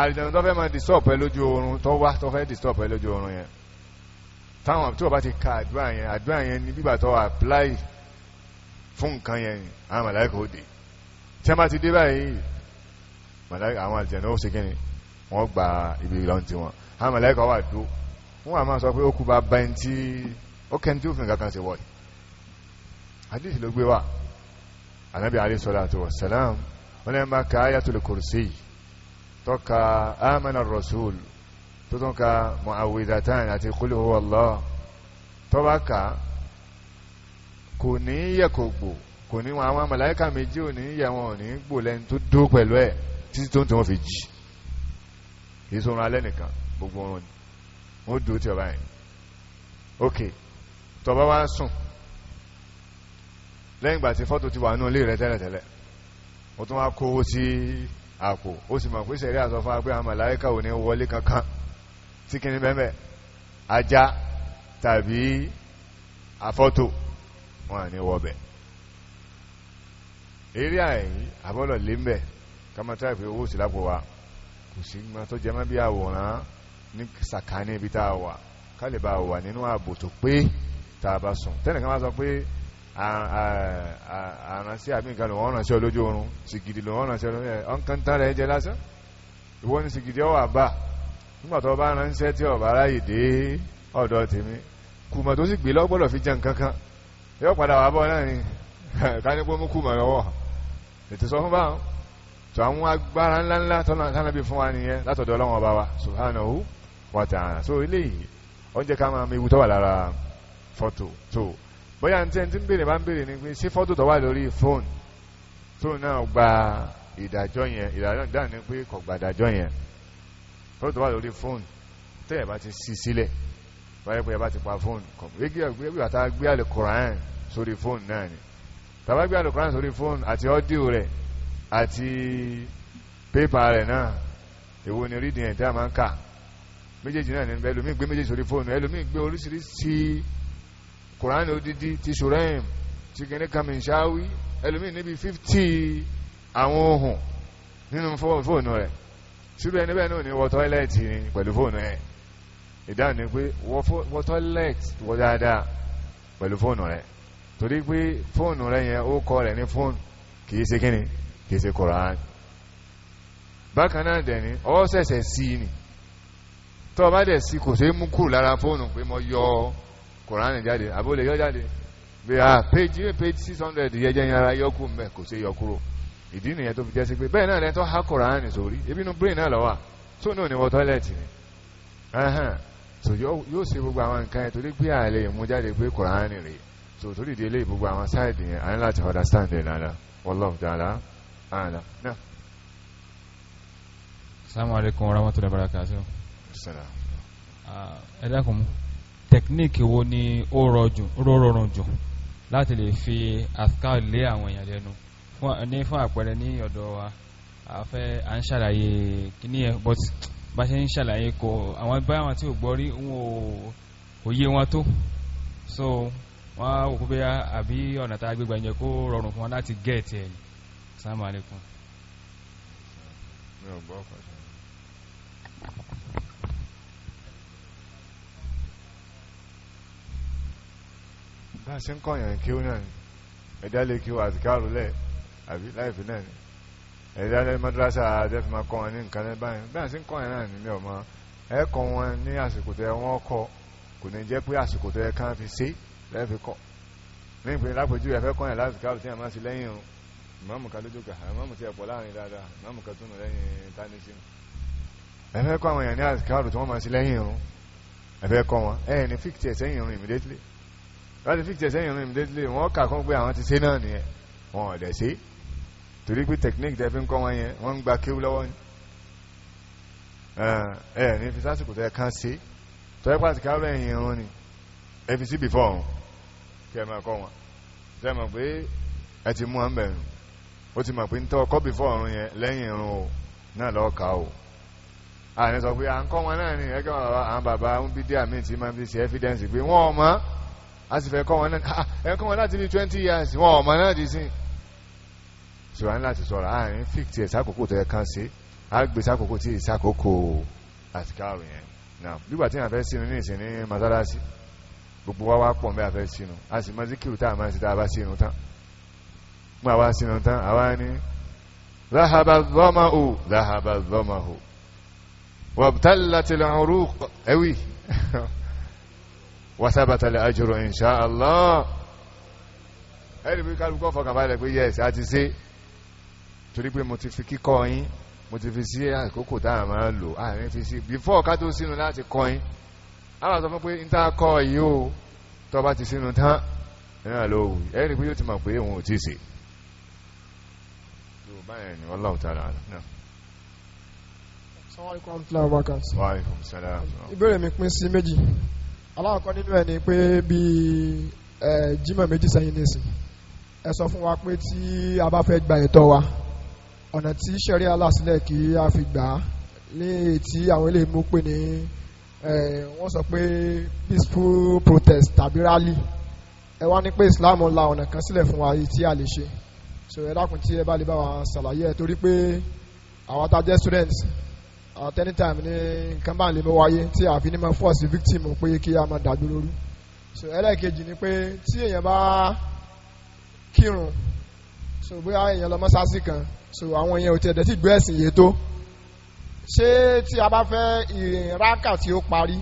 àlìjànú tó fẹ́ máa disturb ẹ lójú oorun tó wá tó fẹ́ disturb ẹ lójú oorun yẹn táwọn tí wọ́n bá ti ka àdúrà yẹn àdúrà yẹn ní bíbà tó apply fún nǹkan yẹn àwọn màláíkà ó dé tí wọ́n bá ti dé báyìí màláìkà àwọn àlìjẹ̀nà ó ṣe kíni wọ́n gba ibi ìlọ́n ti wọn àwọn màláìkà wà dó wọ́n wà máa sọ pé ó kú bá báyìí tí ó kẹ́ni tí ó fi nǹkan kan ṣe wọ́ọ̀dì ló gbé wà anabi alayhi amana rasul tó tún ka mu'awwidhatan àti qul huwallah tó bá ka kò ní yẹ kò gbò kò ní wọn àwọn màláìkà méjì ò ní yẹ wọn ò ní gbò lẹ́ni tó dó pẹ̀lú ẹ̀ títí tó ń tí wọ́n fi jí kìí sọ́run alẹ́ nìkan gbogbo oorun wọ́n dúró tí ọba yẹn ok tọba wá sùn lẹ́yìn ìgbà tí fọ́tò ti wà nínú ilé rẹ tẹ́lẹ̀tẹ́lẹ̀ ó tún wá kówó sí àpò ó sì mọ̀ pé sẹ̀rí àsọ fún apẹ́ àmà láríkà ò ní wọlé kankan tí kìíní bẹ́ẹ̀ ajá tàbí afọ́tò wọn à ní wọbẹ̀ eré àyìn àbọ̀lọ̀ lé mbẹ̀ kama táìpì owó sí lápò wa kò sí ma tó jẹ́ mọ́ bí àwòrán ní sàkání ibi tá a wà ká lè bá wà nínú ààbò tó pé tá a bá sùn tẹ́lẹ̀ kan máa sọ pé àránṣẹ́ àbí nǹkan lòun ọ̀ránṣẹ́ olójú oorun sìgìdì lòun ọ̀ránṣẹ́ olójú oorun ọ̀nkan tán rẹ̀ jẹ́ lásán ìwọ ni sìgìdì ọwà bá nígbà tó bá ránṣẹ́ tí ọ̀bá ráyè dé ọ̀dọ̀ tèmi kùmọ̀ tó sì gbé lọ́gbọ́dọ̀ fi jẹ́ nǹkan yóò padà wà bọ́ náà ni ká ní pé mú kùmọ̀ lọ́wọ́ ètò sọ fún báwọn so àwọn agbára ńláńlá tánàbí fún wa nìyẹn látọ̀dọ̀ ọlọ́wọ́n bá wa subhanahu wa ta'ala so eléyìí oúnjẹ ká máa mewu tọ́wà lára fọ́tò tó bóyá ní tẹ́ntí ń bèèrè bá ń bèèrè ní pé sí fọ́tò tọ́wà lórí fóònù tó náà gba ìdájọ́ yẹn ìdájọ́ dáà ní pé kò gba ìdájọ́ yẹn fọ́tò tọ́wà lórí fóònù tẹ́yẹ̀ bá ti sí sílẹ̀ báyẹ̀ pé ẹ bá ti pa fóònù kọ̀ gbégbé àtàgbé àlè kòrán sórí fóònù náà ni tàbá gbé àlè kòrán sórí fóònù àti ọ́díò rẹ̀ àti pépà rẹ̀ náà èwo ni rídìn ẹ̀ tí a máa ń kà méjèèjì náà ní bẹ́ẹ̀ ẹlòmíì gbé méjèèjì sórí fóònù ẹlòmíì gbé oríṣiríṣi kùránì odidi ti ṣùrẹ́m ti gẹ́ni kàmíṣáwí ẹlòmíì níbi fífítì àwọn ohun nínú fóònù rẹ̀ síbẹ̀ níbẹ̀ náà ni wọ tọ́ílẹ̀tì ni pẹ̀lú fóònù ẹ̀ ìdáhùn ni pé wọ tọ́ílẹ̀tì wọ dáadáa pẹ̀lú fóònù rẹ̀ torí pé fóònù rẹ̀ yẹn ó kọ rẹ̀ ní fóònù kì í ṣe kíni kìí ṣe Kùránì bákan náà dẹ̀ ni ọwọ́ ṣẹ̀ṣẹ̀ sí i ni tọ́ ọ bá dẹ̀ sí kò ṣeé mú kù lára fóònù pé mo yọ Kùránì jáde àbó lè yọ jáde bí a page eh, page six hundred yẹ jẹ́ yàrá yọ kù mbẹ́ kò ṣeé yọ kúrò ìdí nìyẹn tó fi jẹ́ sí pé bẹ́ẹ̀ náà lẹ́tọ́ há Kùránì sórí ebi inú brain náà lọ́wọ́ tó náà ní wọ tọ́lẹ̀tì ni so yóò ṣe gbogbo àwọn nǹkan yẹn torí gbé àlẹ́ ìmú jáde gbé Kùránì rè so torí ìdí eléyìí gbogbo àwọn sáìdì yẹn أعلم نعم السلام عليكم ورحمة الله وبركاته السلام ẹ dákun tẹkníìkì wo ni ó rọrùn jù láti lè fi askar lé àwọn èèyàn lẹ́nu ní fún àpẹẹrẹ ní ọ̀dọ̀ wa àfẹ́ à ń ṣàlàyé kíní ẹ̀ but bá ṣe ń ṣàlàyé kò àwọn bá wọn tí ò gbọ́ rí wọn ò yé wọn tó so wọ́n wò kó bẹ́ẹ̀ ọ̀nà tá a gbégbá ẹ̀yẹ kó rọrùn fún wọn láti gẹ̀ẹ́tì ẹ̀yìn Assalamu alaikum. No, bro, bá ṣe ń kọ̀yàn kí ó náà ni ẹ̀dá lè kí ó àtìkárù lẹ̀ àbí láìfì náà ni ẹ̀dá lẹ́ madrasa àdẹ́fìmá kọ́ wọn ní nǹkan lẹ́ báyìí bá ṣe ń kọ̀yàn náà ni mi ọ̀mọ́ ẹ̀kọ́ wọn ní àsìkò tẹ́ wọ́n kọ kò ní jẹ́ pé àsìkò tẹ́ kan fi ṣe lẹ́fi kọ́ ní ìpínlẹ̀ a máa ìmáàmù kan lójú kan ìmáàmù tí ẹ̀pọ̀ láàrin dáadáa ìmáàmù kan túnú lẹ́yìn tánísìmù ẹ̀fẹ́ kọ́ àwọn èèyàn ní àsìkáàrù tí wọ́n máa sí lẹ́yìn irun ẹ̀fẹ́ kọ́ wọn ẹ̀yìn ní fíktì ẹ̀sẹ̀yìn irun immediately láti fíktì ẹ̀sẹ̀yìn irun immediately wọ́n kà kún pé àwọn ti ṣe náà nìyẹn wọn ò dẹ̀ sí torí pé technique tẹ́ fi ń kọ́ wọn yẹn wọ́n ń gba kéwú lọ́wọ́ ni ẹ̀yìn ní fi sásìkò tẹ́ kan sí tọ́jú pàṣíkàrù ẹ̀yìn irun ni ẹ fi sí before kẹ́ ti mú wọn bẹ̀rù ó ti mọ̀ pé ń tọ́ ọkọ́ bí fọ́ọ̀rún yẹn lẹ́yìn irun o náà lọ́ọ́ kà o àní sọ pé à ń kọ́ wọn náà ni ẹgbẹ́ bàbá àwọn bàbá ń bí díà míì tí máa fi ṣe evidence pé wọ́n ọmọ a sì fẹ́ kọ́ wọn náà ah, ẹ̀ kọ́ wọn láti bí twenty years wọ́n ọmọ náà di sí ṣùgbọ́n ní láti sọ̀rọ̀ àárín fíìtì ẹ̀ sákòókò tó yẹ kan ṣe á gbé sákòókò tí ì sákòókò àtikáàrò yẹn náà nígbà tí wọn fẹ́ sínú ní ìsìn ní mọ́sálásí gbogbo wa wá pọ̀ mẹ́ àfẹ́ sínú a sì mọ́ máa ń ṣe tá a bá sínú tán mú àwa sínú tán àwa ní láhàbà zọ́màhù láhàbà zọ́màhù wàbtálàtìlẹ̀ ọrú ẹwì wàsábàtàlẹ̀ ajúrò insha Allah ẹni bí kálùkọ́ fọkànbalẹ̀ pé yẹ́sì àti sí torí pé mo ti fi kíkọ́ yín mo ti fi sí àkókò táà máa lò àárín fi sí bífọ́ ká tó sínú láti kọ́ yín àwọn sọ fún pé yóò ti mọ̀ pé òun ò tí ì báyẹn ni wallahu ta'ala náà ìbéèrè mi pín sí méjì aláwọ̀kọ́ nínú ẹ̀ ni pé bí jímọ̀ méjì sẹ́yìn nìsín ẹ sọ fún wa pé tí a bá fẹ́ gba ẹ̀tọ́ wa ọ̀nà tí sẹ́rí aláṣílẹ̀ kí a fi gbà á ní tí àwọn ilé mú pé ní wọ́n sọ pé peaceful protest tàbí rally ẹ wá ní pé Islam la ọ̀nà kan sílẹ̀ fún wa yìí tí a lè ṣe so ẹ dákun tí ẹ bá lè bá wa ṣàlàyé ẹ torí pé àwọn tá jẹ́ students at any time ní nǹkan bá lè mọ wáyé tí àfi ní ma force victim pé kí a máa dàgbé lórí so ẹlẹ́ẹ̀kejì ni pé tí èèyàn bá kírun so bóyá èèyàn lọ mọ́sáàsì kan so àwọn èèyàn ò tiẹ̀ dẹ̀ tí gbé ẹ̀sìn yé tó ṣé tí a bá fẹ́ ìrákà tí ó parí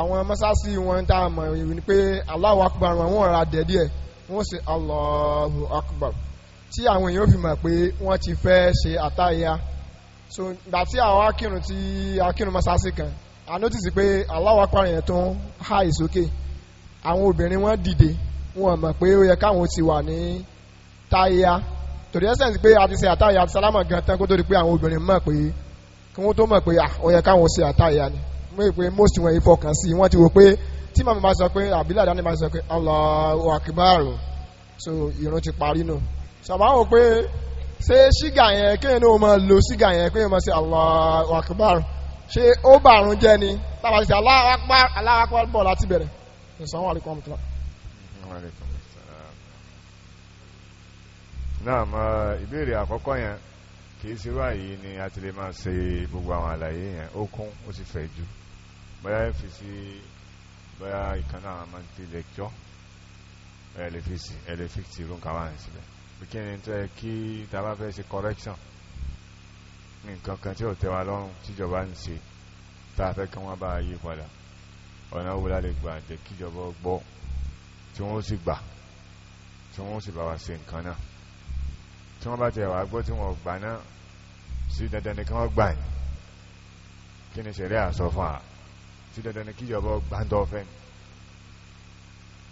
àwọn mọ́sáàsì wọn tá a mọ̀ ìrìn pé Allahu Akbar wọn ò ra dẹ̀ díẹ̀ wọ́n ṣe Allahu Akbar tí àwọn èèyàn fi mọ̀ pé wọ́n ti fẹ́ ṣe àtàyà so gbà tí àwọn akírun tí akírun mọ́sáàsì kan a notice pé Allahu Akbar yẹn tó ń há ìsókè àwọn obìnrin wọ́n dìde wọ́n mọ̀ pé ó yẹ káwọn ti wà ní táyà torí ẹsẹ̀ pé a ti ṣe àtàyà àti sálámà gan tán kó tó di pé àwọn obìnrin mọ̀ pé kí wọ́n tó mọ̀ pé ah, ó yẹ káwọn ṣe àtàyà ni mo rò pé most wọn yìí fọkàn sí wọ́n ti wò pé tí màmí sọ pé àbílẹ̀ àdáni máa sọ pé Allahu Akbar so ìrun ti parí nù sàbáwò pé ṣé ṣígà yẹn kéèyàn ní o máa lo ṣígà yẹn kéèyàn máa ṣe Allahu Akbar ṣé ó bàrún jẹ́ ni tábà ṣe Allahu Akbar Allahu Akbar bọ̀ láti bẹ̀rẹ̀ ìsanwó àlekọ́ ọmọ tó náà mọ ìbéèrè àkọ́kọ́ yẹn kìí ṣe báyìí ni a ti lè máa ṣe gbogbo àwọn àlàyé yẹn ó kún ó sì fẹ̀ jù bóyá fi sí bóyá ìkan náà máa ń ti lẹ́kọ́ ẹlẹ́fíìsì ló ń kàwá ní síbẹ̀ kí ni tó yẹ kí tàbá fẹ́ ṣe correction nǹkan kan tí ò tẹ́ lọ́rùn tíjọba ń ṣe tá a fẹ́ kí wọ́n bá yí padà ọ̀nà wo la lè gbà jẹ́ kíjọba gbọ́ tí wọ́n sì gbà tí wọ́n sì bá wa ṣe nǹkan náà tí wọ́n bá tẹ̀ wá gbọ́ tí wọ́n gbà náà sí dandan ni kí wọ́n gbà ní kí ni ṣẹ̀rí àsọ fún àá sí dandan ní kíjọba gbáńtọ́ ọ̀fẹ́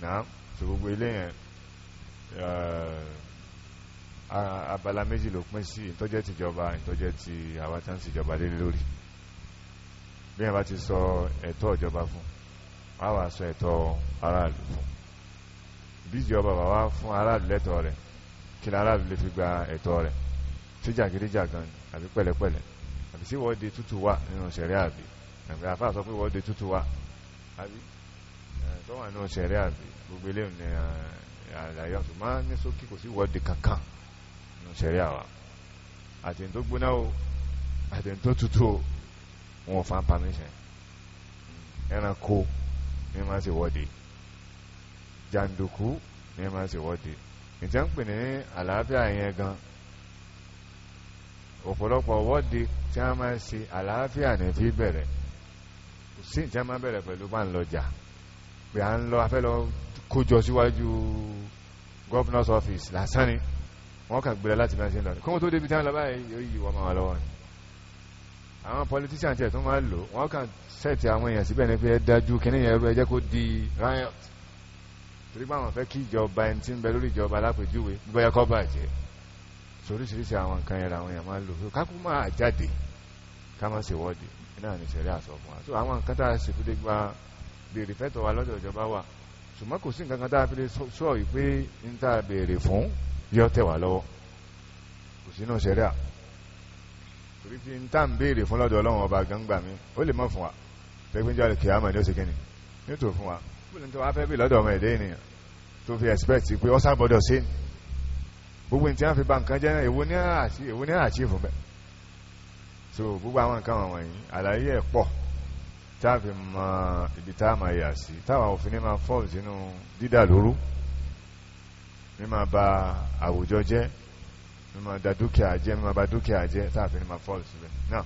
náà tó gbogbo ilé yẹn eh, abala méjì ló pín sí ìtọ́jẹ́ tìjọba ìtọ́jẹ́ ti àwọn tán síjọba lé lórí bí wọ́n bá ti sọ ẹ̀tọ́ ìjọba fún wọ́n wá sọ ẹ̀tọ́ aráàlú fún bí ìjọba bá wá fún aráàlú lẹ́tọ̀ọ́ rẹ̀ kí aráàlú lè fi gba ẹ̀tọ́ rẹ̀ tí jàgídíjàgan àbí pẹ̀lẹ́pẹ̀lẹ́ àbí síwọ́de tútù wà nínú ṣẹ̀rí àbí ẹ̀gbẹ́ afá sọ pé wọ́n de tútù wa àbí tó wà náà ṣẹ̀rẹ́ àbí gbogbo eléyìn ní àlàyé ọ̀tún máa ní sókè kò sí wọ́de kankan nù ṣẹ̀rẹ́ àwà àti tó gbóná o àti tó tútù o wọn ò fan permission ẹranko ní máa ṣe wọ́de jàǹdùkú ní máa ṣe wọ́de ìjẹ́ ń pè ní àlàáfíà yẹn gan ọ̀pọ̀lọpọ̀ wọ́de tí a máa ṣe àlàáfíà ní fi bẹ̀rẹ̀ sí ìtẹ́ máa bẹ̀rẹ̀ pẹ̀lú bá ń lọ jà pé à ń lọ afẹ́ lọ kójọ síwájú governor's office lásán ni wọ́n kàn gbèrè láti bẹ́ẹ̀ sí lọ kọ́mọ́ tó débi tí wọ́n lọ báyìí yóò yí wọ́n máa lọ́wọ́ ni àwọn politician tiẹ̀ tó máa lò wọ́n kàn sẹ́ẹ̀tì àwọn èèyàn síbẹ̀ ní pé ẹ dájú kíní yẹn rú ẹ jẹ́ kó di riot torí pé àwọn fẹ́ kí ìjọba ẹni tí ń bẹ lórí ìjọba alápèjúwe bóyá kọ́ bàjẹ́ soríṣiríṣi àwọn nǹkan yẹn làwọn èèyàn máa lò kákú máa jáde ká má ṣe wọ́de náà ní sẹ̀rí àsọ fún wa so àwọn nǹkan tá a sì fi lè gba béèrè fẹ́tọ̀ wa lọ́dọ̀ ìjọba wa ṣùgbọ́n kò sí nǹkan kan tá a fi lè sọ yìí pé ń tá a béèrè fún yọ tẹ̀ wá lọ́wọ́ kò sínú sẹ̀rí à torí fi ń tá à ń béèrè fún lọ́dọ̀ ọlọ́run ọba gbangba mi ó lè mọ̀ fún wa pẹ́gbẹ́jọ́ lè kíyàmọ̀ ní ó sì kíni nítò fún wa kúlù ní tó wá fẹ́ bí lọ́dọ̀ ọmọ ẹ̀dẹ́ sí náà èwo ní so gbogbo àwọn nǹkan wọ̀nyí àlàyé ẹ̀ pọ̀ táàfin mọ ibi tá a máa yà sí táwa òfin ní máa fọ́ọ̀lù sínú dídà lóru mímọ bà àwùjọ jẹ́ mímọ da dúkìá jẹ́ mímọ bà dúkìá jẹ́ táàfin ní máa fọ́ọ̀lù síbẹ̀ náà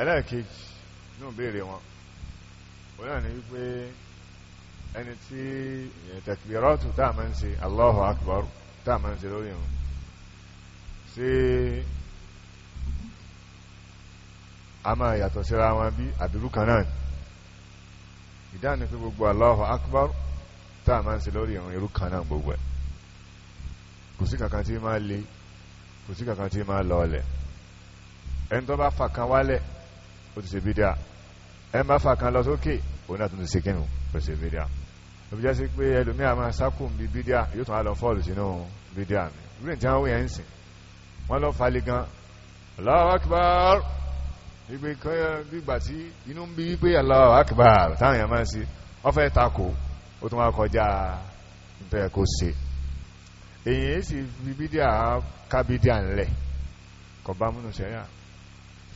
ẹlẹ́ẹ̀kejì ní òbéèrè wọn ó náà ní wípé ẹni tí tẹ̀kìbìrọ́tù táà máa ń ṣe Allahu Akbar táà máa ń ṣe a máa yàtọ̀ síra wọn bí àbírú kan náà ni ìdáni pé gbogbo Allahu Akbar tá a máa ń ṣe lórí ìrun irú kan náà gbogbo ẹ̀ kò sí kankan tí máa le kò sí kankan tí máa lọọlẹ̀ ẹni tó bá fà kan wálẹ̀ ó ti ṣe bídà ẹni bá fà kan lọ sókè òun náà tún ti ṣe kínú ó ṣe bídà òbí jẹ́ sí pé ẹlòmíà máa sákùn bí bídà yóò tún á lọ fọ́ọ̀lù sínú bídà mi ìrìn tí wọ́n wí ẹ̀ ń sìn wọ́n lọ falẹ̀ gan Allahu Akbar wípé kọ́yọ́ gbígbà tí inú ń bí wípé Allahu Akbar táwọn èèyàn máa ń ṣe ọfẹ́ tako ó tún wá kọjá bẹ́ẹ̀ kó ṣe èyí sì fi bídíà ká bídíà ńlẹ̀ kọ̀ bá múnú sẹ́yà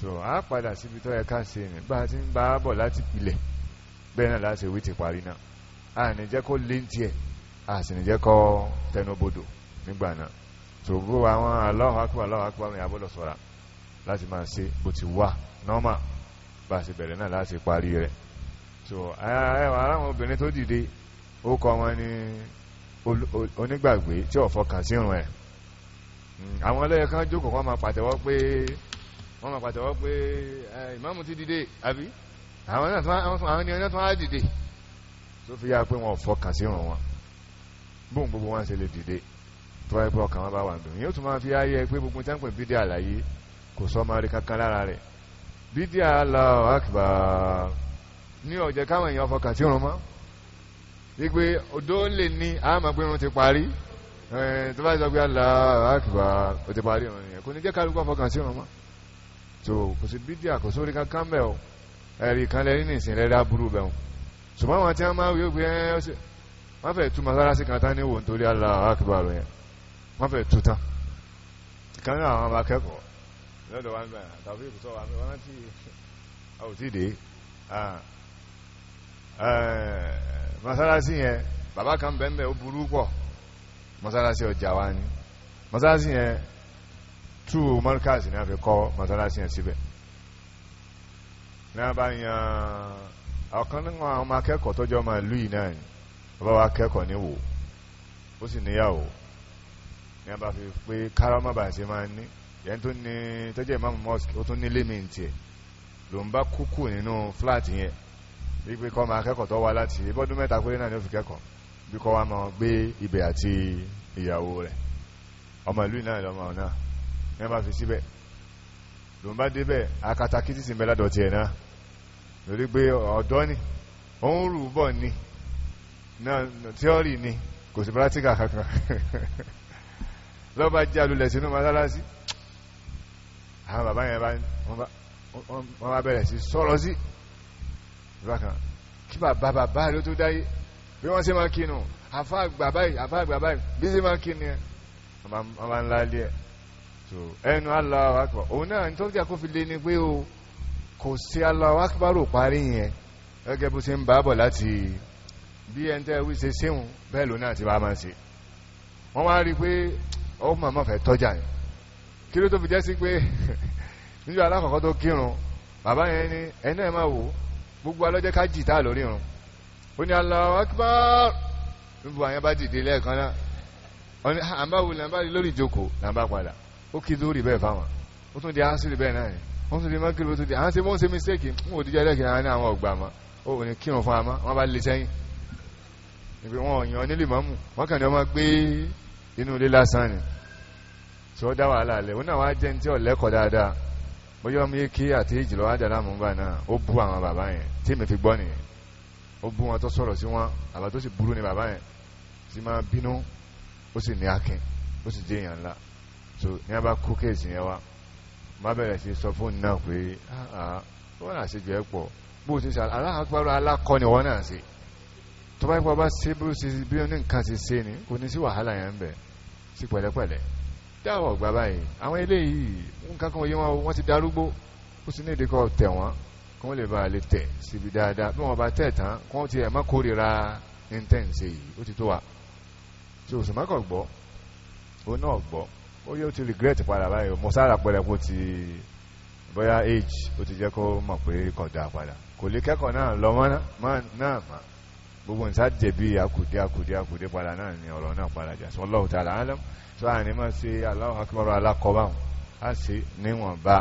so a padà síbi tó ẹ̀ká ṣe nígbà tí ń bá bọ̀ láti pilẹ̀ bẹ́ẹ̀ náà láti wí ti parí náà a so bó àwọn Allahu Akbar Allahu Akbar mi àbọ̀lọ̀ sọ̀ra láti máa ṣe bó ti wà normal bá ṣe bẹ̀rẹ̀ náà láti parí rẹ̀ so ẹwà aláwọn obìnrin tó dìde ó kọ wọn ní onígbàgbé tí ọ̀fọ́ kàn sí ìrùn ẹ̀ hmm, àwọn ẹlẹ́yẹ kan jókòó wọ́n máa pàtẹ́wọ́ pé wọ́n máa pàtẹ́wọ́ pé ìmáàmù ti dìde àbí àwọn ènìyàn tó wá dìde tó fi yá pé wọn ọ̀fọ́ kàn sí ìrùn wọn bóun gbogbo wọn ṣe lè dìde tó wáyé pé ọkàn wọn bá wà ń bẹ̀rẹ̀ yóò tún máa fi ayé pé gbogbo tẹ́ǹpẹ̀ bídí àlàyé kò sọ máa rí kankan lára rẹ̀ bídíà Allahu Akbar ní ọ̀jẹ́ káwọn èèyàn fọkàn tí rún mọ́ wípé odó lè ní àmà pé rún ti parí tó bá sọ pé Allahu Akbar ó ti parí rún yẹn kò ní jẹ́ kálukú fọkàn tí rún mọ́ tó kò sí bídíà kò sórí kankan bẹ́ẹ̀ ẹ̀rì kan lẹ́rí ní ìsìn rẹ́rẹ́ aburú bẹ́ẹ̀ kan náà àwọn akẹ́kọ̀ọ́ lọ́dọ̀ wa ń bẹ̀ àtàwọn ìkùsọ̀ wa mẹ́ wọ́n tí a ò tí dé mọ́sálásí yẹn bàbá kan bẹ́ẹ̀ ó burú pọ̀ mọ́sálásí ọjà wa ni mọ́sálásí yẹn tú mọ́rkàsì ní a fi kọ́ mọ́sálásí yẹn síbẹ̀ náà bá yan ọ̀kan nínú àwọn ọmọ akẹ́kọ̀ọ́ tọ́jọ́ máa lú yìí náà ni bàbá wa kẹ́kọ̀ọ́ níwò ó sì níyàwó ní a bá fi pé kárọ́mọ́bà sí máa ń ní yẹn tó ní tọ́jẹ́ imam mosque ó tún ní límìntì ẹ̀ ló ń bá kúkú nínú flat yẹn wípé kọ́ máa kẹ́kọ̀ọ́ tó wá láti ibọ́dún mẹ́ta péré náà ní ó fi kẹ́kọ̀ọ́ bí kọ́ wá máa gbé ibẹ̀ àti ìyàwó rẹ̀ ọmọ ìlú náà lọ́mọ náà ní bá fi síbẹ̀ ló ń bá débẹ̀ akatakítì sí mẹ́lá dọ̀tí ẹ̀ náà lórí pé ọ̀dọ́ ni ó ń rù bọ̀ ni tíọ́rì ni kò sí pírátíkà kankan lọ́ba jẹ́ alulẹ̀ sínú mọ́sálásí àwọn bàbá yẹn bá wọ́n bá bẹ̀rẹ̀ sí sọ̀rọ̀ sí ìbákan kí bàbá bàbá rẹ̀ tó dáyé bí wọ́n ṣe máa kínú àfá àgbà báyìí àfá àgbà báyìí bí ṣe máa kínú ẹ̀ wọ́n bá ń lálé ẹ̀ so ẹnu Allahu Akbar òun náà ní tó jà kó fi lé ni pé o kò sí Allahu Akbar ò parí yẹn gẹ́gẹ́ bó ṣe ń bàbọ̀ láti bí ẹn tẹ́ wí ṣe ṣéhùn bẹ́ẹ̀ lónà àti bá máa ṣe wọ́n wá rí pé ó kí ló tó fi jẹ́ sí pé níjọ́ alákọ̀ọ́kọ́ tó kírun bàbá yẹn ni ẹ̀nà ẹ̀ máa wò gbogbo alọ́jẹ́ ká jìtá lórí irun ó ní Allahu Akbar níbo àyàn bá dìde lẹ́ẹ̀kan náà ó ní àbáwo làbá lórí ìjókòó làbá padà ó kí lórí bẹ́ẹ̀ fáwọn ó tún di ásìrì bẹ́ẹ̀ náà ni wọ́n tún di tí ó dá wàhálà lẹ̀ òun náà wá jẹ́ tí ó lẹ́kọ̀ọ́ dáadáa bóyá ọmọ yìí kí àti ìjìlọ ájàlá mú bá náà ó bú àwọn bàbá yẹn tí mi fi gbọ́ nìyẹn ó bú wọn tó sọ̀rọ̀ sí wọn àbá tó sì burú ni bàbá yẹn tí máa bínú ó sì ní akin ó sì jẹ́ èèyàn ńlá so ní a bá kó kéèsì yẹn wá má bẹ̀rẹ̀ sí sọ fóònù náà pé wọ́n náà ṣe jẹ́ pọ̀ bó ti ṣe aláàpárọ̀ alákọ́ni wọ́n náà ṣe tó bá yẹ tí àwọn ọ̀gbà báyìí àwọn eléyìí nǹkan kan yé wọn wọ́n ti darúgbó ó sì ní ìdíkọ̀ tẹ̀ wọ́n kí wọ́n lè bá lè tẹ̀ síbi dáadáa bí wọ́n bá tẹ̀ tán kí wọ́n ti ẹ̀ má intense yìí ó ti tó wa tí òsùn mọ́kàn gbọ́ òun náà gbọ́ ó yóò ti regret padà báyìí mo sára pẹ̀lẹ́kùn ti bóyá age ó ti jẹ́ kó mọ̀ pé kọ̀dá padà kò lè kẹ́kọ̀ọ́ náà lọ́wọ́ náà máa náà máa gbogbo nǹkan jẹ̀bi akùdé akùdé akùdé padà náà ni ọ̀rọ̀ náà padà jà sọ́lọ́hùn tààlà alam tó àní máa ṣe Allahu akbar alákọ̀ọ́báhùn á ṣe níwọ̀nba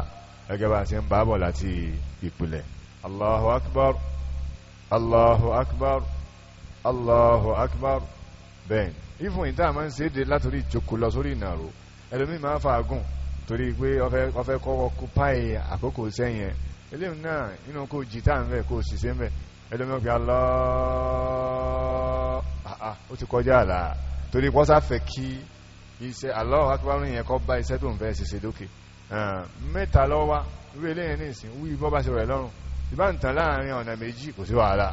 gẹ́gẹ́ bá ṣe ń bá bọ̀ láti ìpìlẹ̀ Allahu akbar Allahu akbar Allahu akbar bẹ́ẹ̀ ìfún ìta máa ń ṣe é de látòrí ìjókòó lọ sórí ìnàró ẹlòmíì máa fa agùn torí pé ọfẹ́ kọ́kọ́ kó páì àkókò sẹ́yìn eléyìí náà nínú kó jì tá à ń fẹ́ kó sì ẹlòmí ọgbà Allah ah, ó ti kọjá àlà torí pọ́sá fẹ́ kí iṣẹ́ Allahu akbar yẹn kọ́ bá iṣẹ́ tó ń fẹ́ ṣiṣẹ́ lókè mẹ́ta lọ́wọ́ wí eléyìn ní ìsìn wí bọ́ bá ṣe rẹ̀ lọ́rùn ìbá ń tàn láàrin ọ̀nà méjì kò sí wàhálà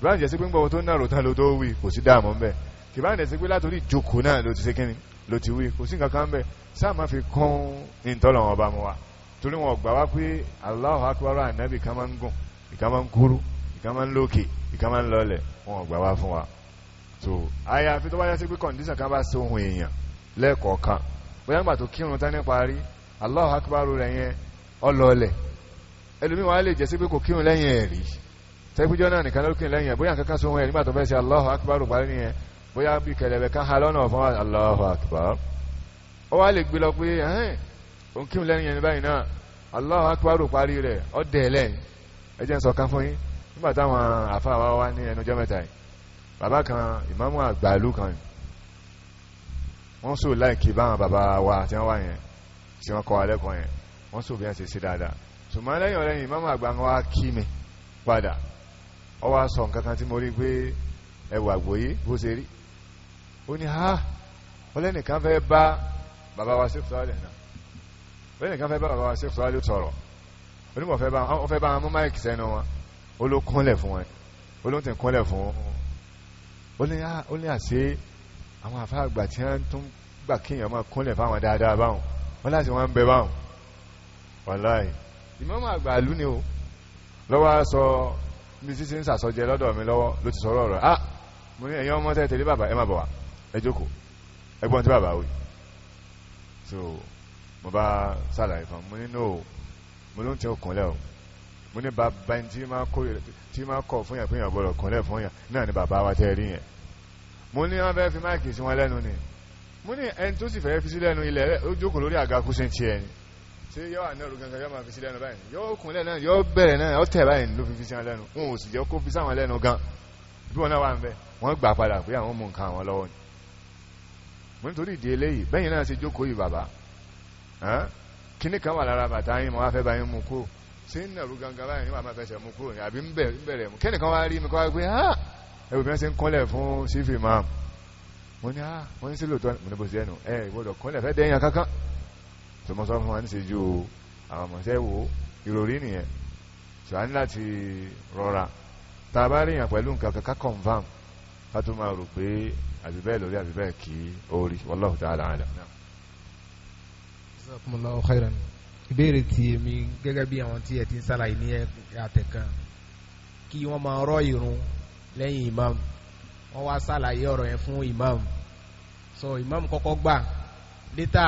ìbá ń jẹ́ sí pé ń gbọ́ tó ń nàrò tán ló tó wí kò sí dáàmú ń bẹ̀ ìbá ń jẹ́ sí pé látòrí ìjókòó náà ló ti ṣe kíni ló ti wí kò sí nǹkan kan ń bẹ̀ sáà fi kún ìtọ́lọ̀ wọn bá mu wa torí wọn gbà wá pé Allahu akbar ànábì kan máa ń gùn ìkan máa ń kúrú ìkan máa ń lókè ìkan máa ń lọlẹ̀ wọn gbà wá fún wa so àyàfi tó bá yá sí pé kọ̀ǹdíṣàn kan bá ṣe ohun èèyàn lẹ́ẹ̀kọ̀ọ̀kan bóyá nígbà tó kírun tán ní parí Allahu Akbar rẹ̀ yẹn ọlọ́ọ̀lẹ̀ ẹlòmíì wọn á lè jẹ́ sí pé kò kírun lẹ́yìn ẹ̀ rí tẹ́gbẹ́jọ́ náà nìkan lókè lẹ́yìn ẹ̀ bóyá kankan sóhun ẹ̀ nígbà tó fẹ́ ṣe Allahu Akbar parí nìyẹn bóyá bí kẹlẹ̀bẹ̀ kan ha lọ́nà fún Allahu Akbar ó wá lè gbé lọ pé ẹ̀hìn nígbà táwọn àfáà wa wá ní ẹnujọ́ mẹ́ta yìí bàbá kan ìmáàmù àgbàlú kan wọ́n sọ láìkí báwọn bàbá wa tí wọ́n wá yẹn tí wọ́n kọ́ alẹ́kọ̀ọ́ yẹn wọ́n sọ bí wọ́n ṣe sí dáadáa ṣùgbọ́n lẹ́yìn ọ̀rẹ́yìn ìmáàmù àgbà wa kí mi padà ọ wá sọ nǹkan kan tí mo rí pé ẹwà àgbòyé bó ṣe rí ó ó ló kúnlẹ̀ fún wọn ó ló ti kúnlẹ̀ fún wọn ó ní ah, àṣẹ àwọn àfáàgbà tí wọ́n tún gbà kíyàn máa kúnlẹ̀ fáwọn dáadáa báwọn wọ́n láti wọ́n ń bẹ báwọn wàláì ìmọ̀mọ̀ àgbà ìlú ni ó lọ́wọ́ sọ mi títí ń sàsọjẹ lọ́dọ̀ mi lọ́wọ́ ló ti sọ̀rọ̀ ọ̀rọ̀ ah mo ní ẹ̀yọ́ ọmọ tẹ́tẹ̀lé bàbá ẹ má bọ̀ wá so mo bá sàlàyé fún no mo ló ń mo ní bàbá tí máa kọ̀ fún yàn pé yàn bọ̀rọ̀ kúnlẹ̀ fún yàn náà ni bàbá wa tẹ́ rí yẹn mo ní wọ́n fẹ́ fi máìkì sí wọn lẹ́nu ni mo ní ẹni tó sì fẹ́ fi sí lẹ́nu ilẹ̀ rẹ̀ ó jókòó lórí àga kúsẹ̀ ti ẹni ṣé yọ́ àná òru gangan yọ́ máa fi sí lẹ́nu báyìí yọ́ kúnlẹ̀ náà yọ́ bẹ̀rẹ̀ náà ó tẹ̀ báyìí ló fi fi sí wọn lẹ́nu wọn ò sì jẹ́ kó fi sáwọn lẹ́nu gan bí wọn náà wà ń bẹ wọn gbà padà pé àwọn mú nǹkan àwọn lọ́wọ́ ni mo nítorí ìdí eléyìí bẹ́yìn náà ṣe jókòó yìí bàbá kíní kan wà lára bàtà yín mo wá fẹ́ bá mú kó ṣe ń nàró gangan báyìí níwà máa fẹsẹ̀ mú kúrò ní àbí ń bẹ̀rẹ̀ mú kẹ́nìkan wá rí mi kọ́ wá pé ha ẹ̀rù fẹ́ ṣe ń kọ́lẹ̀ fún sífì máa mo ní ha mo ní sílò tó mo ní bó ṣe ẹnu ẹ ìgbọ́dọ̀ kọ́lẹ̀ fẹ́ dẹ́yìn kankan tó mọ́ sọ fún wa ní ṣe ju àwọn ọmọọṣẹ́ wo ìròrí nìyẹn ṣò a bá rí yàn pẹ̀lú nǹkan kankan confam ìbéèrè ti èmi gẹ́gẹ́ bí àwọn tí ẹ ti ń ṣàlàyé ní àtẹ̀kàn kí wọ́n máa rọ́ ìrun lẹ́yìn imam wọ́n wá ṣàlàyé ọ̀rọ̀ yẹn fún imam so imam kọ́kọ́ gbà létà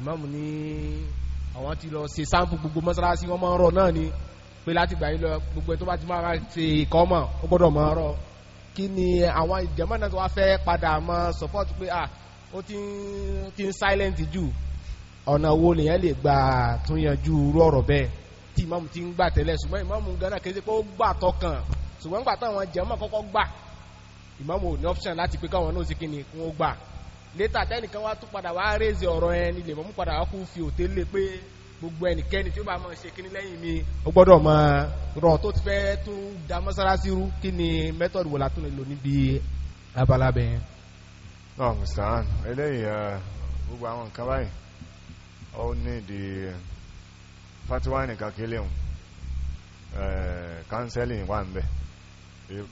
imam ní àwọn ti lọ ṣe sáǹpù gbogbo mọ́sálásí wọ́n máa ń rọ náà ni pé láti gbà yín lọ gbogbo ẹ̀ tó bá ti máa ṣe ìkọ́mọ̀ ó gbọ́dọ̀ máa rọ kí ni àwọn ìjẹ́mọ́ náà tó wá fẹ́ padà máa support pé ah ó ti ń silent jù ọ̀nà wo lèyàn lè gbà tún yanjú irú ọ̀rọ̀ bẹ́ẹ̀ tí ìmáàmù ti ń gbà tẹ́lẹ̀ ṣùgbọ́n ìmáàmù gánà kì í ṣe pé ó gbà tọkàn ṣùgbọ́n nígbà táwọn jàmáà kọ́kọ́ gbà ìmáàmù ní option láti pé káwọn náà ṣe kí ni kún ó gbà létà tẹ́nìkan wá tún padà wá rézè ọ̀rọ̀ ẹ nílé mọ́mú padà wá kú fi òté lé pé gbogbo ẹnikẹ́ni tí ó bá mọ̀ ṣe kíní lẹ́yìn mi ó gbọ́dọ̀ mọ̀ rọ̀ tó ti fẹ́ tún da mọ́sálásí rú kí ni mẹ́tọ̀dù wò látún lè lò níbi abala bẹ́ẹ̀. náà mùsàn eléyìí gbogbo àwọn nǹkan báyìí ó ní di fatiwa nìkan kílé hùn kánsẹ́lìn wà ń bẹ̀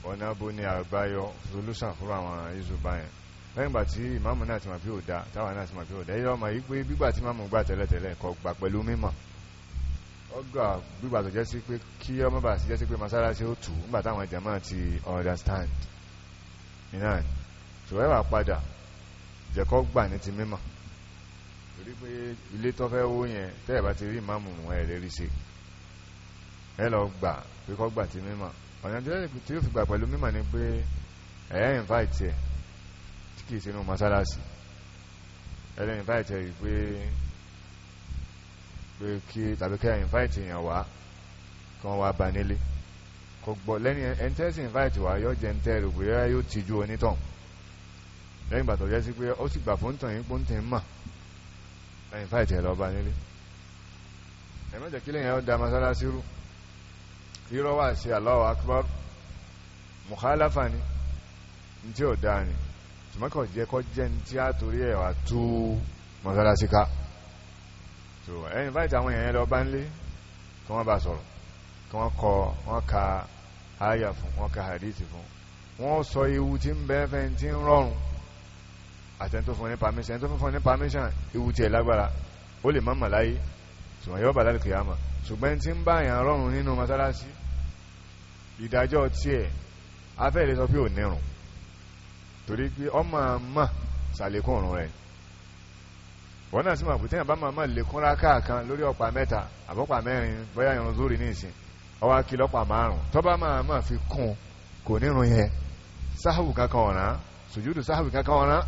ọ̀nà bó ní àgbáyọ solúsàn fún àwọn isu báyẹn lẹ́yìn ìgbà tí ìmáàmù náà ti mọ̀ pé ò dá táwa náà ti mọ̀ pé ò dá ẹyọ ọmọ yìí pé gbígbà tí ìmáàmù gbà tẹ́lẹ̀tẹ́lẹ̀ kò gbà pẹ̀lú mímọ̀ ọgbà gbígbà tó jẹ́ sí pé kí ọmọ bà sí jẹ́ sí pé masáráṣí ó tù nígbà táwọn jàmáà ti understand iná ṣùgbọ́n ẹ̀wà padà jẹ́kọ́ gbà ní ti mímọ̀ pé ilé tó fẹ́ wó yẹn tẹ́ bá ti rí ìmáàmù ẹ̀ lérí sí ẹ lọ gbà pé kọ́ gbà tí mímọ̀ ọ̀nà tí ó fi gbà pẹ̀lú mímọ̀ ni pé ẹ̀ invite ẹ̀ tí kìí sínú mọ́sálásì ẹ̀ lè ẹ̀ pé pé kí tàbí kẹ́ invite èèyàn wá kan wá bá kò gbọ́ lẹ́yìn ẹntẹ́sì invite wá yóò jẹ́ ntẹ́ rẹ̀ yóò tijú onítàn lẹ́yìn gbàtọ̀ jẹ́ sí pé ó sì gbà fún tàn yín pọ́ntẹ̀ mọ̀ ẹ̀yìn fáìtì ẹ̀ lọ́ba nílé ẹ̀ mẹ́jọ kílẹ̀ yẹn ó da masalasi rú rírọ́ wà sí Allahu akbar mukhalafa ni ní tí ó da ni tùmọ́kọ̀ jẹ́ kọ́ jẹ́ tí a torí ẹ̀ wà tú masalasi ká so ẹ̀yìn fáìtì àwọn èèyàn lọ́ba nílé kí wọ́n bá sọ̀rọ̀ kí wọ́n kọ wọ́n ka àyà fún wọ́n ka hadith fún wọ́n sọ ewu tí ń bẹ́ẹ̀ tí ń rọrùn àtẹni tó fún ní permission ẹni tó fún ní permission ewu tiẹ̀ lágbára ó lè má mà láyé ṣùgbọ́n yóò bà láti kìyàmà ṣùgbọ́n tí ń bá yàn rọrùn nínú mọ́sálásí ìdájọ́ tiẹ̀ afẹ́lẹ́ sọ pé ò nírun torí pé ọmọ mà sàlékún ọ̀run rẹ̀ wọ́n náà sì máa pè téèyàn bá máa máa lékún rákà kan lórí ọ̀pá mẹ́ta àbọ̀pá mẹ́rin bóyá ìrun zúrì ní ìsìn ọwọ́ akílọ́pàá márùn tó bá máa máa fi kún kò nírun yẹn sáhàbù kankan ọ̀ràn sùjúdù sáhàbù kankan ọ̀ràn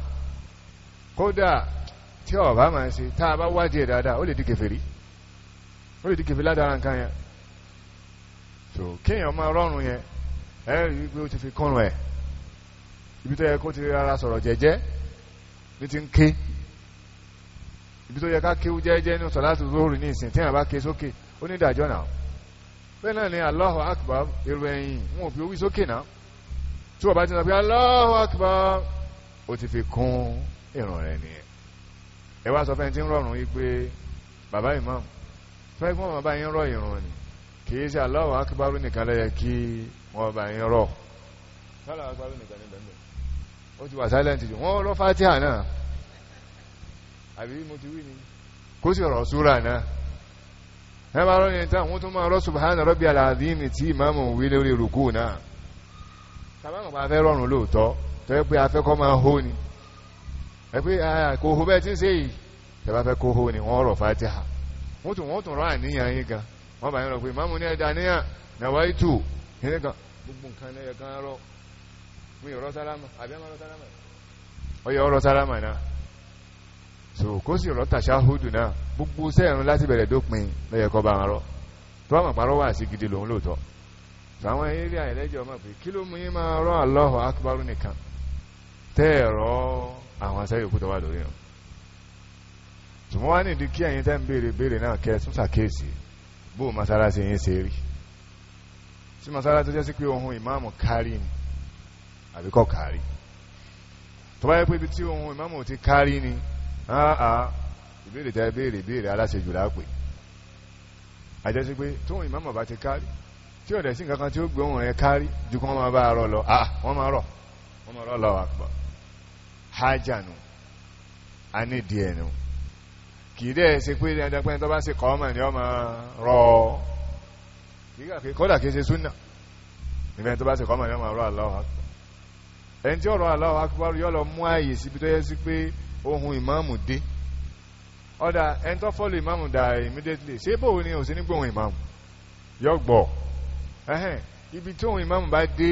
kódà tí ọba máa ṣe tá a bá wádìí ẹ̀ dáadáa ó lè di kèfèrí ó lè di kèfèrí ládàra nǹkan yẹn so kéèyàn máa rọrùn yẹn ẹ rí i pé ó ti fi kọrùn ẹ ibi tó yẹ kó ti rárá sọ̀rọ̀ jẹ́jẹ́ ní ti ń ké ibi tó yẹ ká kéwú jẹ́jẹ́ ní sọ̀láàtù lóòrì ní ìsìn tí àbá ké sókè ó ní ìdàjọ́ náà bẹ́ẹ̀ náà ni Allahu Akbar èrò ẹ̀yìn wọn ò fi owí sókè náà tí wọ́n bá ti sọ pé Allahu Akbar ó ti fi kún ìran rẹ̀ ni ẹ wá sọ fẹ́ tí ń rọrùn wípé bàbá imam bàbá yín rọ ìran ni kìí ṣe Allahu akíbárú nìkan kí wọ́n rọ ó ti wà jù wọ́n ni kó sì rọ̀ súra náà ẹ bá tán wọ́n tún máa tí ìmáàmù wí lórí rùkú náà a rọrùn ni ẹgbẹ́ ah, ah, kòhó bẹ́ẹ̀ tí ń ṣe yìí tẹ́bá fẹ́ kòhó ni wọ́n rọ̀ fàtíhà wọ́n tún wọ́n tún rọ́ àníyàn yín gan wọ́n bá yín rọ̀ pé máàmù ní ẹ̀dá níyàn nàwá ìtù yín nìkan gbogbo nǹkan ẹ̀yẹ kan rọ mi rọ sálámà àbí àmà rọ so kó sì rọ tàṣáhùdù náà gbogbo sẹ́ẹ̀rún láti bẹ̀rẹ̀ dópin lẹ́yẹ kọ́ bá wọn rọ tó àmọ̀ parọ́ wà sí gidi lòun lóòótọ́ àwọn eré àìlẹ́jọ́ mọ̀ pé kí ló mú yín máa rọ tẹ́ẹ̀rọ àwọn asẹ́ yòókù tó wà lórí wọn ṣùgbọ́n wá nìdí kí ẹ̀yin tẹ́ ń béèrè béèrè náà kẹ́ tún ṣàkíyèsí bó masalasi yín ṣe rí sí masalasi jẹ́ sí pé ohun ìmáàmù kárí ni àbíkọ́ kárí tó bá yẹ pé ibi tí ohun ìmáàmù ti kárí ni àà ìbéèrè tẹ́ béèrè béèrè aláṣejù lápè àjẹ́ sí pé tóhun ìmáàmù bá ti kárí tí ọ̀dẹ̀ sí nǹkan kan tí ó gbé ohun ẹ̀ kárí ju kí wọ́n máa bá rọ lọ àà wọ́n máa rọ wọ́n máa rọ lọ àpapọ̀ hajj nù a ní díẹ̀ nù kì í dẹ̀ ṣe pé dandan pé tó bá ṣe kọ́ọ̀mọ̀ ni ọmọ rọ kódà kìí ṣe súnà ìfẹ́ tó bá ṣe kọ́ọ̀mọ̀ ni ọmọ rọ Allahu Akbar ẹni tí ó rọ Allahu Akbar yọ lọ mú ààyè síbi tó yẹ sí pé ohun ìmáàmù dé ọ̀dà ẹni tó fọ́lù ìmáàmù dà immediately ṣé bóun ni òsín nígbòhun ìmáàmù yọ gbọ́ ibi tí ohun ìmáàmù bá dé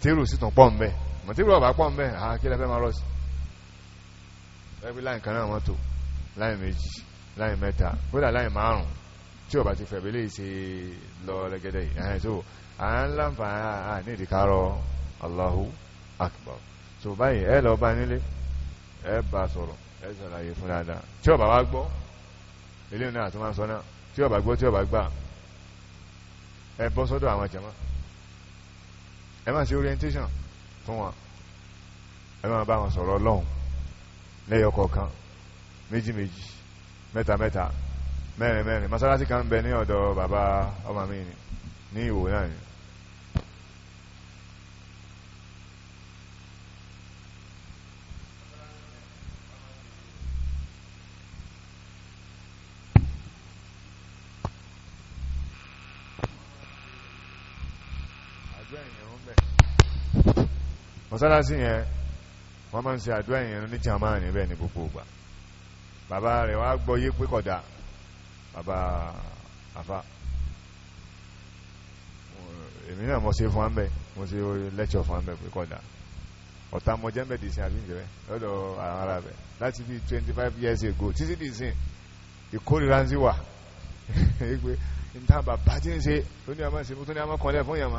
tírù sì tún pọ̀ ń bẹ mọ̀ tírù ọ̀bá pọ̀ ń bẹ àwọn kí lẹ́fẹ́ máa rọ̀ sí ẹgbẹ́ láì kan náà wọ́n tó láì méjì láì mẹ́ta kódà láì márùn tí ọ̀bá ti fẹ̀ bẹ́lẹ̀ ṣe lọ lẹ́gẹ́dẹ́ yìí Allahu Akbar tó báyìí ẹ lọ bá nílé ẹ bá sọ̀rọ̀ ẹ sàlàyé fún dáadáa tí ọ̀bá wá gbọ́ ilé bọ́ sọ́dọ̀ àwọn jàmáà ẹ máa ṣe orientation fún wọn ẹ máa bá wọn sọ̀rọ̀ ọlọ́run lẹ́yọ kọ̀ọ̀kan méjì méjì mẹ́ta mẹ́ta mẹ́rin mẹ́rin masalasi kan bẹ ní ọ̀dọ̀ bàbá ọmọ mi ní ìwò náà ni mọ́sálásí yẹn wọ́n máa ń ṣe àdúrà yẹn ní jàmáà níbẹ̀ ní gbogbo ìgbà bàbá rẹ̀ wá gbọ́ yé pé kódà bàbá àfa èmi náà mo ṣe fún wa ń bẹ̀ mo fún wa pé kódà ọ̀tá mọ̀jẹ́ ń bẹ̀ dì àbí ìjẹ́ lọ́dọ̀ àwọn ará láti bí twenty five years ago títí dì sin ìkórira ń sí wà pé n ta bàbá tí ń ṣe tó ní àmọ́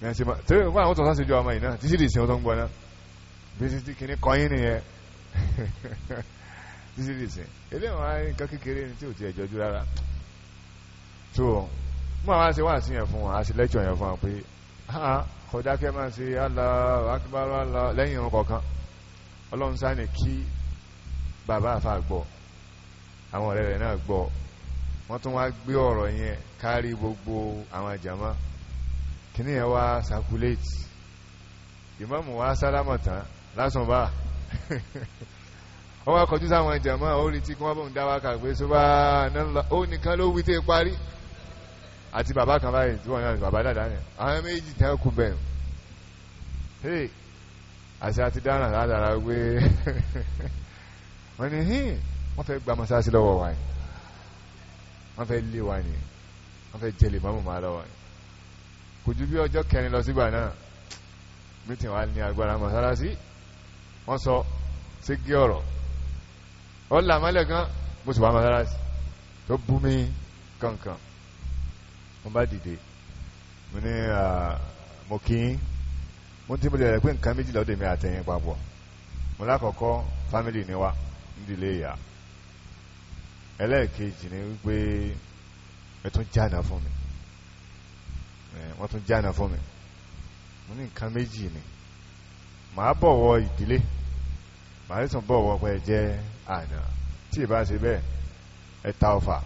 ní ẹ̀sìn máa tí wọ́n àwọn tó sáṣe ju ọmọ yìí náà títí di ìsìn ọdún gbọ́ná bí títí kìíní kọyín nìyẹn títí di ìsìn ilé wọn á nǹkan kékeré ni tí ò ti ẹ̀jọ́ ju rárá so mú àwọn àti wá sí yẹn fún wọn àti lẹ́tọ̀ yẹn fún wọn pé kọjá kẹ́ máa Akbar Allah lẹ́yìn ìrun kọ̀ọ̀kan ọlọ́run sáà ní kí bàbá àfà gbọ́ àwọn ọ̀rẹ́ wọ́n tún wá gbé ọ̀rọ̀ yẹn kárí gbogbo àwọn àjàmá kíní yẹn wá circulate ìmáàmù wá sálámọ̀ tán lásán bá wọ́n wá kọjú sáwọn jàmá orí tí wọ́n bọ̀ ń dáwà kàgbé só bá ó nìkan ló wí parí àti bàbá kan báyìí tí wọ́n náà bàbá dàdá yẹn àwọn méjì tẹ́ kú bẹ̀rù hey àti àti dáná ládàra gbé wọ́n ni hìn wọ́n fẹ́ gba mọ́sáàsì lọ́wọ́ wa ni wọ́n fẹ́ lọ́wọ́ ni kò ju bí ọjọ́ kẹrin lọ sígbà náà mítìn wà ní agbára mọ̀sálásí wọ́n sọ sí gí ọ̀rọ̀ ó là mọ́lẹ̀ kan mo sì wà mọ̀sálásí tó bú mi kankan mo bá dìde mo ní mo kí tí mo lè pé nǹkan méjì lọ́dọ̀ mi àtẹ̀yìn papọ̀ mo lákọ̀ọ́kọ́ fámílì ni wa nídìlé ìyá ẹlẹ́ẹ̀kejì ni wípé ẹ̀tún jáàna fún mi wọ́n tún jáàna fún mi mo ní nǹkan méjì ni màá bọ̀wọ̀ ìdílé màá tún bọ̀wọ̀ pé ẹ jẹ́ àná tí ì bá ṣe bẹ́ẹ̀ ẹ ta ọfà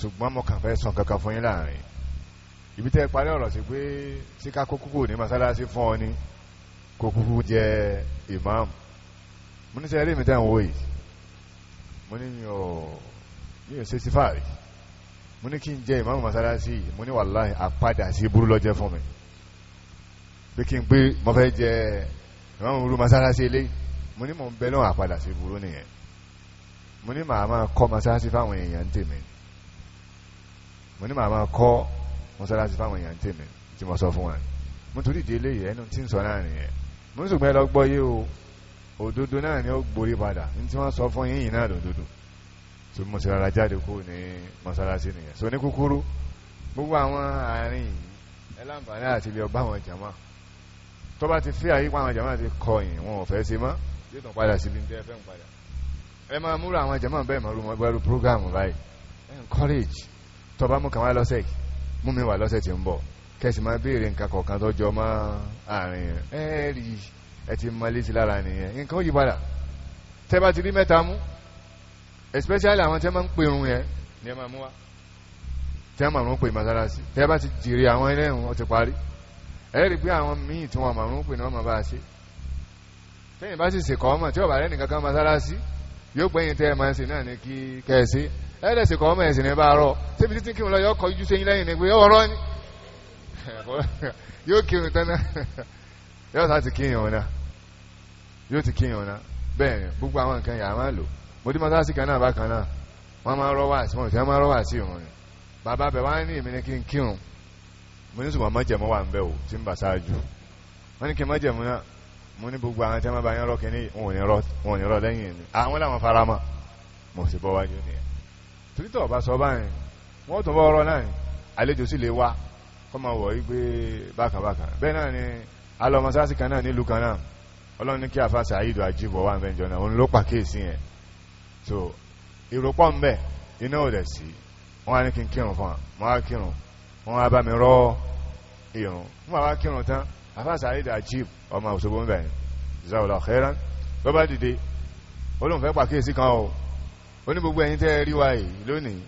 ṣùgbọ́n mo kàn fẹ́ sọ kankan fún yín láàrin ibi tẹ́ parí ọ̀rọ̀ sí pé síká kókúkú ní masalasi fún ọ ní kókúkú jẹ́ imam mo ní sẹ́rí mi tẹ́ ń wò yìí mo ní mi ò mi ò ṣe sí fàárí mo ní kí n jẹ ìmáàmù masalasi yìí mo ní wàláhì àpadà sí burú lọ́jẹ́ fún mi pé kí n pé mo fẹ́ jẹ ìmáàmù burú masalasi ilé mo ní mò ń bẹ náà àpadà sí burú nìyẹn mo ní màá máa kọ́ masalasi fáwọn èèyàn tèmi mo ní màá máa kọ́ masalasi fáwọn èèyàn tèmi tí mo sọ fún wa mo torí ìdí eléyìí ẹnu tí ń sọ náà nìyẹn mo ní ṣùgbọ́n ẹ lọ gbọ́ yé o òdodo náà ni ó gborí padà ní tí wọ́n sọ fún yín yìí náà lòdodo so mo ṣe rárá jáde kó ní mọ́sálásí nìyẹn so ní kúkúrú gbogbo àwọn àárín ẹlànfààní àti ilé ọba àwọn jama tó bá ti fẹ́ àyípa àwọn jama ti kọyìn wọn ò fẹ́ sí mọ́ yóò tàn padà síbi tẹ́ fẹ́ padà ẹ máa múra àwọn jama bẹ́ẹ̀ máa rúmọ program báyìí encourage tó bá mú kàn wá lọ́sẹ̀ mú mi wà lọ́sẹ̀ tí ń bọ̀ kẹsì máa béèrè nǹkan kọ̀ọ̀kan tó jọ mọ́ àárín ẹ̀ mú especially àwọn tí wọ́n máa ń pèrún yẹn ní ẹ máa mú wa tí wọ́n máa rún pè mọ́sálásí tẹ́ bá ti jèrè àwọn ilé ẹ̀hún ọtí parí ẹ i pé àwọn míì tí wọ́n máa rún pè ní wọ́n bá a ṣe tẹ́yìn bá sì ṣèkọ́ ọmọ tí ọ̀bà rẹ̀ nìkan kan mọ́sálásí yóò gbẹ̀yìn tẹ́ ẹ máa ṣe náà ní kí kẹ́ẹ̀sì ẹ lẹ̀ ọmọ ẹ̀sìn ní bá a títí kí wọn lọ yọ mo dé mọ́sáàsì kan náà bákan náà wọ́n máa rọ́ wá sí wọn ìfẹ́ máa rọ́ wá sí wọn ni bàbá bẹ̀ wá ní èmi ní kí n kírun mo ní ṣùgbọ́n mọ́jẹ̀mọ́ wà ń bẹ̀ o tí ń bà ṣáájú wọ́n ní kí mọ́jẹ̀mọ́ náà mo ní gbogbo àwọn tí bá yẹn rọ́ kínní wọn ò ní rọ́ lẹ́yìn mi àwọn làwọn fara mọ́ mo sì bọ́ wájú nìyẹn torí tọ̀ bá sọ báyìí wọ́n tún bọ́ ọ̀rọ̀ ni alọ́mọsáàsì kan náà nílùú kan náà ọlọ́run ní so ìrọ̀pọ̀ ń bẹ̀ iná ò dẹ̀ sí wọ́n á ní kí n kírun fún wa wọ́n á kírun wọ́n á bá mi rọ́ irun fún wa kírun tán afáàsáré dà jíìp ọmọ Òṣogbo ń bẹ̀ ni zaula khairan ló bá dìde olóǹfẹ́ pàkíyèsí kan o ó ní gbogbo ẹ̀yin tẹ́ ẹ rí wa yìí lónìí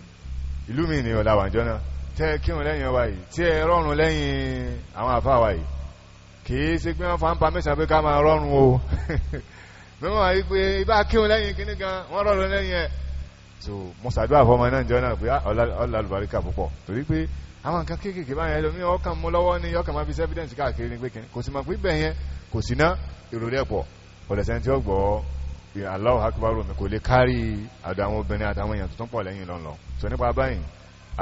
ìlú mi ni ọ̀làwàjọ́ náà tẹ́ ẹ kírun lẹ́yìn wa yìí tí ẹ rọrùn lẹ́yìn àwọn àfáà wa yìí kì í pé wọ́n fa ń pa mẹ́sàn-án pé ká máa rọrùn o mẹ́wọ́n wáyé pé ibá kíhun lẹ́yìn kíní gan wọ́n rọrùn lẹ́yìn ẹ̀ so mo ṣàdúrà fọmọ náà jọ náà pé ah, ọlá àlùbáríkà púpọ̀ torí pé àwọn nǹkan kéékèèké báyẹn ẹlòmí ọkàn mú lọ́wọ́ ní ọkàn máa fi evidence káàkiri ní pé kíní kò sì mọ̀ pé bẹ̀yẹn kò sí ná èrò rẹ̀ pọ̀ ọ̀dẹ̀sẹ̀ tí ó gbọ́ Allahu Akbar mi kò lè kárí àdó àwọn obìnrin àtàwọn èèyàn tuntun pọ̀ lẹ́yìn lọ́nà so nípa báyìí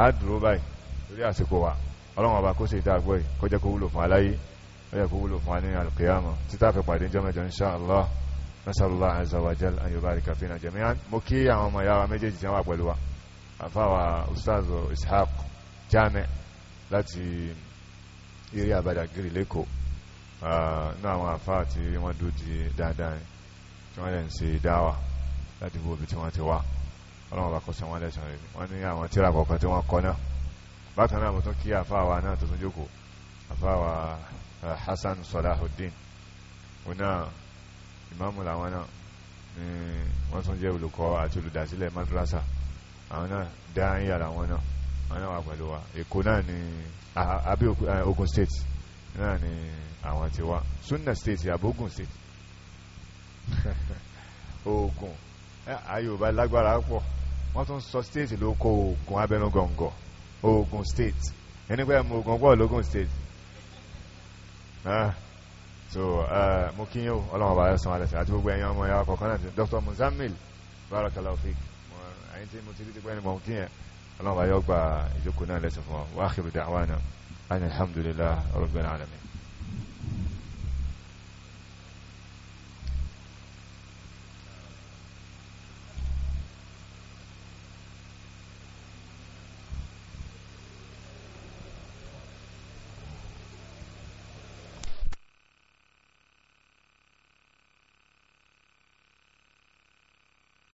á dúró báyìí lórí àsìkò wa ọlọ́run ọba kó sì ìta àgbọ́ yìí kó jẹ́ kó wúlò fún aláyé ó yẹ kó wúlò fún wa ní alùkìyàmọ̀ títà fi pàdé jọmẹjọ insha Allah nasallallahu azza wa jal an yubarika fina jami'an mo kí àwọn ọmọ yàrá méjèèjì tí wọ́n wà pẹ̀lú wa àfáwà ustaz ishaq jami láti eré àbádàgìrì lẹ́kọ̀ọ́ ní àwọn àfá tí wọ́n dó di dáadáa tí wọ́n lè ń ṣe dáwà láti bó ibi tí wọ́n ti wá ọlọ́wọ́ bá kọ́ sí wọ́n tún kí àfáwà náà tó tún jókòó àfáwà eh, Hasan Salahuddin òun náà ìmáàmù làwọn náà wọ́n tún jẹ́ olùkọ́ àti olùdásílẹ̀ madrasa àwọn náà dáhìyà làwọn náà àwọn náà wà pẹ̀lú wa èkó náà ni àbí Ògùn eh, state náà ni àwọn ti wá sunna state àbógun state Ògùn eh, ayòbá lágbára pọ̀ wọ́n tún sọ state ló kó Ògùn abẹnú gọ̀ǹgọ̀ Ògùn state ẹni pé mo gọ̀ǹgọ̀ lógún state ah so uh, mo kí yóò ọlọ́run ọba ẹ̀sán alẹ́sẹ̀ àti gbogbo ẹ̀yàn ọmọ ẹ̀yà kọ̀ọ̀kan náà ti Dr. Muzammil barakallahu fik ẹ̀yìn tí mo ti rí ti pẹ́ ni mo kí yẹn ọlọ́run ọba yóò gba ìjókòó náà lẹ́sẹ̀ fún wa wa akhiru da'wana alhamdulillah rabbil alamin